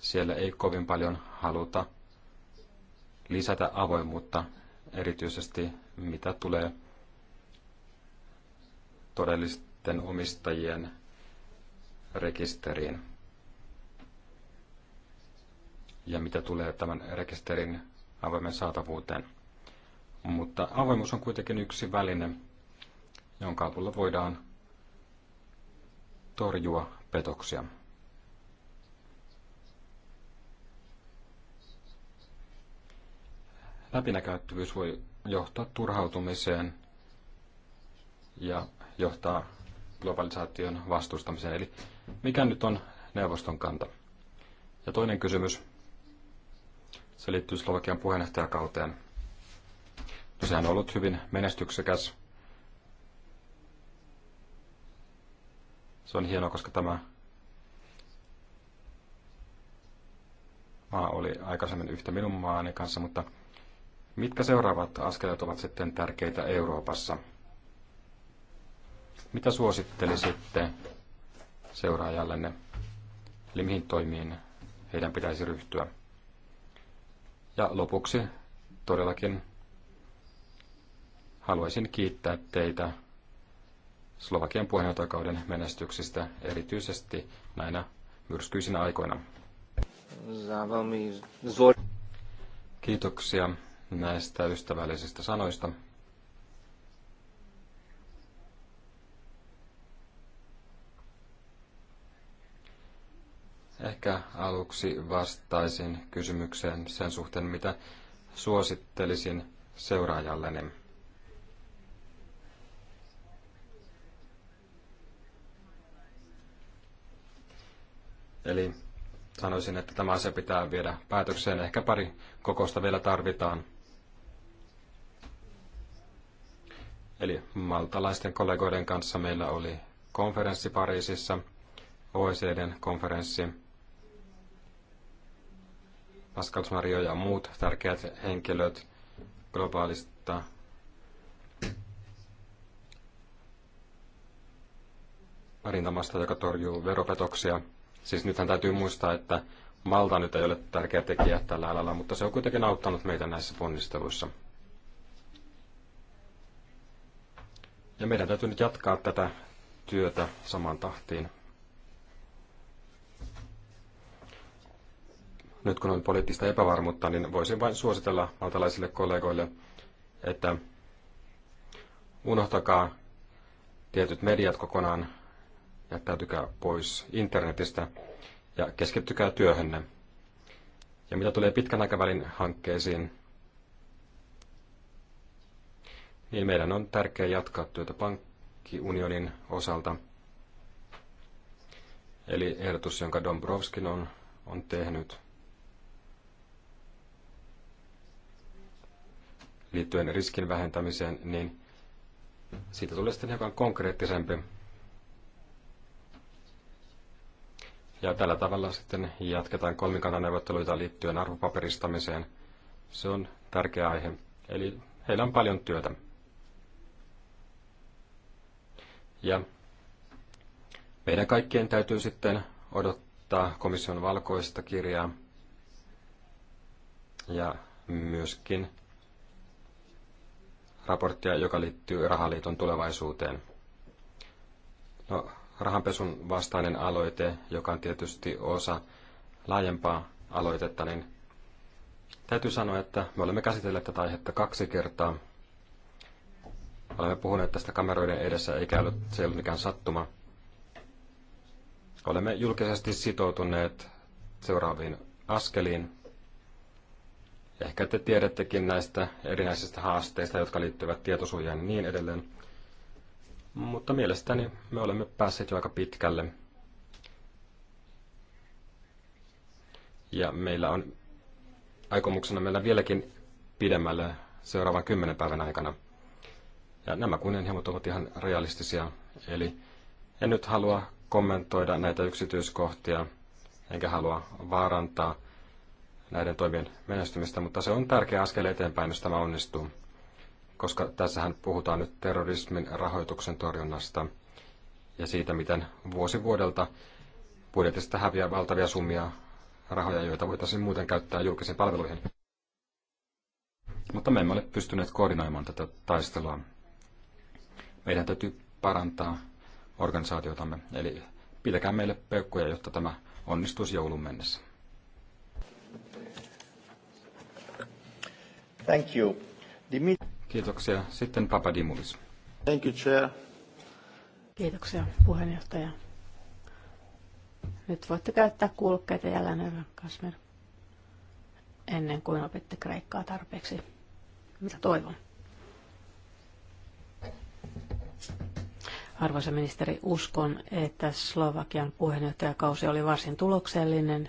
siellä ei kovin paljon haluta lisätä avoimuutta, erityisesti mitä tulee todellisten omistajien rekisteriin. Ja mitä tulee tämän rekisterin avoimen saatavuuteen. Mutta avoimuus on kuitenkin yksi väline, jonka avulla voidaan torjua petoksia. läpinäkäyttävyys voi johtaa turhautumiseen ja johtaa globalisaation vastustamiseen. Eli mikä nyt on neuvoston kanta? Ja toinen kysymys, se liittyy Slovakian puheenjohtajakauteen. No, sehän on ollut hyvin menestyksekäs. Se on hienoa, koska tämä maa oli aikaisemmin yhtä minun maani kanssa, mutta Mitkä seuraavat askeleet ovat sitten tärkeitä Euroopassa? Mitä suosittelisitte seuraajallenne? Eli mihin toimiin heidän pitäisi ryhtyä? Ja lopuksi todellakin haluaisin kiittää teitä Slovakian puheenjohtajakauden menestyksistä erityisesti näinä myrskyisinä aikoina. Kiitoksia näistä ystävällisistä sanoista. Ehkä aluksi vastaisin kysymykseen sen suhteen, mitä suosittelisin seuraajalleni. Eli sanoisin, että tämä asia pitää viedä päätökseen. Ehkä pari kokousta vielä tarvitaan. Eli maltalaisten kollegoiden kanssa meillä oli konferenssi Pariisissa, OECDn konferenssi. Pascal Mario ja muut tärkeät henkilöt globaalista rintamasta, joka torjuu veropetoksia. Siis nythän täytyy muistaa, että Malta nyt ei ole tärkeä tekijä tällä alalla, mutta se on kuitenkin auttanut meitä näissä ponnisteluissa. Ja meidän täytyy nyt jatkaa tätä työtä saman tahtiin. Nyt kun on poliittista epävarmuutta, niin voisin vain suositella maltalaisille kollegoille, että unohtakaa tietyt mediat kokonaan, jättäytykää pois internetistä ja keskittykää työhönne. Ja mitä tulee pitkän aikavälin hankkeisiin, niin meidän on tärkeää jatkaa työtä pankkiunionin osalta. Eli ehdotus, jonka Dombrovskin on, on tehnyt liittyen riskin vähentämiseen, niin siitä tulee sitten hiukan konkreettisempi. Ja tällä tavalla sitten jatketaan kolmikantaneuvotteluita liittyen arvopaperistamiseen. Se on tärkeä aihe. Eli heillä on paljon työtä. Ja meidän kaikkien täytyy sitten odottaa komission valkoista kirjaa ja myöskin raporttia, joka liittyy rahaliiton tulevaisuuteen. No, rahanpesun vastainen aloite, joka on tietysti osa laajempaa aloitetta, niin täytyy sanoa, että me olemme käsitelleet tätä aihetta kaksi kertaa – Olemme puhuneet tästä kameroiden edessä, eikä ole, se ei ollut mikään sattuma. Olemme julkisesti sitoutuneet seuraaviin askeliin. Ehkä te tiedättekin näistä erinäisistä haasteista, jotka liittyvät tietosuojaan ja niin edelleen. Mutta mielestäni me olemme päässeet jo aika pitkälle. Ja meillä on aikomuksena meillä vieläkin pidemmälle seuraavan kymmenen päivän aikana – ja nämä kunnianhimot ovat ihan realistisia. Eli en nyt halua kommentoida näitä yksityiskohtia, enkä halua vaarantaa näiden toimien menestymistä, mutta se on tärkeä askel eteenpäin, jos tämä onnistuu. Koska tässähän puhutaan nyt terrorismin rahoituksen torjunnasta ja siitä, miten vuosi vuodelta budjetista häviää valtavia summia rahoja, joita voitaisiin muuten käyttää julkisiin palveluihin. Mutta me emme ole pystyneet koordinoimaan tätä taistelua. Meidän täytyy parantaa organisaatiotamme, eli pitäkää meille peukkuja, jotta tämä onnistuisi joulun mennessä. Thank you. Dimit- Kiitoksia. Sitten Papadimulis. Thank you, Chair. Kiitoksia, puheenjohtaja. Nyt voitte käyttää kuulokkeita jälleen, Kasmer, ennen kuin opitte kreikkaa tarpeeksi, mitä toivon. Arvoisa ministeri, uskon, että Slovakian puheenjohtajakausi oli varsin tuloksellinen.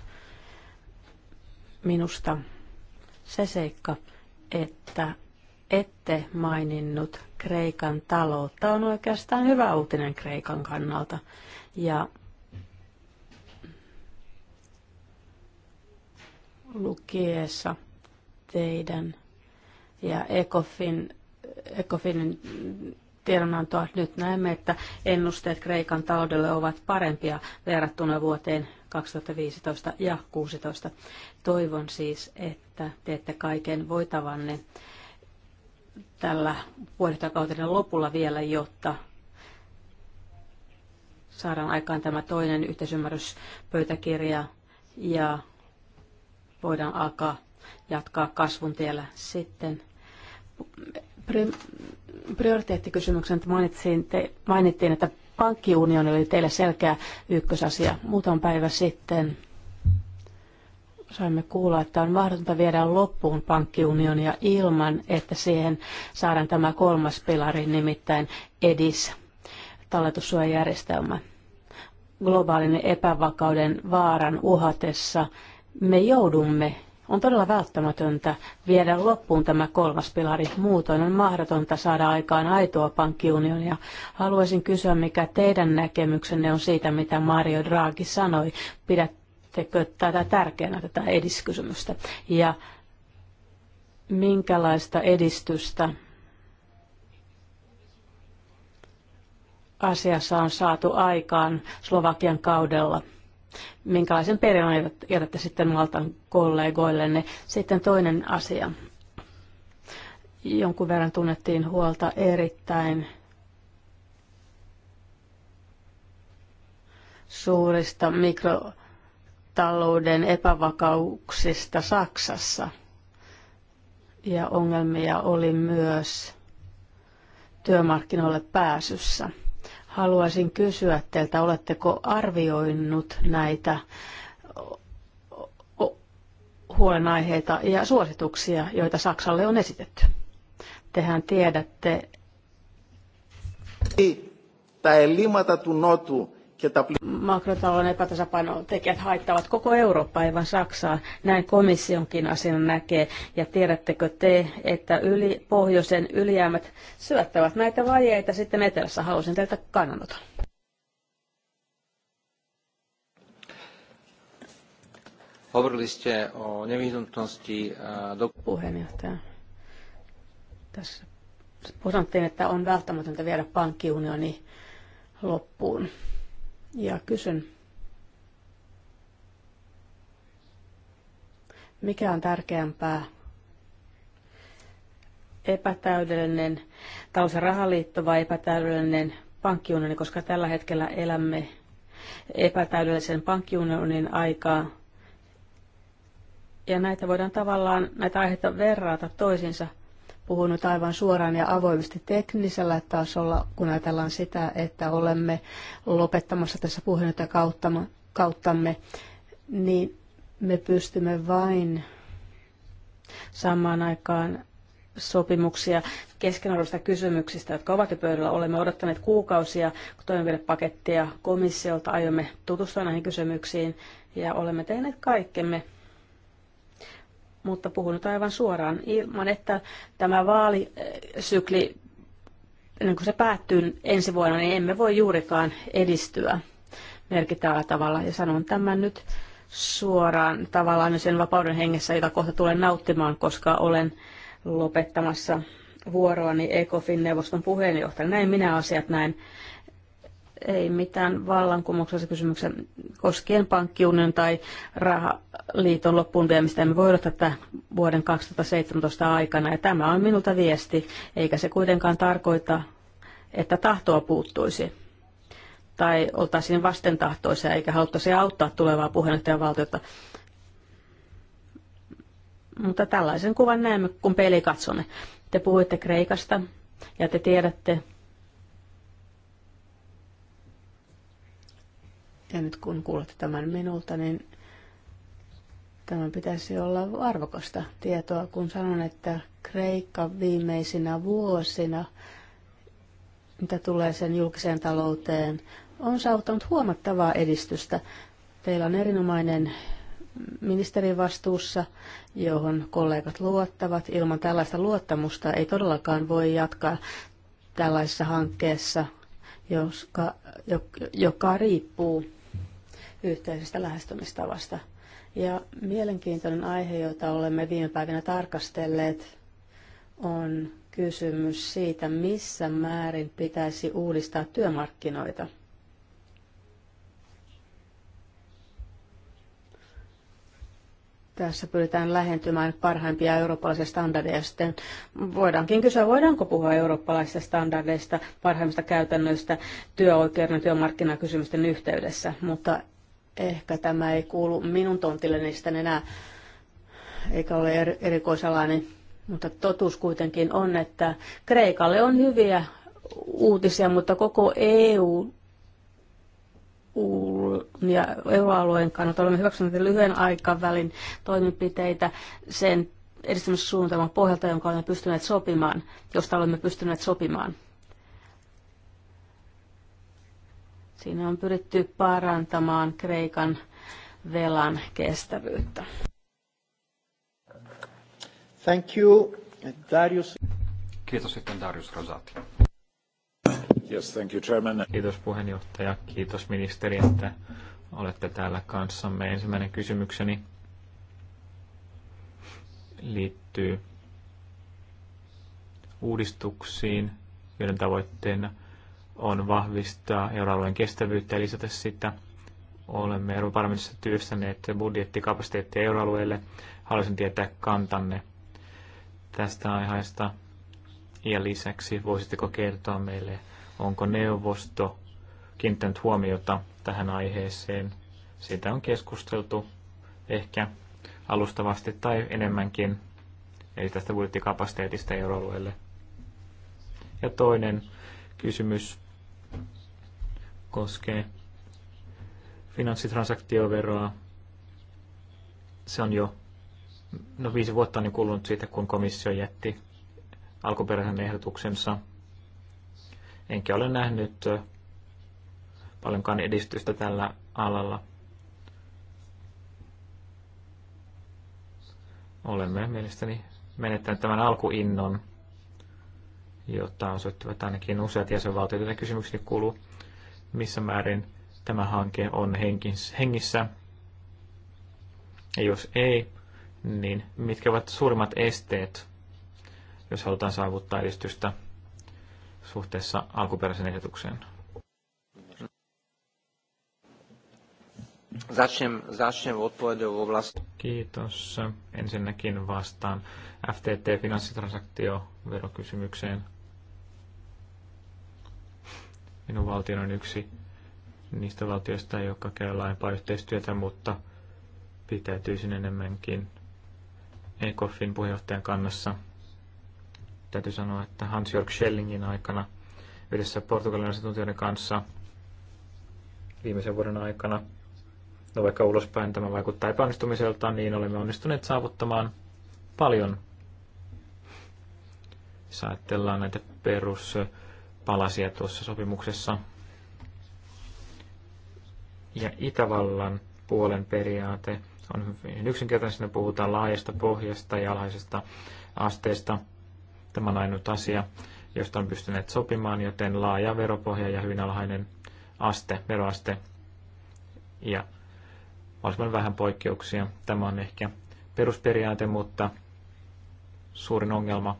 Minusta se seikka, että ette maininnut Kreikan taloutta, on oikeastaan hyvä uutinen Kreikan kannalta. Ja lukiessa teidän ja ECOFIN, ECOFINin tiedonantoa. Nyt näemme, että ennusteet Kreikan taloudelle ovat parempia verrattuna vuoteen 2015 ja 2016. Toivon siis, että teette kaiken voitavanne tällä vuodentakautinen lopulla vielä, jotta saadaan aikaan tämä toinen yhteisymmärryspöytäkirja ja voidaan alkaa jatkaa kasvun tiellä sitten prioriteettikysymyksen mainitsin te, mainittiin, että pankkiunioni oli teille selkeä ykkösasia. Muutama päivä sitten saimme kuulla, että on mahdotonta viedä loppuun pankkiunionia ilman, että siihen saadaan tämä kolmas pilari, nimittäin EDIS, talletussuojajärjestelmä. Globaalin epävakauden vaaran uhatessa me joudumme on todella välttämätöntä viedä loppuun tämä kolmas pilari. Muutoin on mahdotonta saada aikaan aitoa pankkiunionia. Haluaisin kysyä, mikä teidän näkemyksenne on siitä, mitä Mario Draghi sanoi. Pidättekö tätä tärkeänä, tätä ediskysymystä? Ja minkälaista edistystä asiassa on saatu aikaan Slovakian kaudella? minkälaisen perinnön jätätte sitten Maltan kollegoillenne. Sitten toinen asia. Jonkun verran tunnettiin huolta erittäin suurista mikrotalouden epävakauksista Saksassa. Ja ongelmia oli myös työmarkkinoille pääsyssä. Haluaisin kysyä teiltä, oletteko arvioinut näitä huolenaiheita ja suosituksia, joita Saksalle on esitetty? Tehän tiedätte. Tämä limata του makrotalouden epätasapainotekijät haittavat koko Eurooppaa, ei vain Saksaa. Näin komissionkin asian näkee. Ja tiedättekö te, että yli, pohjoisen ylijäämät syöttävät näitä vajeita sitten etelässä? Haluaisin teiltä kannanoton. Hovorili o nevyhnutnosti... Puheenjohtaja. Tässä sanottiin, että on välttämätöntä viedä pankkiunioni loppuun. Ja kysyn, mikä on tärkeämpää, epätäydellinen talous- ja rahaliitto vai epätäydellinen pankkiunioni, koska tällä hetkellä elämme epätäydellisen pankkiunionin aikaa. Ja näitä voidaan tavallaan, näitä aiheita verrata toisiinsa – puhunut aivan suoraan ja avoimesti teknisellä tasolla, kun ajatellaan sitä, että olemme lopettamassa tässä puheenjohtajakauttamme, kauttamme, niin me pystymme vain samaan aikaan sopimuksia keskenarvoista kysymyksistä, jotka ovat jo pöydällä. Olemme odottaneet kuukausia toimenpidepakettia komissiolta. Aiomme tutustua näihin kysymyksiin ja olemme tehneet kaikkemme mutta puhun nyt aivan suoraan ilman, että tämä vaalisykli, niin kun se päättyy ensi vuonna, niin emme voi juurikaan edistyä merkittävällä tavalla. Ja sanon tämän nyt suoraan tavallaan sen vapauden hengessä, jota kohta tulen nauttimaan, koska olen lopettamassa vuoroani ECOFIN-neuvoston puheenjohtajana. Näin minä asiat näin ei mitään vallankumouksessa kysymyksen koskien pankkiunion tai rahaliiton loppuun viemistä. Emme voi odottaa tätä vuoden 2017 aikana ja tämä on minulta viesti, eikä se kuitenkaan tarkoita, että tahtoa puuttuisi tai oltaisiin vastentahtoisia eikä haluttaisi auttaa tulevaa puheenjohtajavaltiota. Mutta tällaisen kuvan näemme, kun peli katsomme. Te puhuitte Kreikasta ja te tiedätte, Ja nyt kun kuulette tämän minulta, niin tämä pitäisi olla arvokasta tietoa, kun sanon, että Kreikka viimeisinä vuosina, mitä tulee sen julkiseen talouteen, on saavuttanut huomattavaa edistystä. Teillä on erinomainen ministerin vastuussa, johon kollegat luottavat. Ilman tällaista luottamusta ei todellakaan voi jatkaa tällaisessa hankkeessa, joka, joka riippuu yhteisestä lähestymistavasta. Ja mielenkiintoinen aihe, jota olemme viime päivinä tarkastelleet, on kysymys siitä, missä määrin pitäisi uudistaa työmarkkinoita. Tässä pyritään lähentymään parhaimpia eurooppalaisia standardeja. sitten voidaankin kysyä, voidaanko puhua eurooppalaisista standardeista, parhaimmista käytännöistä työoikeuden ja työmarkkinakysymysten yhteydessä, mutta ehkä tämä ei kuulu minun tontilleni sitten enää, eikä ole er- erikoisalainen. Mutta totuus kuitenkin on, että Kreikalle on hyviä uutisia, mutta koko EU ja euroalueen kannalta olemme hyväksyneet lyhyen aikavälin toimenpiteitä sen edistämissuunnitelman pohjalta, jonka olemme pystyneet sopimaan, josta olemme pystyneet sopimaan. Siinä on pyritty parantamaan Kreikan velan kestävyyttä. Thank you, Darius. Kiitos sitten Darius Rosati. Yes, thank you, Chairman. Kiitos puheenjohtaja, kiitos ministeri, että olette täällä kanssamme. Ensimmäinen kysymykseni liittyy uudistuksiin, joiden tavoitteena on vahvistaa euroalueen kestävyyttä ja lisätä sitä. Olemme Euroopan parlamentissa työstäneet budjettikapasiteettia euroalueelle. Haluaisin tietää kantanne tästä aiheesta. Ja lisäksi voisitteko kertoa meille, onko neuvosto kiinnittänyt huomiota tähän aiheeseen. Siitä on keskusteltu ehkä alustavasti tai enemmänkin, eli tästä budjettikapasiteetista euroalueelle. Ja toinen kysymys koskee finanssitransaktioveroa. Se on jo, no viisi vuotta on jo kulunut siitä, kun komissio jätti alkuperäisen ehdotuksensa. Enkä ole nähnyt paljonkaan edistystä tällä alalla. Olemme mielestäni menettäneet tämän alkuinnon jota osoittivat ainakin useat jäsenvaltiot. Ja kysymykseni kuuluu, missä määrin tämä hanke on hengissä. Ja jos ei, niin mitkä ovat suurimmat esteet, jos halutaan saavuttaa edistystä suhteessa alkuperäiseen ehdotukseen? Začnem, začnem od v oblasti. Kiitos. Ensinnäkin vastaan FTT-finanssitransaktioverokysymykseen. Minun valtion on yksi niistä valtioista, joka käy laajempaa yhteistyötä, mutta pitäytyisin enemmänkin ECOFin puheenjohtajan kannassa. Täytyy sanoa, että Hans-Jörg Schellingin aikana yhdessä portugalilaisen tuntijoiden kanssa viimeisen vuoden aikana – No vaikka ulospäin tämä vaikuttaa epäonnistumiselta, niin olemme onnistuneet saavuttamaan paljon. Jos ajatellaan näitä peruspalasia tuossa sopimuksessa. Ja Itävallan puolen periaate on hyvin yksinkertainen, siinä puhutaan laajasta pohjasta ja alhaisesta asteesta. Tämä on ainut asia, josta on pystyneet sopimaan, joten laaja veropohja ja hyvin alhainen aste, veroaste ja mahdollisimman vähän poikkeuksia. Tämä on ehkä perusperiaate, mutta suurin ongelma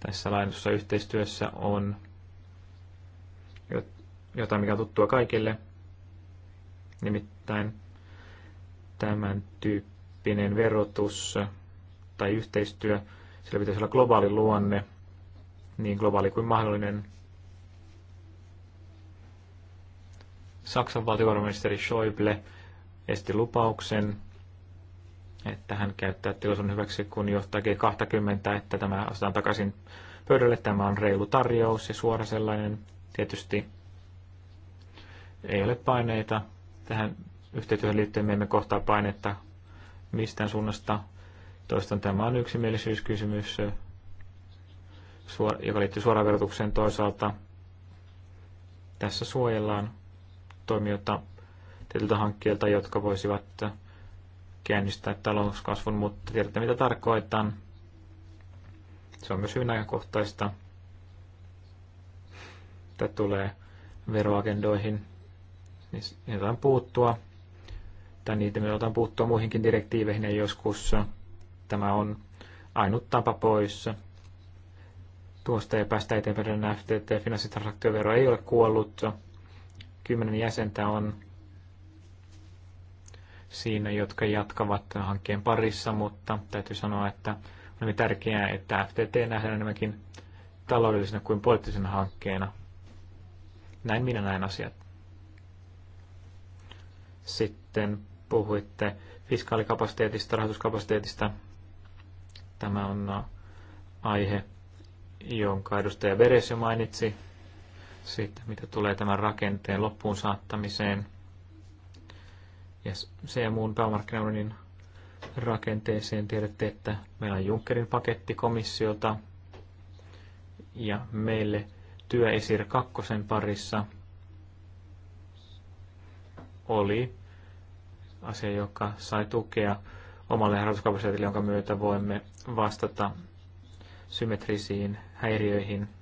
tässä laajennussa yhteistyössä on jotain, mikä on tuttua kaikille, nimittäin tämän tyyppinen verotus tai yhteistyö, sillä pitäisi olla globaali luonne, niin globaali kuin mahdollinen – Saksan valtiovarainministeri Schäuble esti lupauksen, että hän käyttää tilaisuuden hyväksi, kun johtaa G20, että tämä asetaan takaisin pöydälle. Tämä on reilu tarjous ja suora sellainen. Tietysti ei ole paineita tähän yhteyteen liittyen. Me emme kohtaa painetta mistään suunnasta. Toistan, tämä on yksimielisyyskysymys, joka liittyy suoraan verotukseen toisaalta. Tässä suojellaan toimijoita tietyiltä hankkeilta, jotka voisivat käynnistää talouskasvun, mutta tiedätte mitä tarkoitan. Se on myös hyvin ajankohtaista. Tämä tulee veroagendoihin, niin jotain puuttua. Tai niitä me otan puuttua muihinkin direktiiveihin ja joskus tämä on ainut tapa pois. Tuosta ei päästä eteenpäin FTT finanssitransaktiovero ei ole kuollut kymmenen jäsentä on siinä, jotka jatkavat hankkeen parissa, mutta täytyy sanoa, että on hyvin tärkeää, että FTT nähdään enemmänkin taloudellisena kuin poliittisena hankkeena. Näin minä näen asiat. Sitten puhuitte fiskaalikapasiteetista, rahoituskapasiteetista. Tämä on äh, aihe, jonka edustaja Veres jo mainitsi sitten, mitä tulee tämän rakenteen loppuun saattamiseen ja se ja muun pääomarkkinoinnin rakenteeseen. Tiedätte, että meillä on Junckerin paketti komissiota ja meille työ Esir parissa oli asia, joka sai tukea omalle rahoituskapasiteetille, jonka myötä voimme vastata symmetrisiin häiriöihin –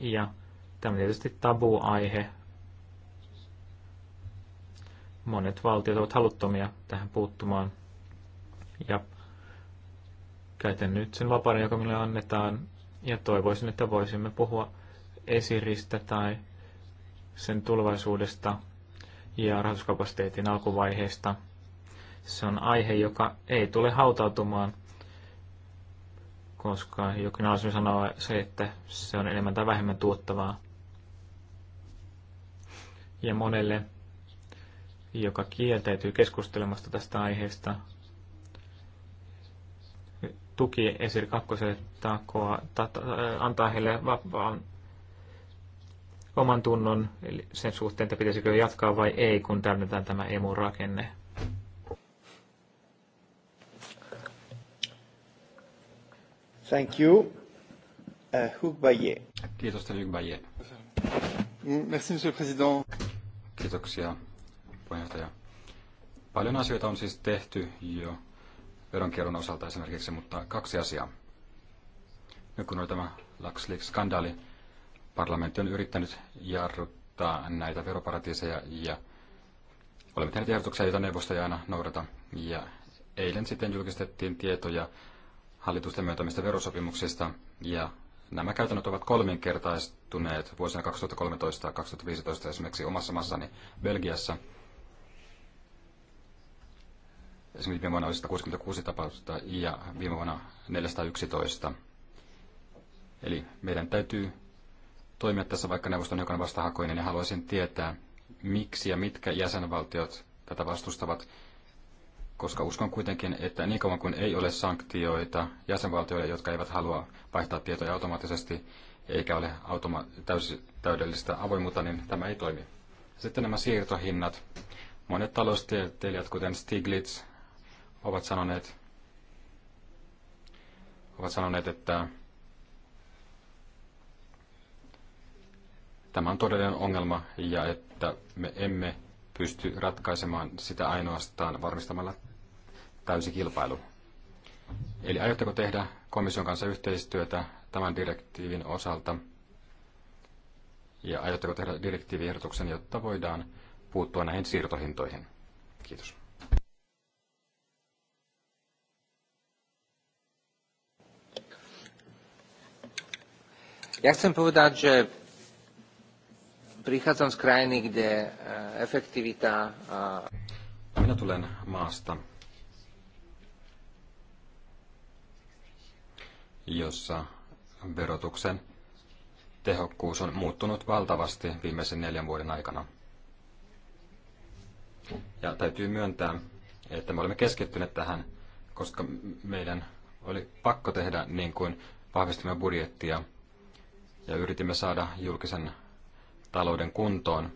ja tämä on tietysti tabuaihe. Monet valtiot ovat haluttomia tähän puuttumaan. Ja käytän nyt sen vapauden, joka minulle annetaan. Ja toivoisin, että voisimme puhua esiristä tai sen tulevaisuudesta ja rahoituskapasiteetin alkuvaiheesta. Se on aihe, joka ei tule hautautumaan – koska jokin asia sanoo se, että se on enemmän tai vähemmän tuottavaa. Ja monelle, joka kieltäytyy keskustelemasta tästä aiheesta, tuki Esir 2 takoa, ta- äh, antaa heille vapaan oman tunnon sen suhteen, että pitäisikö jatkaa vai ei, kun täydennetään tämä emu-rakenne. Thank you. Uh, Kiitos te Hugbaye. Merci, monsieur le président. Kiitoksia, puheenjohtaja. Paljon asioita on siis tehty jo veronkierron osalta esimerkiksi, mutta kaksi asiaa. Nyt kun oli tämä LuxLeaks-skandaali, parlamentti on yrittänyt jarruttaa näitä veroparatiiseja ja olemme tehneet ehdotuksia, joita neuvosto ei aina noudata. Ja eilen sitten julkistettiin tietoja hallitusten myöntämistä verosopimuksista, ja nämä käytännöt ovat kolminkertaistuneet vuosina 2013-2015 esimerkiksi omassa maassani Belgiassa. Esimerkiksi viime vuonna oli 166 tapausta ja viime vuonna 411. Eli meidän täytyy toimia tässä, vaikka neuvoston jokainen vastahakoinen, ja haluaisin tietää, miksi ja mitkä jäsenvaltiot tätä vastustavat koska uskon kuitenkin, että niin kauan kuin ei ole sanktioita jäsenvaltioille, jotka eivät halua vaihtaa tietoja automaattisesti, eikä ole automa- täys- täydellistä avoimuutta, niin tämä ei toimi. Sitten nämä siirtohinnat. Monet taloustieteilijät, kuten Stiglitz, ovat sanoneet, ovat sanoneet, että tämä on todellinen ongelma ja että me emme pysty ratkaisemaan sitä ainoastaan varmistamalla täysi kilpailu. Eli aiotteko tehdä komission kanssa yhteistyötä tämän direktiivin osalta? Ja aiotteko tehdä direktiiviehdotuksen, jotta voidaan puuttua näihin siirtohintoihin? Kiitos. Ja chcę powiedzieć, że prichádzam z krajiny, gdzie efektywita... Minä tulen maasta, jossa verotuksen tehokkuus on muuttunut valtavasti viimeisen neljän vuoden aikana. Ja täytyy myöntää, että me olemme keskittyneet tähän, koska meidän oli pakko tehdä niin kuin vahvistimme budjettia ja yritimme saada julkisen talouden kuntoon.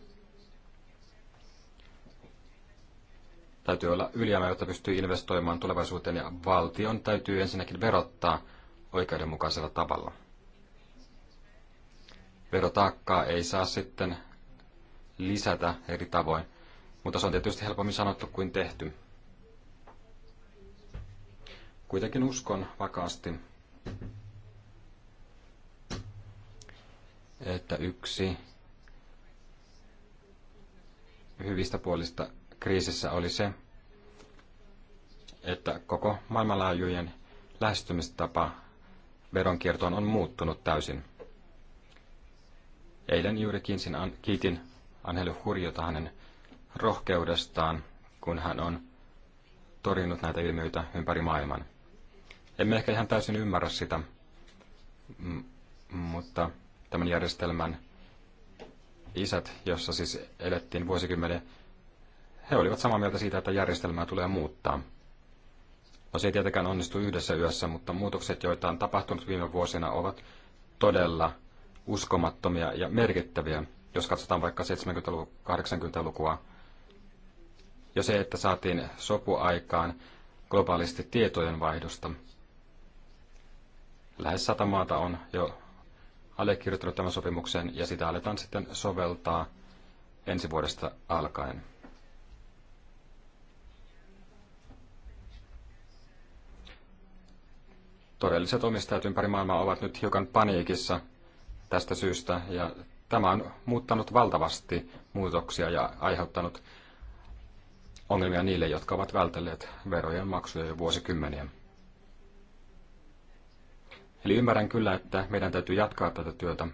Täytyy olla ylijäämä, jotta pystyy investoimaan tulevaisuuteen ja valtion täytyy ensinnäkin verottaa – oikeudenmukaisella tavalla. Verotaakkaa ei saa sitten lisätä eri tavoin, mutta se on tietysti helpommin sanottu kuin tehty. Kuitenkin uskon vakaasti, että yksi hyvistä puolista kriisissä oli se, että koko maailmanlaajujen lähestymistapa veronkiertoon on muuttunut täysin. Eilen juuri kiitin, an, kiitin Anheli Hurjota hänen rohkeudestaan, kun hän on torjunut näitä ilmiöitä ympäri maailman. Emme ehkä ihan täysin ymmärrä sitä, mutta tämän järjestelmän isät, jossa siis elettiin vuosikymmenen, he olivat samaa mieltä siitä, että järjestelmää tulee muuttaa. No se ei tietenkään onnistu yhdessä yössä, mutta muutokset, joita on tapahtunut viime vuosina, ovat todella uskomattomia ja merkittäviä. Jos katsotaan vaikka 70-80-lukua, Ja se, että saatiin sopu aikaan globaalisti tietojen vaihdosta. Lähes sata maata on jo allekirjoittanut tämän sopimuksen ja sitä aletaan sitten soveltaa ensi vuodesta alkaen. todelliset omistajat ympäri maailmaa ovat nyt hiukan paniikissa tästä syystä ja tämä on muuttanut valtavasti muutoksia ja aiheuttanut ongelmia niille, jotka ovat vältelleet verojen maksuja jo vuosikymmeniä. Eli ymmärrän kyllä, että meidän täytyy jatkaa tätä työtä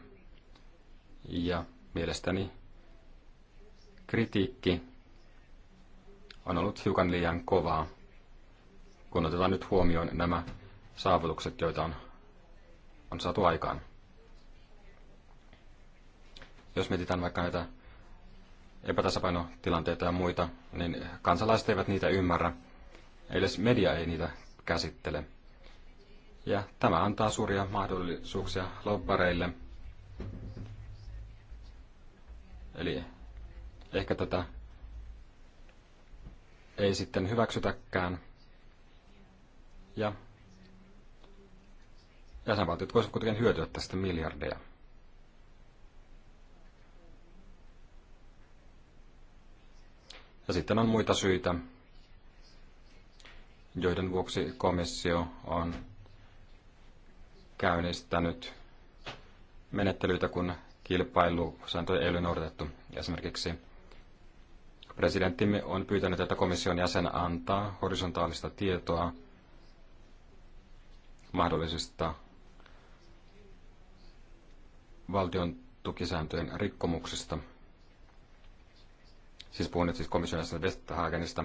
ja mielestäni kritiikki on ollut hiukan liian kovaa, kun otetaan nyt huomioon nämä saavutukset, joita on, on saatu aikaan. Jos mietitään vaikka näitä epätasapainotilanteita ja muita, niin kansalaiset eivät niitä ymmärrä. Edes media ei niitä käsittele. Ja tämä antaa suuria mahdollisuuksia lobbareille. Eli ehkä tätä ei sitten hyväksytäkään. Ja jäsenvaltiot voisivat kuitenkin hyötyä tästä miljardeja. Ja sitten on muita syitä, joiden vuoksi komissio on käynnistänyt menettelyitä, kun kilpailusääntöjä ei ole noudatettu. Esimerkiksi presidenttimme on pyytänyt, että komission jäsen antaa horisontaalista tietoa mahdollisista valtion tukisääntöjen rikkomuksista. Siis puhun nyt siis komissionista Westhagenista.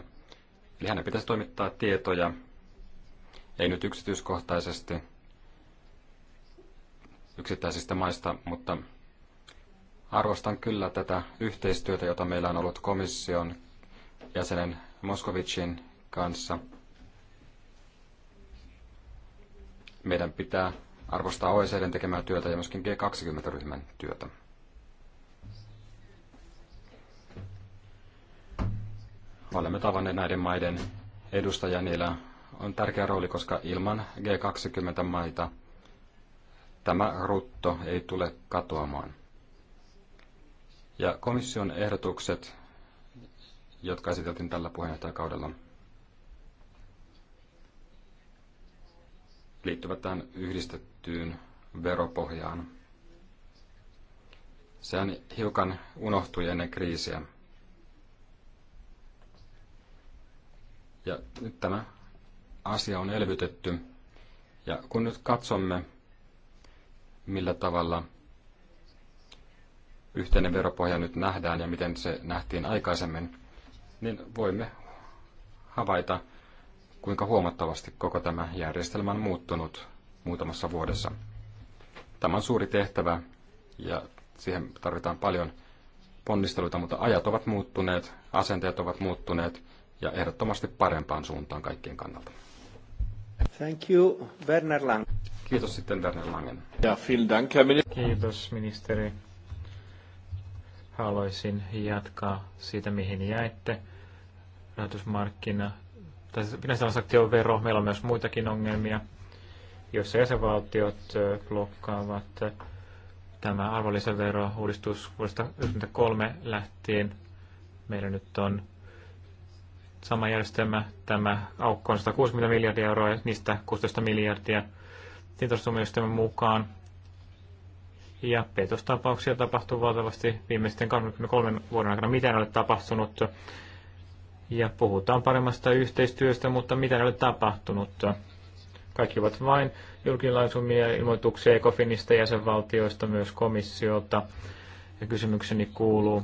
Eli hänen pitäisi toimittaa tietoja, ei nyt yksityiskohtaisesti yksittäisistä maista, mutta arvostan kyllä tätä yhteistyötä, jota meillä on ollut komission jäsenen Moskovicin kanssa. Meidän pitää arvostaa OECDn tekemää työtä ja myöskin G20-ryhmän työtä. Olemme tavanneet näiden maiden edustajia. Niillä on tärkeä rooli, koska ilman G20-maita tämä rutto ei tule katoamaan. Ja komission ehdotukset, jotka esiteltiin tällä puheenjohtajakaudella, liittyvät tähän yhdistettyyn kerättyyn veropohjaan. Sehän hiukan unohtui ennen kriisiä. Ja nyt tämä asia on elvytetty. Ja kun nyt katsomme, millä tavalla yhteinen veropohja nyt nähdään ja miten se nähtiin aikaisemmin, niin voimme havaita, kuinka huomattavasti koko tämä järjestelmä on muuttunut muutamassa vuodessa. Tämä on suuri tehtävä ja siihen tarvitaan paljon ponnisteluita, mutta ajat ovat muuttuneet, asenteet ovat muuttuneet ja ehdottomasti parempaan suuntaan kaikkien kannalta. Thank you, Werner Lang. Kiitos sitten Werner Langen. Ja vielen dank, Herr minister. Kiitos ministeri. Haluaisin jatkaa siitä, mihin jäitte. Rahoitusmarkkina, tai vero, meillä on myös muitakin ongelmia joissa jäsenvaltiot blokkaavat tämä arvonlisävero-uudistus vuodesta 1993 lähtien. Meillä nyt on sama järjestelmä. Tämä aukko on 160 miljardia euroa ja niistä 16 miljardia tietosuojelujärjestelmän mukaan. Ja petostapauksia tapahtuu valtavasti viimeisten 23 vuoden aikana. Mitä ei ole tapahtunut? Ja puhutaan paremmasta yhteistyöstä, mutta mitä ei ole tapahtunut? Kaikki ovat vain julkilausumia ilmoituksia ECOFINista jäsenvaltioista, myös komissiolta. Ja kysymykseni kuuluu,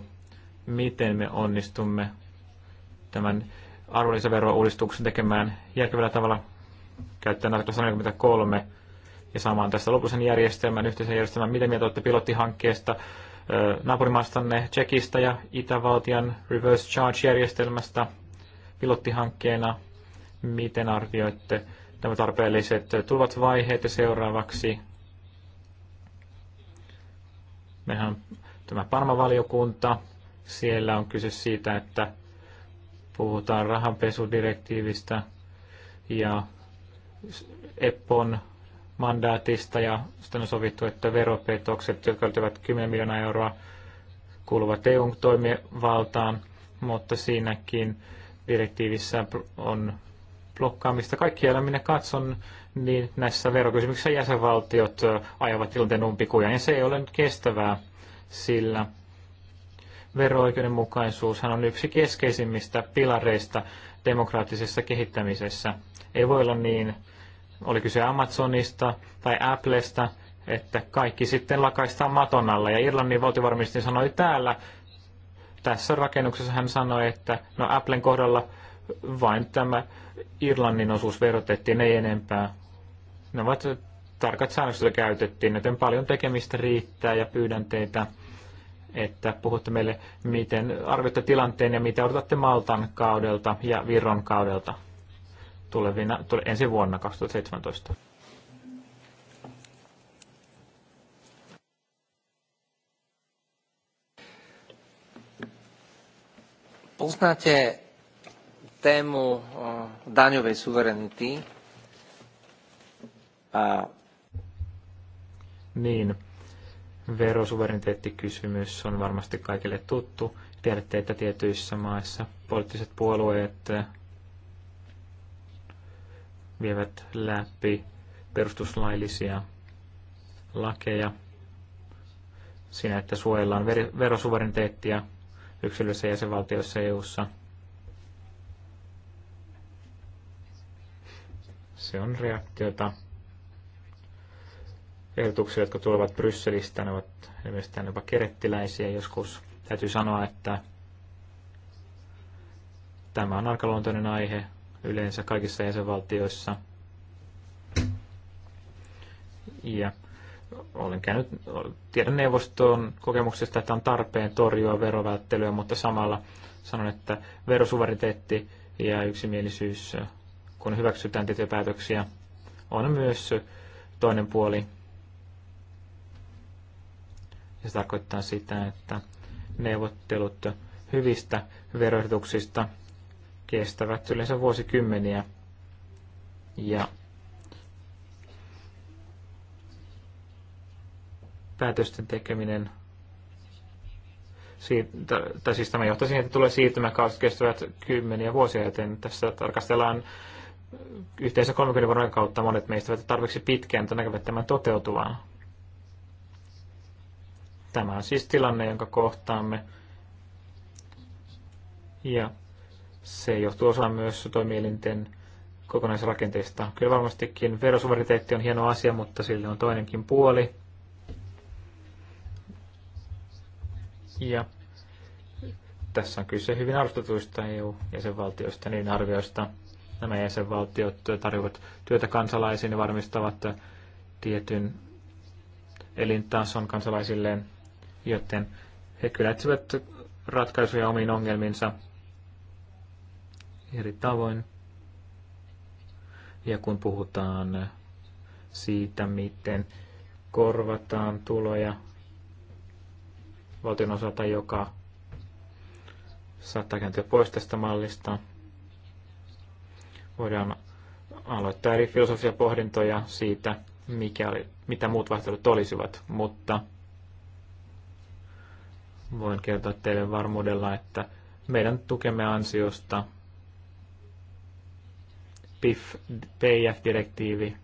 miten me onnistumme tämän arvonlisäverouudistuksen tekemään järkevällä tavalla käyttäen artikla 143 ja saamaan tästä lopullisen järjestelmän, yhteisen järjestelmän, miten mieltä olette pilottihankkeesta, naapurimaastanne Tsekistä ja Itävaltian reverse charge-järjestelmästä pilottihankkeena, miten arvioitte nämä tarpeelliset tulevat vaiheet ja seuraavaksi mehän on tämä Parma-valiokunta. Siellä on kyse siitä, että puhutaan rahanpesudirektiivistä ja EPPON mandaatista ja sitten on sovittu, että veropetokset, jotka löytyvät 10 miljoonaa euroa, kuuluvat EUn toimivaltaan, mutta siinäkin direktiivissä on blokkaamista. Kaikki, joilla minä katson, niin näissä verokysymyksissä jäsenvaltiot ajavat tilanteen umpikuja, ja se ei ole nyt kestävää, sillä vero-oikeudenmukaisuushan on yksi keskeisimmistä pilareista demokraattisessa kehittämisessä. Ei voi olla niin, oli kyse Amazonista tai Applesta, että kaikki sitten lakaistaan maton alla. Ja Irlannin valtiovarmistin sanoi täällä, tässä rakennuksessa hän sanoi, että no Applen kohdalla vain tämä Irlannin osuus verotettiin, ei enempää. Ne ovat tarkat säännökset, joita käytettiin, joten paljon tekemistä riittää ja pyydän teitä, että puhutte meille, miten arvioitte tilanteen ja mitä odotatte Maltan kaudelta ja Viron kaudelta tulevina, tule, ensi vuonna 2017. Poznáte tému daňovej suverenity. Niin, verosuvereniteettikysymys on varmasti kaikille tuttu. Tiedätte, että tietyissä maissa poliittiset puolueet eh, vievät läpi perustuslaillisia lakeja siinä, että suojellaan verosuvereniteettia yksilöissä jäsenvaltioissa EU-ssa – Se on reaktiota ehdotuksia, jotka tulevat Brysselistä. Ne ovat ilmeisesti jopa kerettiläisiä joskus. Täytyy sanoa, että tämä on arkaluontoinen aihe yleensä kaikissa jäsenvaltioissa. Ja olen käynyt tiedon neuvostoon kokemuksesta, että on tarpeen torjua verovälttelyä, mutta samalla sanon, että verosuvariteetti ja yksimielisyys kun hyväksytään tiettyjä päätöksiä, on myös toinen puoli. Ja se tarkoittaa sitä, että neuvottelut hyvistä veroehdotuksista kestävät yleensä vuosikymmeniä. Ja päätösten tekeminen, siitä, tai siis tämä johtaa siihen, että tulee siirtymäkausit kestävät kymmeniä vuosia, joten tässä tarkastellaan yhteensä 30 vuoden kautta monet meistä ovat tarpeeksi pitkään, että näkevät tämän toteutuvan. Tämä on siis tilanne, jonka kohtaamme. Ja se johtuu osaan myös toimielinten kokonaisrakenteista. Kyllä varmastikin verosuveriteetti on hieno asia, mutta sillä on toinenkin puoli. Ja tässä on kyse hyvin arvostetuista EU-jäsenvaltioista, niin arvioista, Nämä jäsenvaltiot tarjoavat työtä kansalaisiin ja varmistavat tietyn elintason kansalaisilleen, joten he kyllä etsivät ratkaisuja omiin ongelmiinsa eri tavoin. Ja kun puhutaan siitä, miten korvataan tuloja valtion osalta, joka saattaa kääntyä pois tästä mallista, voidaan aloittaa eri filosofisia pohdintoja siitä, mikä oli, mitä muut vaihtoehdot olisivat, mutta voin kertoa teille varmuudella, että meidän tukemme ansiosta PIF, PIF-direktiivi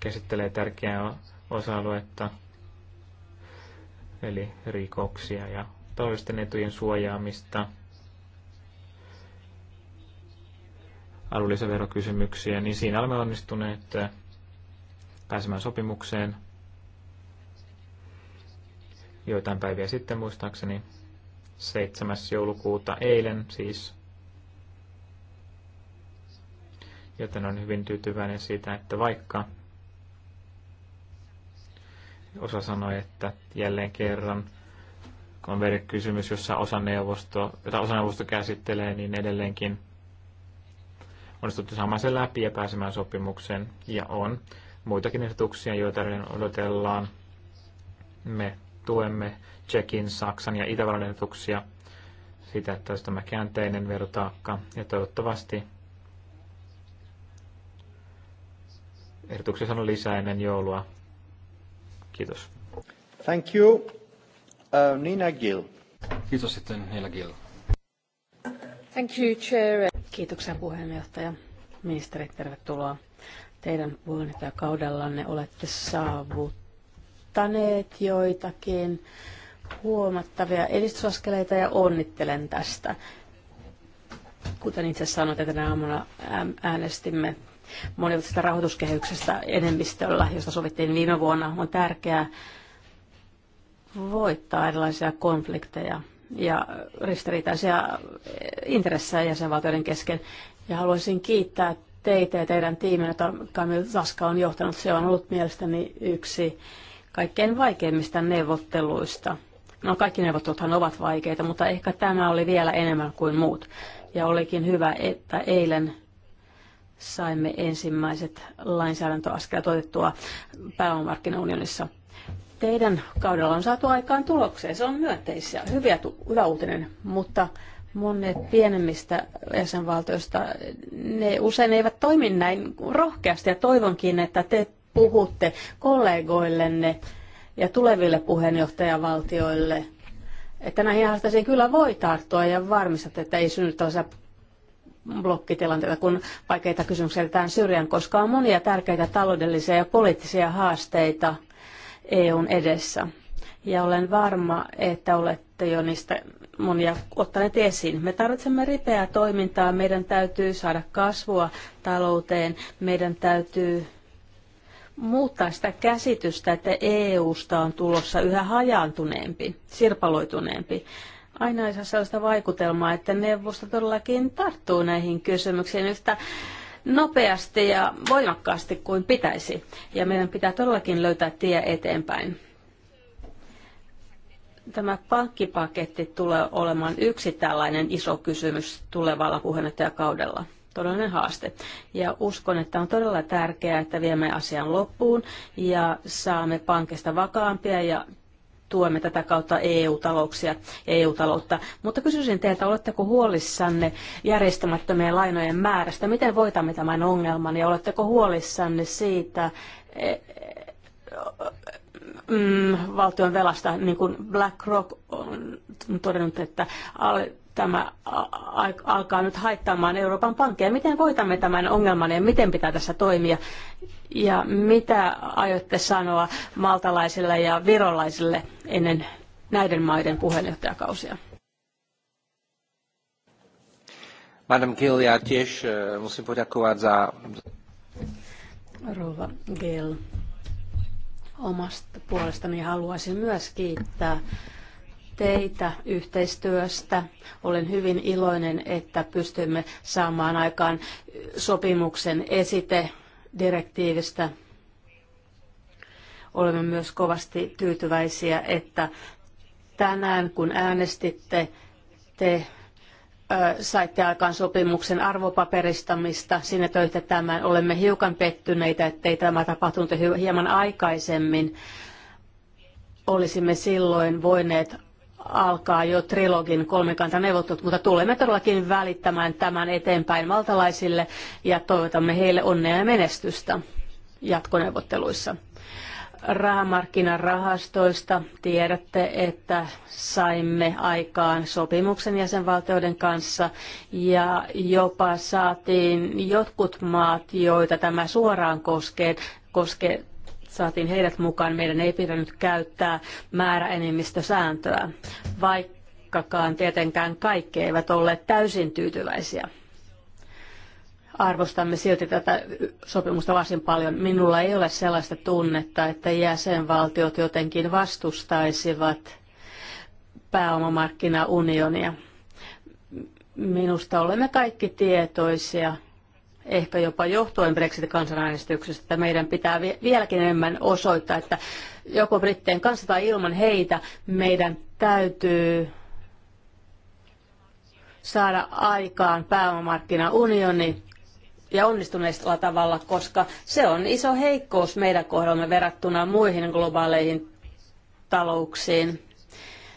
käsittelee tärkeää osa-aluetta, eli rikoksia ja toisten etujen suojaamista – arvonlisäverokysymyksiä, niin siinä olemme onnistuneet pääsemään sopimukseen joitain päiviä sitten muistaakseni 7. joulukuuta eilen siis. Joten on hyvin tyytyväinen siitä, että vaikka osa sanoi, että jälleen kerran on kysymys, jossa osaneuvosto, jota osaneuvosto käsittelee, niin edelleenkin onnistuttu saamaan sen läpi ja pääsemään sopimukseen. Ja on muitakin ehdotuksia, joita odotellaan. Me tuemme Tsekin, Saksan ja Itävallan ehdotuksia sitä, että olisi tämä käänteinen verotaakka. Ja toivottavasti ehdotuksia on lisää ennen joulua. Kiitos. Thank you. Uh, Nina Gill. Kiitos sitten Nina Gill. Thank you, Chair. Kiitoksia puheenjohtaja. Ministeri, tervetuloa. Teidän puheenjohtajakaudellanne olette saavuttaneet joitakin huomattavia edistysaskeleita ja onnittelen tästä. Kuten itse sanoin, että tänä aamuna äänestimme monivuotisesta rahoituskehyksestä enemmistöllä, josta sovittiin viime vuonna, on tärkeää voittaa erilaisia konflikteja ja ristiriitaisia intressejä jäsenvaltioiden kesken. Ja haluaisin kiittää teitä ja teidän tiimin, jota Kamil Zaska on johtanut. Se on ollut mielestäni yksi kaikkein vaikeimmista neuvotteluista. No kaikki neuvotteluthan ovat vaikeita, mutta ehkä tämä oli vielä enemmän kuin muut. Ja olikin hyvä, että eilen saimme ensimmäiset lainsäädäntöaskeleet otettua pääomamarkkinaunionissa. Teidän kaudella on saatu aikaan tulokseen. Se on myönteisiä, hyviä, hyvä uutinen, mutta monet pienemmistä jäsenvaltioista, ne usein eivät toimi näin rohkeasti ja toivonkin, että te puhutte kollegoillenne ja tuleville puheenjohtajavaltioille, että näihin haasteisiin kyllä voi tarttua ja varmistatte, että ei synny tällaisia blokkitilanteita, kun vaikeita kysymyksiä jätetään syrjään, koska on monia tärkeitä taloudellisia ja poliittisia haasteita, EUn edessä. Ja olen varma, että olette jo niistä monia ottaneet esiin. Me tarvitsemme ripeää toimintaa, meidän täytyy saada kasvua talouteen, meidän täytyy muuttaa sitä käsitystä, että EUsta on tulossa yhä hajaantuneempi, sirpaloituneempi. Aina ei saa sellaista vaikutelmaa, että neuvosto todellakin tarttuu näihin kysymyksiin yhtä nopeasti ja voimakkaasti kuin pitäisi. Ja meidän pitää todellakin löytää tie eteenpäin. Tämä pankkipaketti tulee olemaan yksi tällainen iso kysymys tulevalla puheenjohtajakaudella todellinen haaste. Ja uskon, että on todella tärkeää, että viemme asian loppuun ja saamme pankista vakaampia ja tuemme tätä kautta EU-talouksia ja EU-taloutta. Mutta kysyisin teiltä, oletteko huolissanne järjestämättömien lainojen määrästä? Miten voitamme tämän ongelman ja oletteko huolissanne siitä e, mm, valtion velasta, niin kuin BlackRock on todennut, että tämä alkaa nyt haittaamaan Euroopan pankkeja. Miten voitamme tämän ongelman ja miten pitää tässä toimia? Ja mitä aiotte sanoa maltalaisille ja virolaisille ennen näiden maiden puheenjohtajakausia? Madam Gill, ja tiesh, e, musin poďakovať za... Rova Gill, omasta puolestani haluaisin myös kiittää teitä yhteistyöstä. Olen hyvin iloinen, että pystymme saamaan aikaan sopimuksen esite direktiivistä. Olemme myös kovasti tyytyväisiä, että tänään kun äänestitte, te saitte aikaan sopimuksen arvopaperistamista. Sinne töitä tämän. Olemme hiukan pettyneitä, ettei tämä tapahtunut hieman aikaisemmin. Olisimme silloin voineet alkaa jo trilogin kolmikantaneuvottelut, mutta tulemme todellakin välittämään tämän eteenpäin maltalaisille ja toivotamme heille onnea ja menestystä jatkoneuvotteluissa. Rahamarkkinarahastoista tiedätte, että saimme aikaan sopimuksen jäsenvaltioiden kanssa ja jopa saatiin jotkut maat, joita tämä suoraan koskee, koskee saatiin heidät mukaan, meidän ei pitänyt käyttää määräenemmistösääntöä, vaikkakaan tietenkään kaikki eivät olleet täysin tyytyväisiä. Arvostamme silti tätä sopimusta varsin paljon. Minulla ei ole sellaista tunnetta, että jäsenvaltiot jotenkin vastustaisivat pääomamarkkinaunionia. Minusta olemme kaikki tietoisia ehkä jopa johtuen Brexit-kansanäänestyksestä, että meidän pitää vieläkin enemmän osoittaa, että joko Britteen kanssa tai ilman heitä meidän täytyy saada aikaan pääomamarkkinaunioni ja onnistuneella tavalla, koska se on iso heikkous meidän kohdallamme verrattuna muihin globaaleihin talouksiin.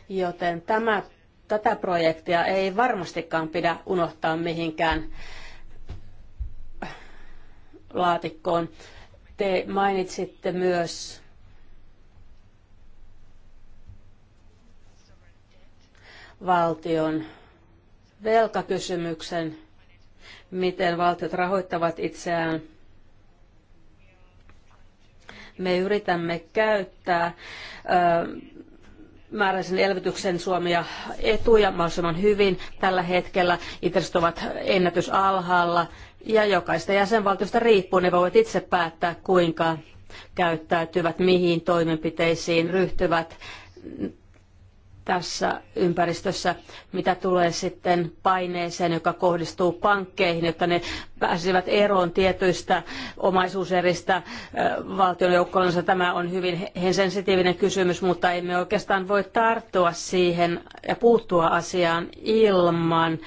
Joten tämä, tätä projektia ei varmastikaan pidä unohtaa mihinkään laatikkoon. Te mainitsitte myös valtion velkakysymyksen, miten valtiot rahoittavat itseään. Me yritämme käyttää määräisen elvytyksen suomia etuja mahdollisimman hyvin. Tällä hetkellä intressit ovat ennätysalhaalla ja jokaista jäsenvaltiosta riippuu, ne voivat itse päättää, kuinka käyttäytyvät, mihin toimenpiteisiin ryhtyvät tässä ympäristössä, mitä tulee sitten paineeseen, joka kohdistuu pankkeihin, jotta ne pääsisivät eroon tietyistä omaisuuseristä valtion joukkoilonsa. Tämä on hyvin sensitiivinen kysymys, mutta emme oikeastaan voi tarttua siihen ja puuttua asiaan ilman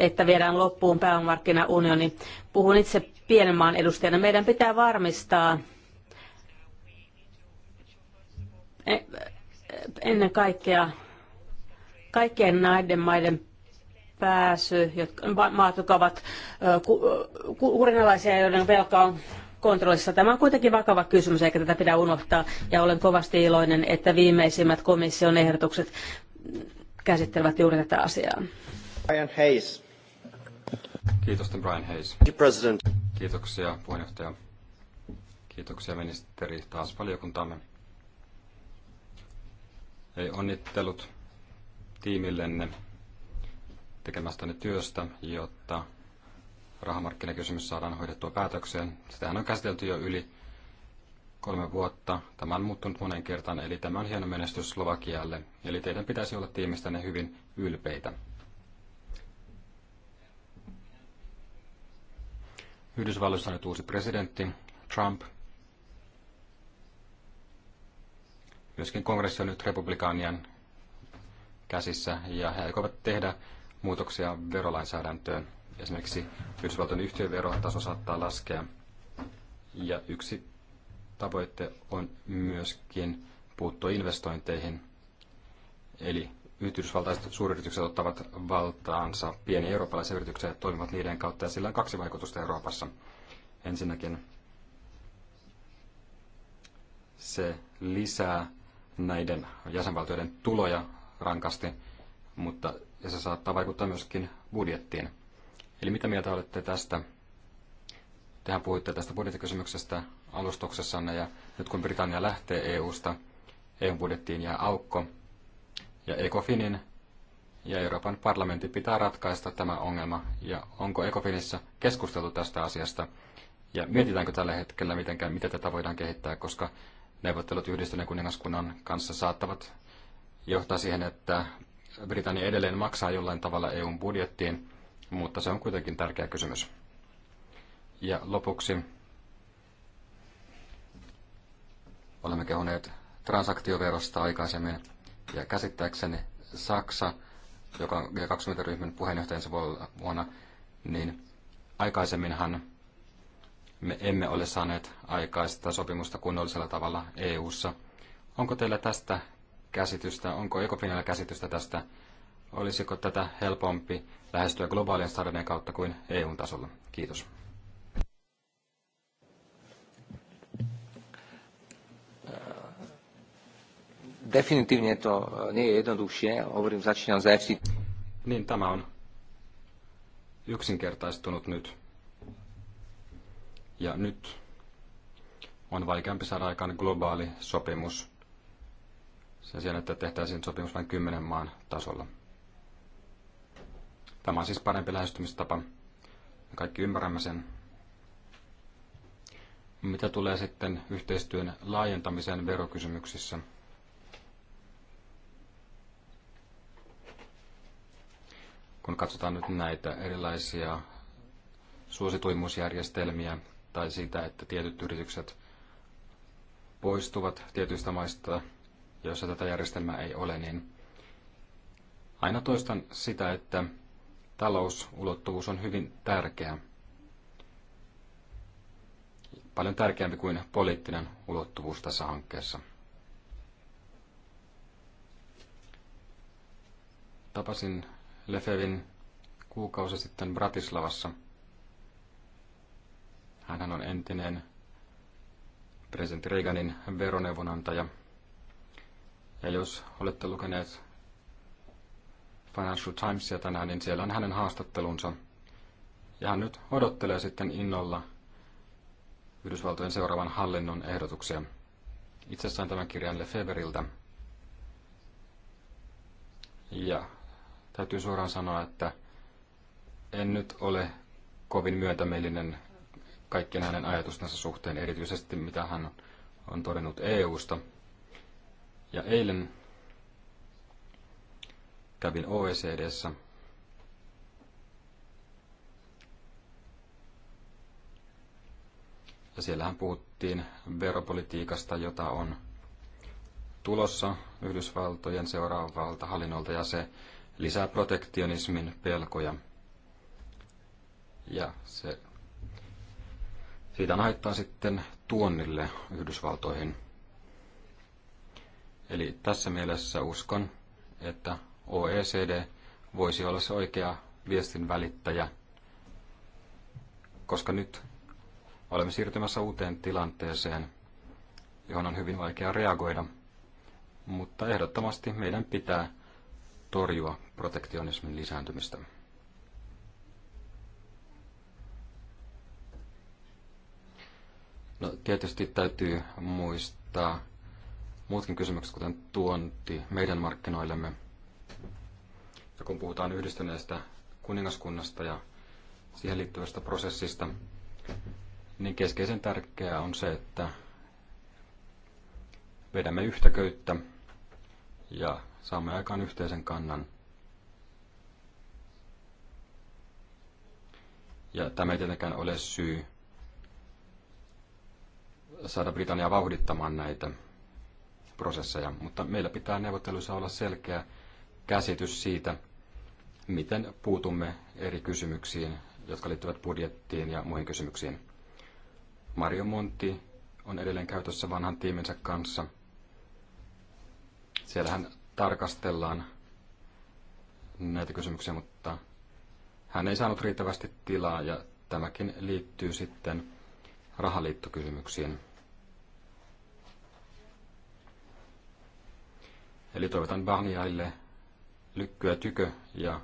että viedään loppuun pääomamarkkinaunioni. Puhun itse pienen maan edustajana. Meidän pitää varmistaa e, ennen kaikkea kaikkien näiden maiden pääsy, jotka, maat, jotka ovat kurinalaisia, joiden velka on kontrollissa. Tämä on kuitenkin vakava kysymys, eikä tätä pidä unohtaa, ja olen kovasti iloinen, että viimeisimmät komission ehdotukset käsittelevät juuri tätä asiaa. Hayes. Kiitos, Brian Hayes. President. Kiitoksia, puheenjohtaja. Kiitoksia, ministeri, taas valiokuntamme. Ei onnittelut tiimillenne tekemästänne työstä, jotta rahamarkkinakysymys saadaan hoidettua päätökseen. Sitähän on käsitelty jo yli kolme vuotta. Tämä on muuttunut monen kertaan, eli tämä on hieno menestys Slovakialle. Eli teidän pitäisi olla tiimistänne hyvin ylpeitä. Yhdysvalloissa on nyt uusi presidentti, Trump. Myöskin kongressi on nyt republikaanien käsissä ja he aikovat tehdä muutoksia verolainsäädäntöön. Esimerkiksi Yhdysvaltojen yhtiöverotaso saattaa laskea. Ja yksi tavoite on myöskin puuttua investointeihin, eli Yhdysvaltaiset suuryritykset ottavat valtaansa pieniä eurooppalaisia yrityksiä ja toimivat niiden kautta, ja sillä on kaksi vaikutusta Euroopassa. Ensinnäkin se lisää näiden jäsenvaltioiden tuloja rankasti, mutta ja se saattaa vaikuttaa myöskin budjettiin. Eli mitä mieltä olette tästä? Tehän puhuitte tästä budjettikysymyksestä alustuksessanne ja nyt kun Britannia lähtee EU-sta, EU-budjettiin jää aukko – ja Ecofinin ja Euroopan parlamentti pitää ratkaista tämä ongelma. Ja onko Ecofinissa keskusteltu tästä asiasta? Ja mietitäänkö tällä hetkellä, mitenkään mitä tätä voidaan kehittää, koska neuvottelut yhdistyneen kuningaskunnan kanssa saattavat johtaa siihen, että Britannia edelleen maksaa jollain tavalla EUn budjettiin, mutta se on kuitenkin tärkeä kysymys. Ja lopuksi olemme kehuneet transaktioverosta aikaisemmin. Ja käsittääkseni Saksa, joka on G20-ryhmän puheenjohtajansa vuonna, niin aikaisemminhan me emme ole saaneet aikaista sopimusta kunnollisella tavalla EU:ssa. Onko teillä tästä käsitystä, onko Ekofinilla käsitystä tästä? Olisiko tätä helpompi lähestyä globaalien standardien kautta kuin EUn tasolla? Kiitos. Definitívne to eh, nie je jednoduchšie. Eh, hovorím, začínam za FC. Niin, tämä on yksinkertaistunut nyt. Ja nyt on vaikeampi saada aikaan globaali sopimus sen sijaan, että tehtäisiin sopimus vain kymmenen maan tasolla. Tämä on siis parempi lähestymistapa. Me kaikki ymmärrämme sen. Mitä tulee sitten yhteistyön laajentamiseen verokysymyksissä – kun katsotaan nyt näitä erilaisia suosituimuusjärjestelmiä tai sitä, että tietyt yritykset poistuvat tietyistä maista, joissa tätä järjestelmää ei ole, niin aina toistan sitä, että talousulottuvuus on hyvin tärkeä. Paljon tärkeämpi kuin poliittinen ulottuvuus tässä hankkeessa. Tapasin Lefevin kuukausi sitten Bratislavassa. Hän on entinen presidentti Reaganin veroneuvonantaja. Ja jos olette lukeneet Financial Timesia tänään, niin siellä on hänen haastattelunsa. Ja hän nyt odottelee sitten innolla Yhdysvaltojen seuraavan hallinnon ehdotuksia. Itse sain tämän kirjan Lefeveriltä. Ja Täytyy suoraan sanoa, että en nyt ole kovin myötämielinen kaikkien hänen ajatustensa suhteen, erityisesti mitä hän on todennut EUsta. Ja eilen kävin OECDssä Ja siellähän puhuttiin veropolitiikasta, jota on tulossa Yhdysvaltojen seuraavalta hallinnolta, ja se lisää protektionismin pelkoja. Ja se, siitä haittaa sitten tuonnille Yhdysvaltoihin. Eli tässä mielessä uskon, että OECD voisi olla se oikea viestin välittäjä, koska nyt olemme siirtymässä uuteen tilanteeseen, johon on hyvin vaikea reagoida, mutta ehdottomasti meidän pitää torjua protektionismin lisääntymistä. No, tietysti täytyy muistaa muutkin kysymykset, kuten tuonti meidän markkinoillemme. Ja kun puhutaan yhdistyneestä kuningaskunnasta ja siihen liittyvästä prosessista, niin keskeisen tärkeää on se, että vedämme yhtäköyttä ja saamme aikaan yhteisen kannan. Ja tämä ei tietenkään ole syy saada Britannia vauhdittamaan näitä prosesseja, mutta meillä pitää neuvotteluissa olla selkeä käsitys siitä, miten puutumme eri kysymyksiin, jotka liittyvät budjettiin ja muihin kysymyksiin. Mario Monti on edelleen käytössä vanhan tiiminsä kanssa. Siellä hän tarkastellaan näitä kysymyksiä, mutta hän ei saanut riittävästi tilaa ja tämäkin liittyy sitten rahaliittokysymyksiin. Eli toivotan Bahniaille lykkyä tykö ja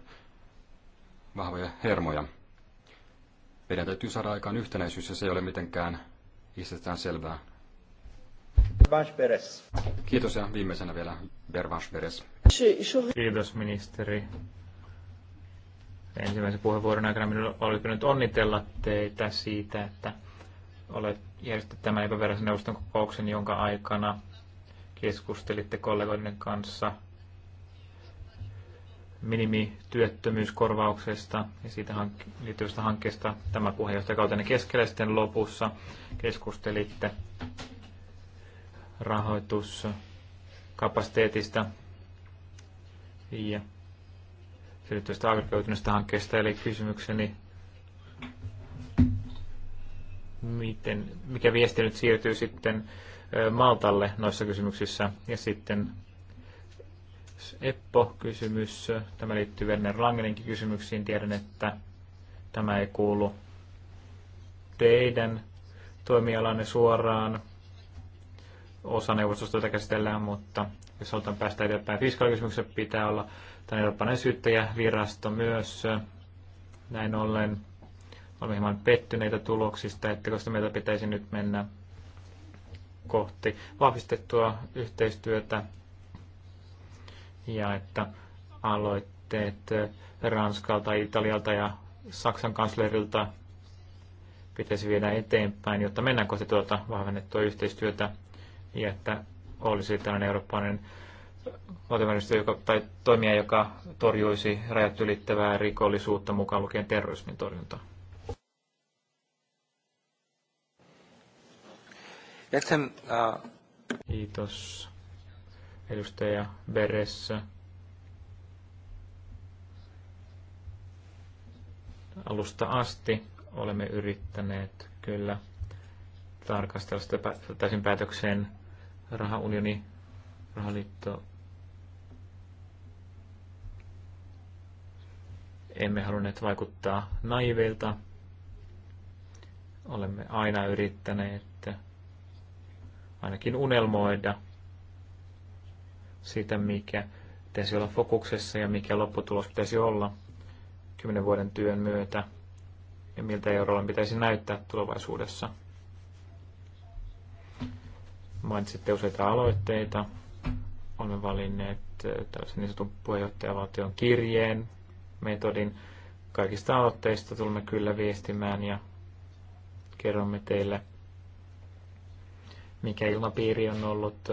vahvoja hermoja. Meidän täytyy saada aikaan yhtenäisyys ja se ei ole mitenkään itsestään selvää Kiitos ja viimeisenä vielä Bervans Beres. Kiitos ministeri. Ensimmäisen puheenvuoron aikana minulla oli nyt onnitella teitä siitä, että olet järjestänyt tämän epäveräisen neuvoston kokouksen, jonka aikana keskustelitte kollegoiden kanssa minimityöttömyyskorvauksesta ja siitä hank- liittyvästä hankkeesta tämä puheenjohtajakautenne keskellä sitten lopussa keskustelitte rahoituskapasiteetista ja selittyvästä aggregoituneesta hankkeesta. Eli kysymykseni, miten, mikä viesti nyt siirtyy sitten Maltalle noissa kysymyksissä. Ja sitten Eppo-kysymys. Tämä liittyy Werner Langeninkin kysymyksiin. Tiedän, että tämä ei kuulu teidän toimialanne suoraan, osa neuvostosta, jota käsitellään, mutta jos halutaan päästä eteenpäin fiskaalikysymyksessä, pitää olla tämän eurooppalainen syyttäjävirasto myös. Näin ollen olemme hieman pettyneitä tuloksista, että koska meiltä pitäisi nyt mennä kohti vahvistettua yhteistyötä ja että aloitteet Ranskalta, Italialta ja Saksan kanslerilta pitäisi viedä eteenpäin, jotta mennään kohti tuota vahvennettua yhteistyötä ja että olisi tällainen eurooppalainen valtiovarainministeri joka, tai toimija, joka torjuisi rajat ylittävää rikollisuutta mukaan lukien terrorismin torjuntaa. Äh, Kiitos. Edustaja Beressä. Alusta asti olemme yrittäneet kyllä tarkastella sitä täysin päätökseen rahaunioni, rahaliitto. Emme halunneet vaikuttaa naiveilta. Olemme aina yrittäneet ainakin unelmoida siitä, mikä pitäisi olla fokuksessa ja mikä lopputulos pitäisi olla kymmenen vuoden työn myötä ja miltä eurolla pitäisi näyttää tulevaisuudessa. Mainitsitte useita aloitteita. Olemme valinneet eh, tällaisen niin sanotun puheenjohtajavaltion kirjeen metodin. Kaikista aloitteista tulemme kyllä viestimään ja kerromme teille, mikä ilmapiiri on ollut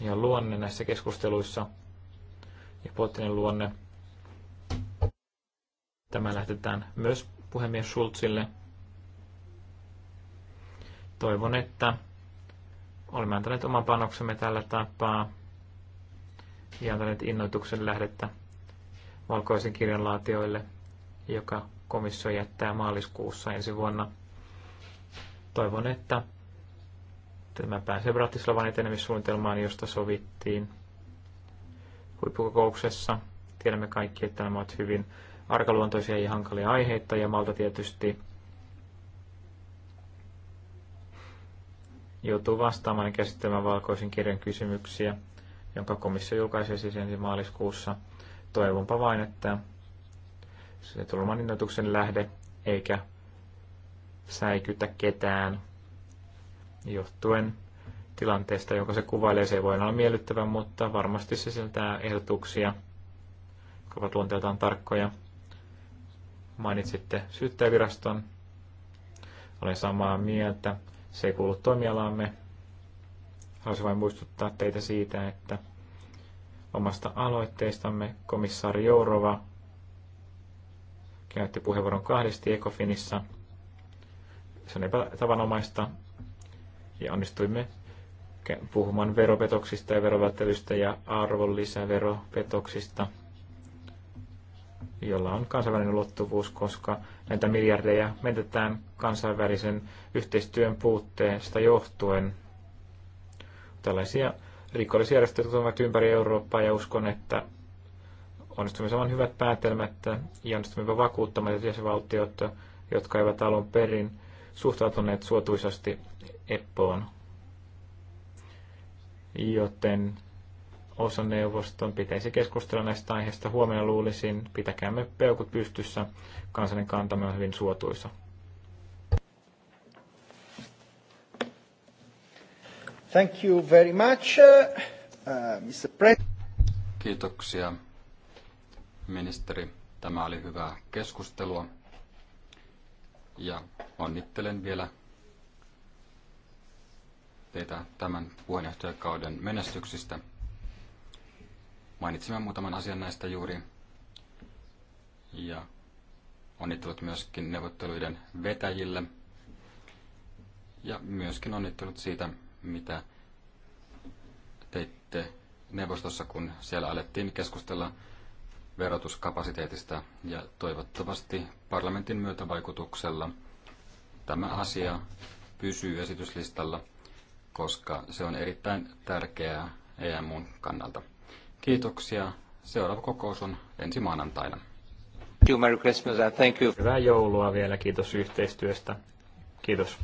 ja eh, luonne näissä keskusteluissa ja poliittinen luonne. Tämä lähetetään myös puhemies Schulzille. Toivon, että Olemme antaneet oman panoksemme tällä tapaa ja antaneet innoituksen lähdettä valkoisen kirjan laatioille, joka komissio jättää maaliskuussa ensi vuonna. Toivon, että tämä pääsee Bratislavan etenemissuunnitelmaan, josta sovittiin huippukokouksessa. Tiedämme kaikki, että nämä ovat hyvin arkaluontoisia ja hankalia aiheita ja malta tietysti joutuu vastaamaan ja käsittelemään valkoisen kirjan kysymyksiä, jonka komissio julkaisee siis ensi maaliskuussa. Toivonpa vain, että se tuleman innoituksen lähde eikä säikytä ketään johtuen tilanteesta, jonka se kuvailee. Se ei voi olla miellyttävä, mutta varmasti se sisältää ehdotuksia, jotka ovat luonteeltaan tarkkoja. Mainitsitte syyttäjäviraston. Olen samaa mieltä se ei kuulu toimialaamme. Haluaisin vain muistuttaa teitä siitä, että omasta aloitteistamme komissaari Jourova käytti puheenvuoron kahdesti Ekofinissa. Se on epätavanomaista ja onnistuimme puhumaan veropetoksista ja verovälttelystä ja arvonlisäveropetoksista – jolla on kansainvälinen ulottuvuus, koska näitä miljardeja menetetään kansainvälisen yhteistyön puutteesta johtuen. Tällaisia rikollisjärjestöjä ovat ympäri Eurooppaa ja uskon, että onnistumme saman hyvät päätelmät ja onnistumme vakuuttamaan jäsenvaltiot, jotka eivät alun perin suhtautuneet suotuisasti EPPOon. Joten neuvoston pitäisi keskustella näistä aiheista huomenna luulisin. Pitäkäämme peukut pystyssä. Kansallinen kantamme on hyvin suotuisa. Thank you very much, uh, uh Mr. President. Kiitoksia, ministeri. Tämä oli hyvää keskustelua. Ja onnittelen vielä teitä tämän puheenjohtajakauden menestyksistä mainitsemaan muutaman asian näistä juuri. Ja onnittelut myöskin neuvotteluiden vetäjille. Ja myöskin onnittelut siitä, mitä teitte neuvostossa, kun siellä alettiin keskustella verotuskapasiteetista ja toivottavasti parlamentin myötävaikutuksella tämä asia pysyy esityslistalla, koska se on erittäin tärkeää EMUn kannalta. Kiitoksia. Seuraava kokous on ensi maanantaina. Merry Christmas and thank you. Hyvää joulua vielä. Kiitos yhteistyöstä. Kiitos.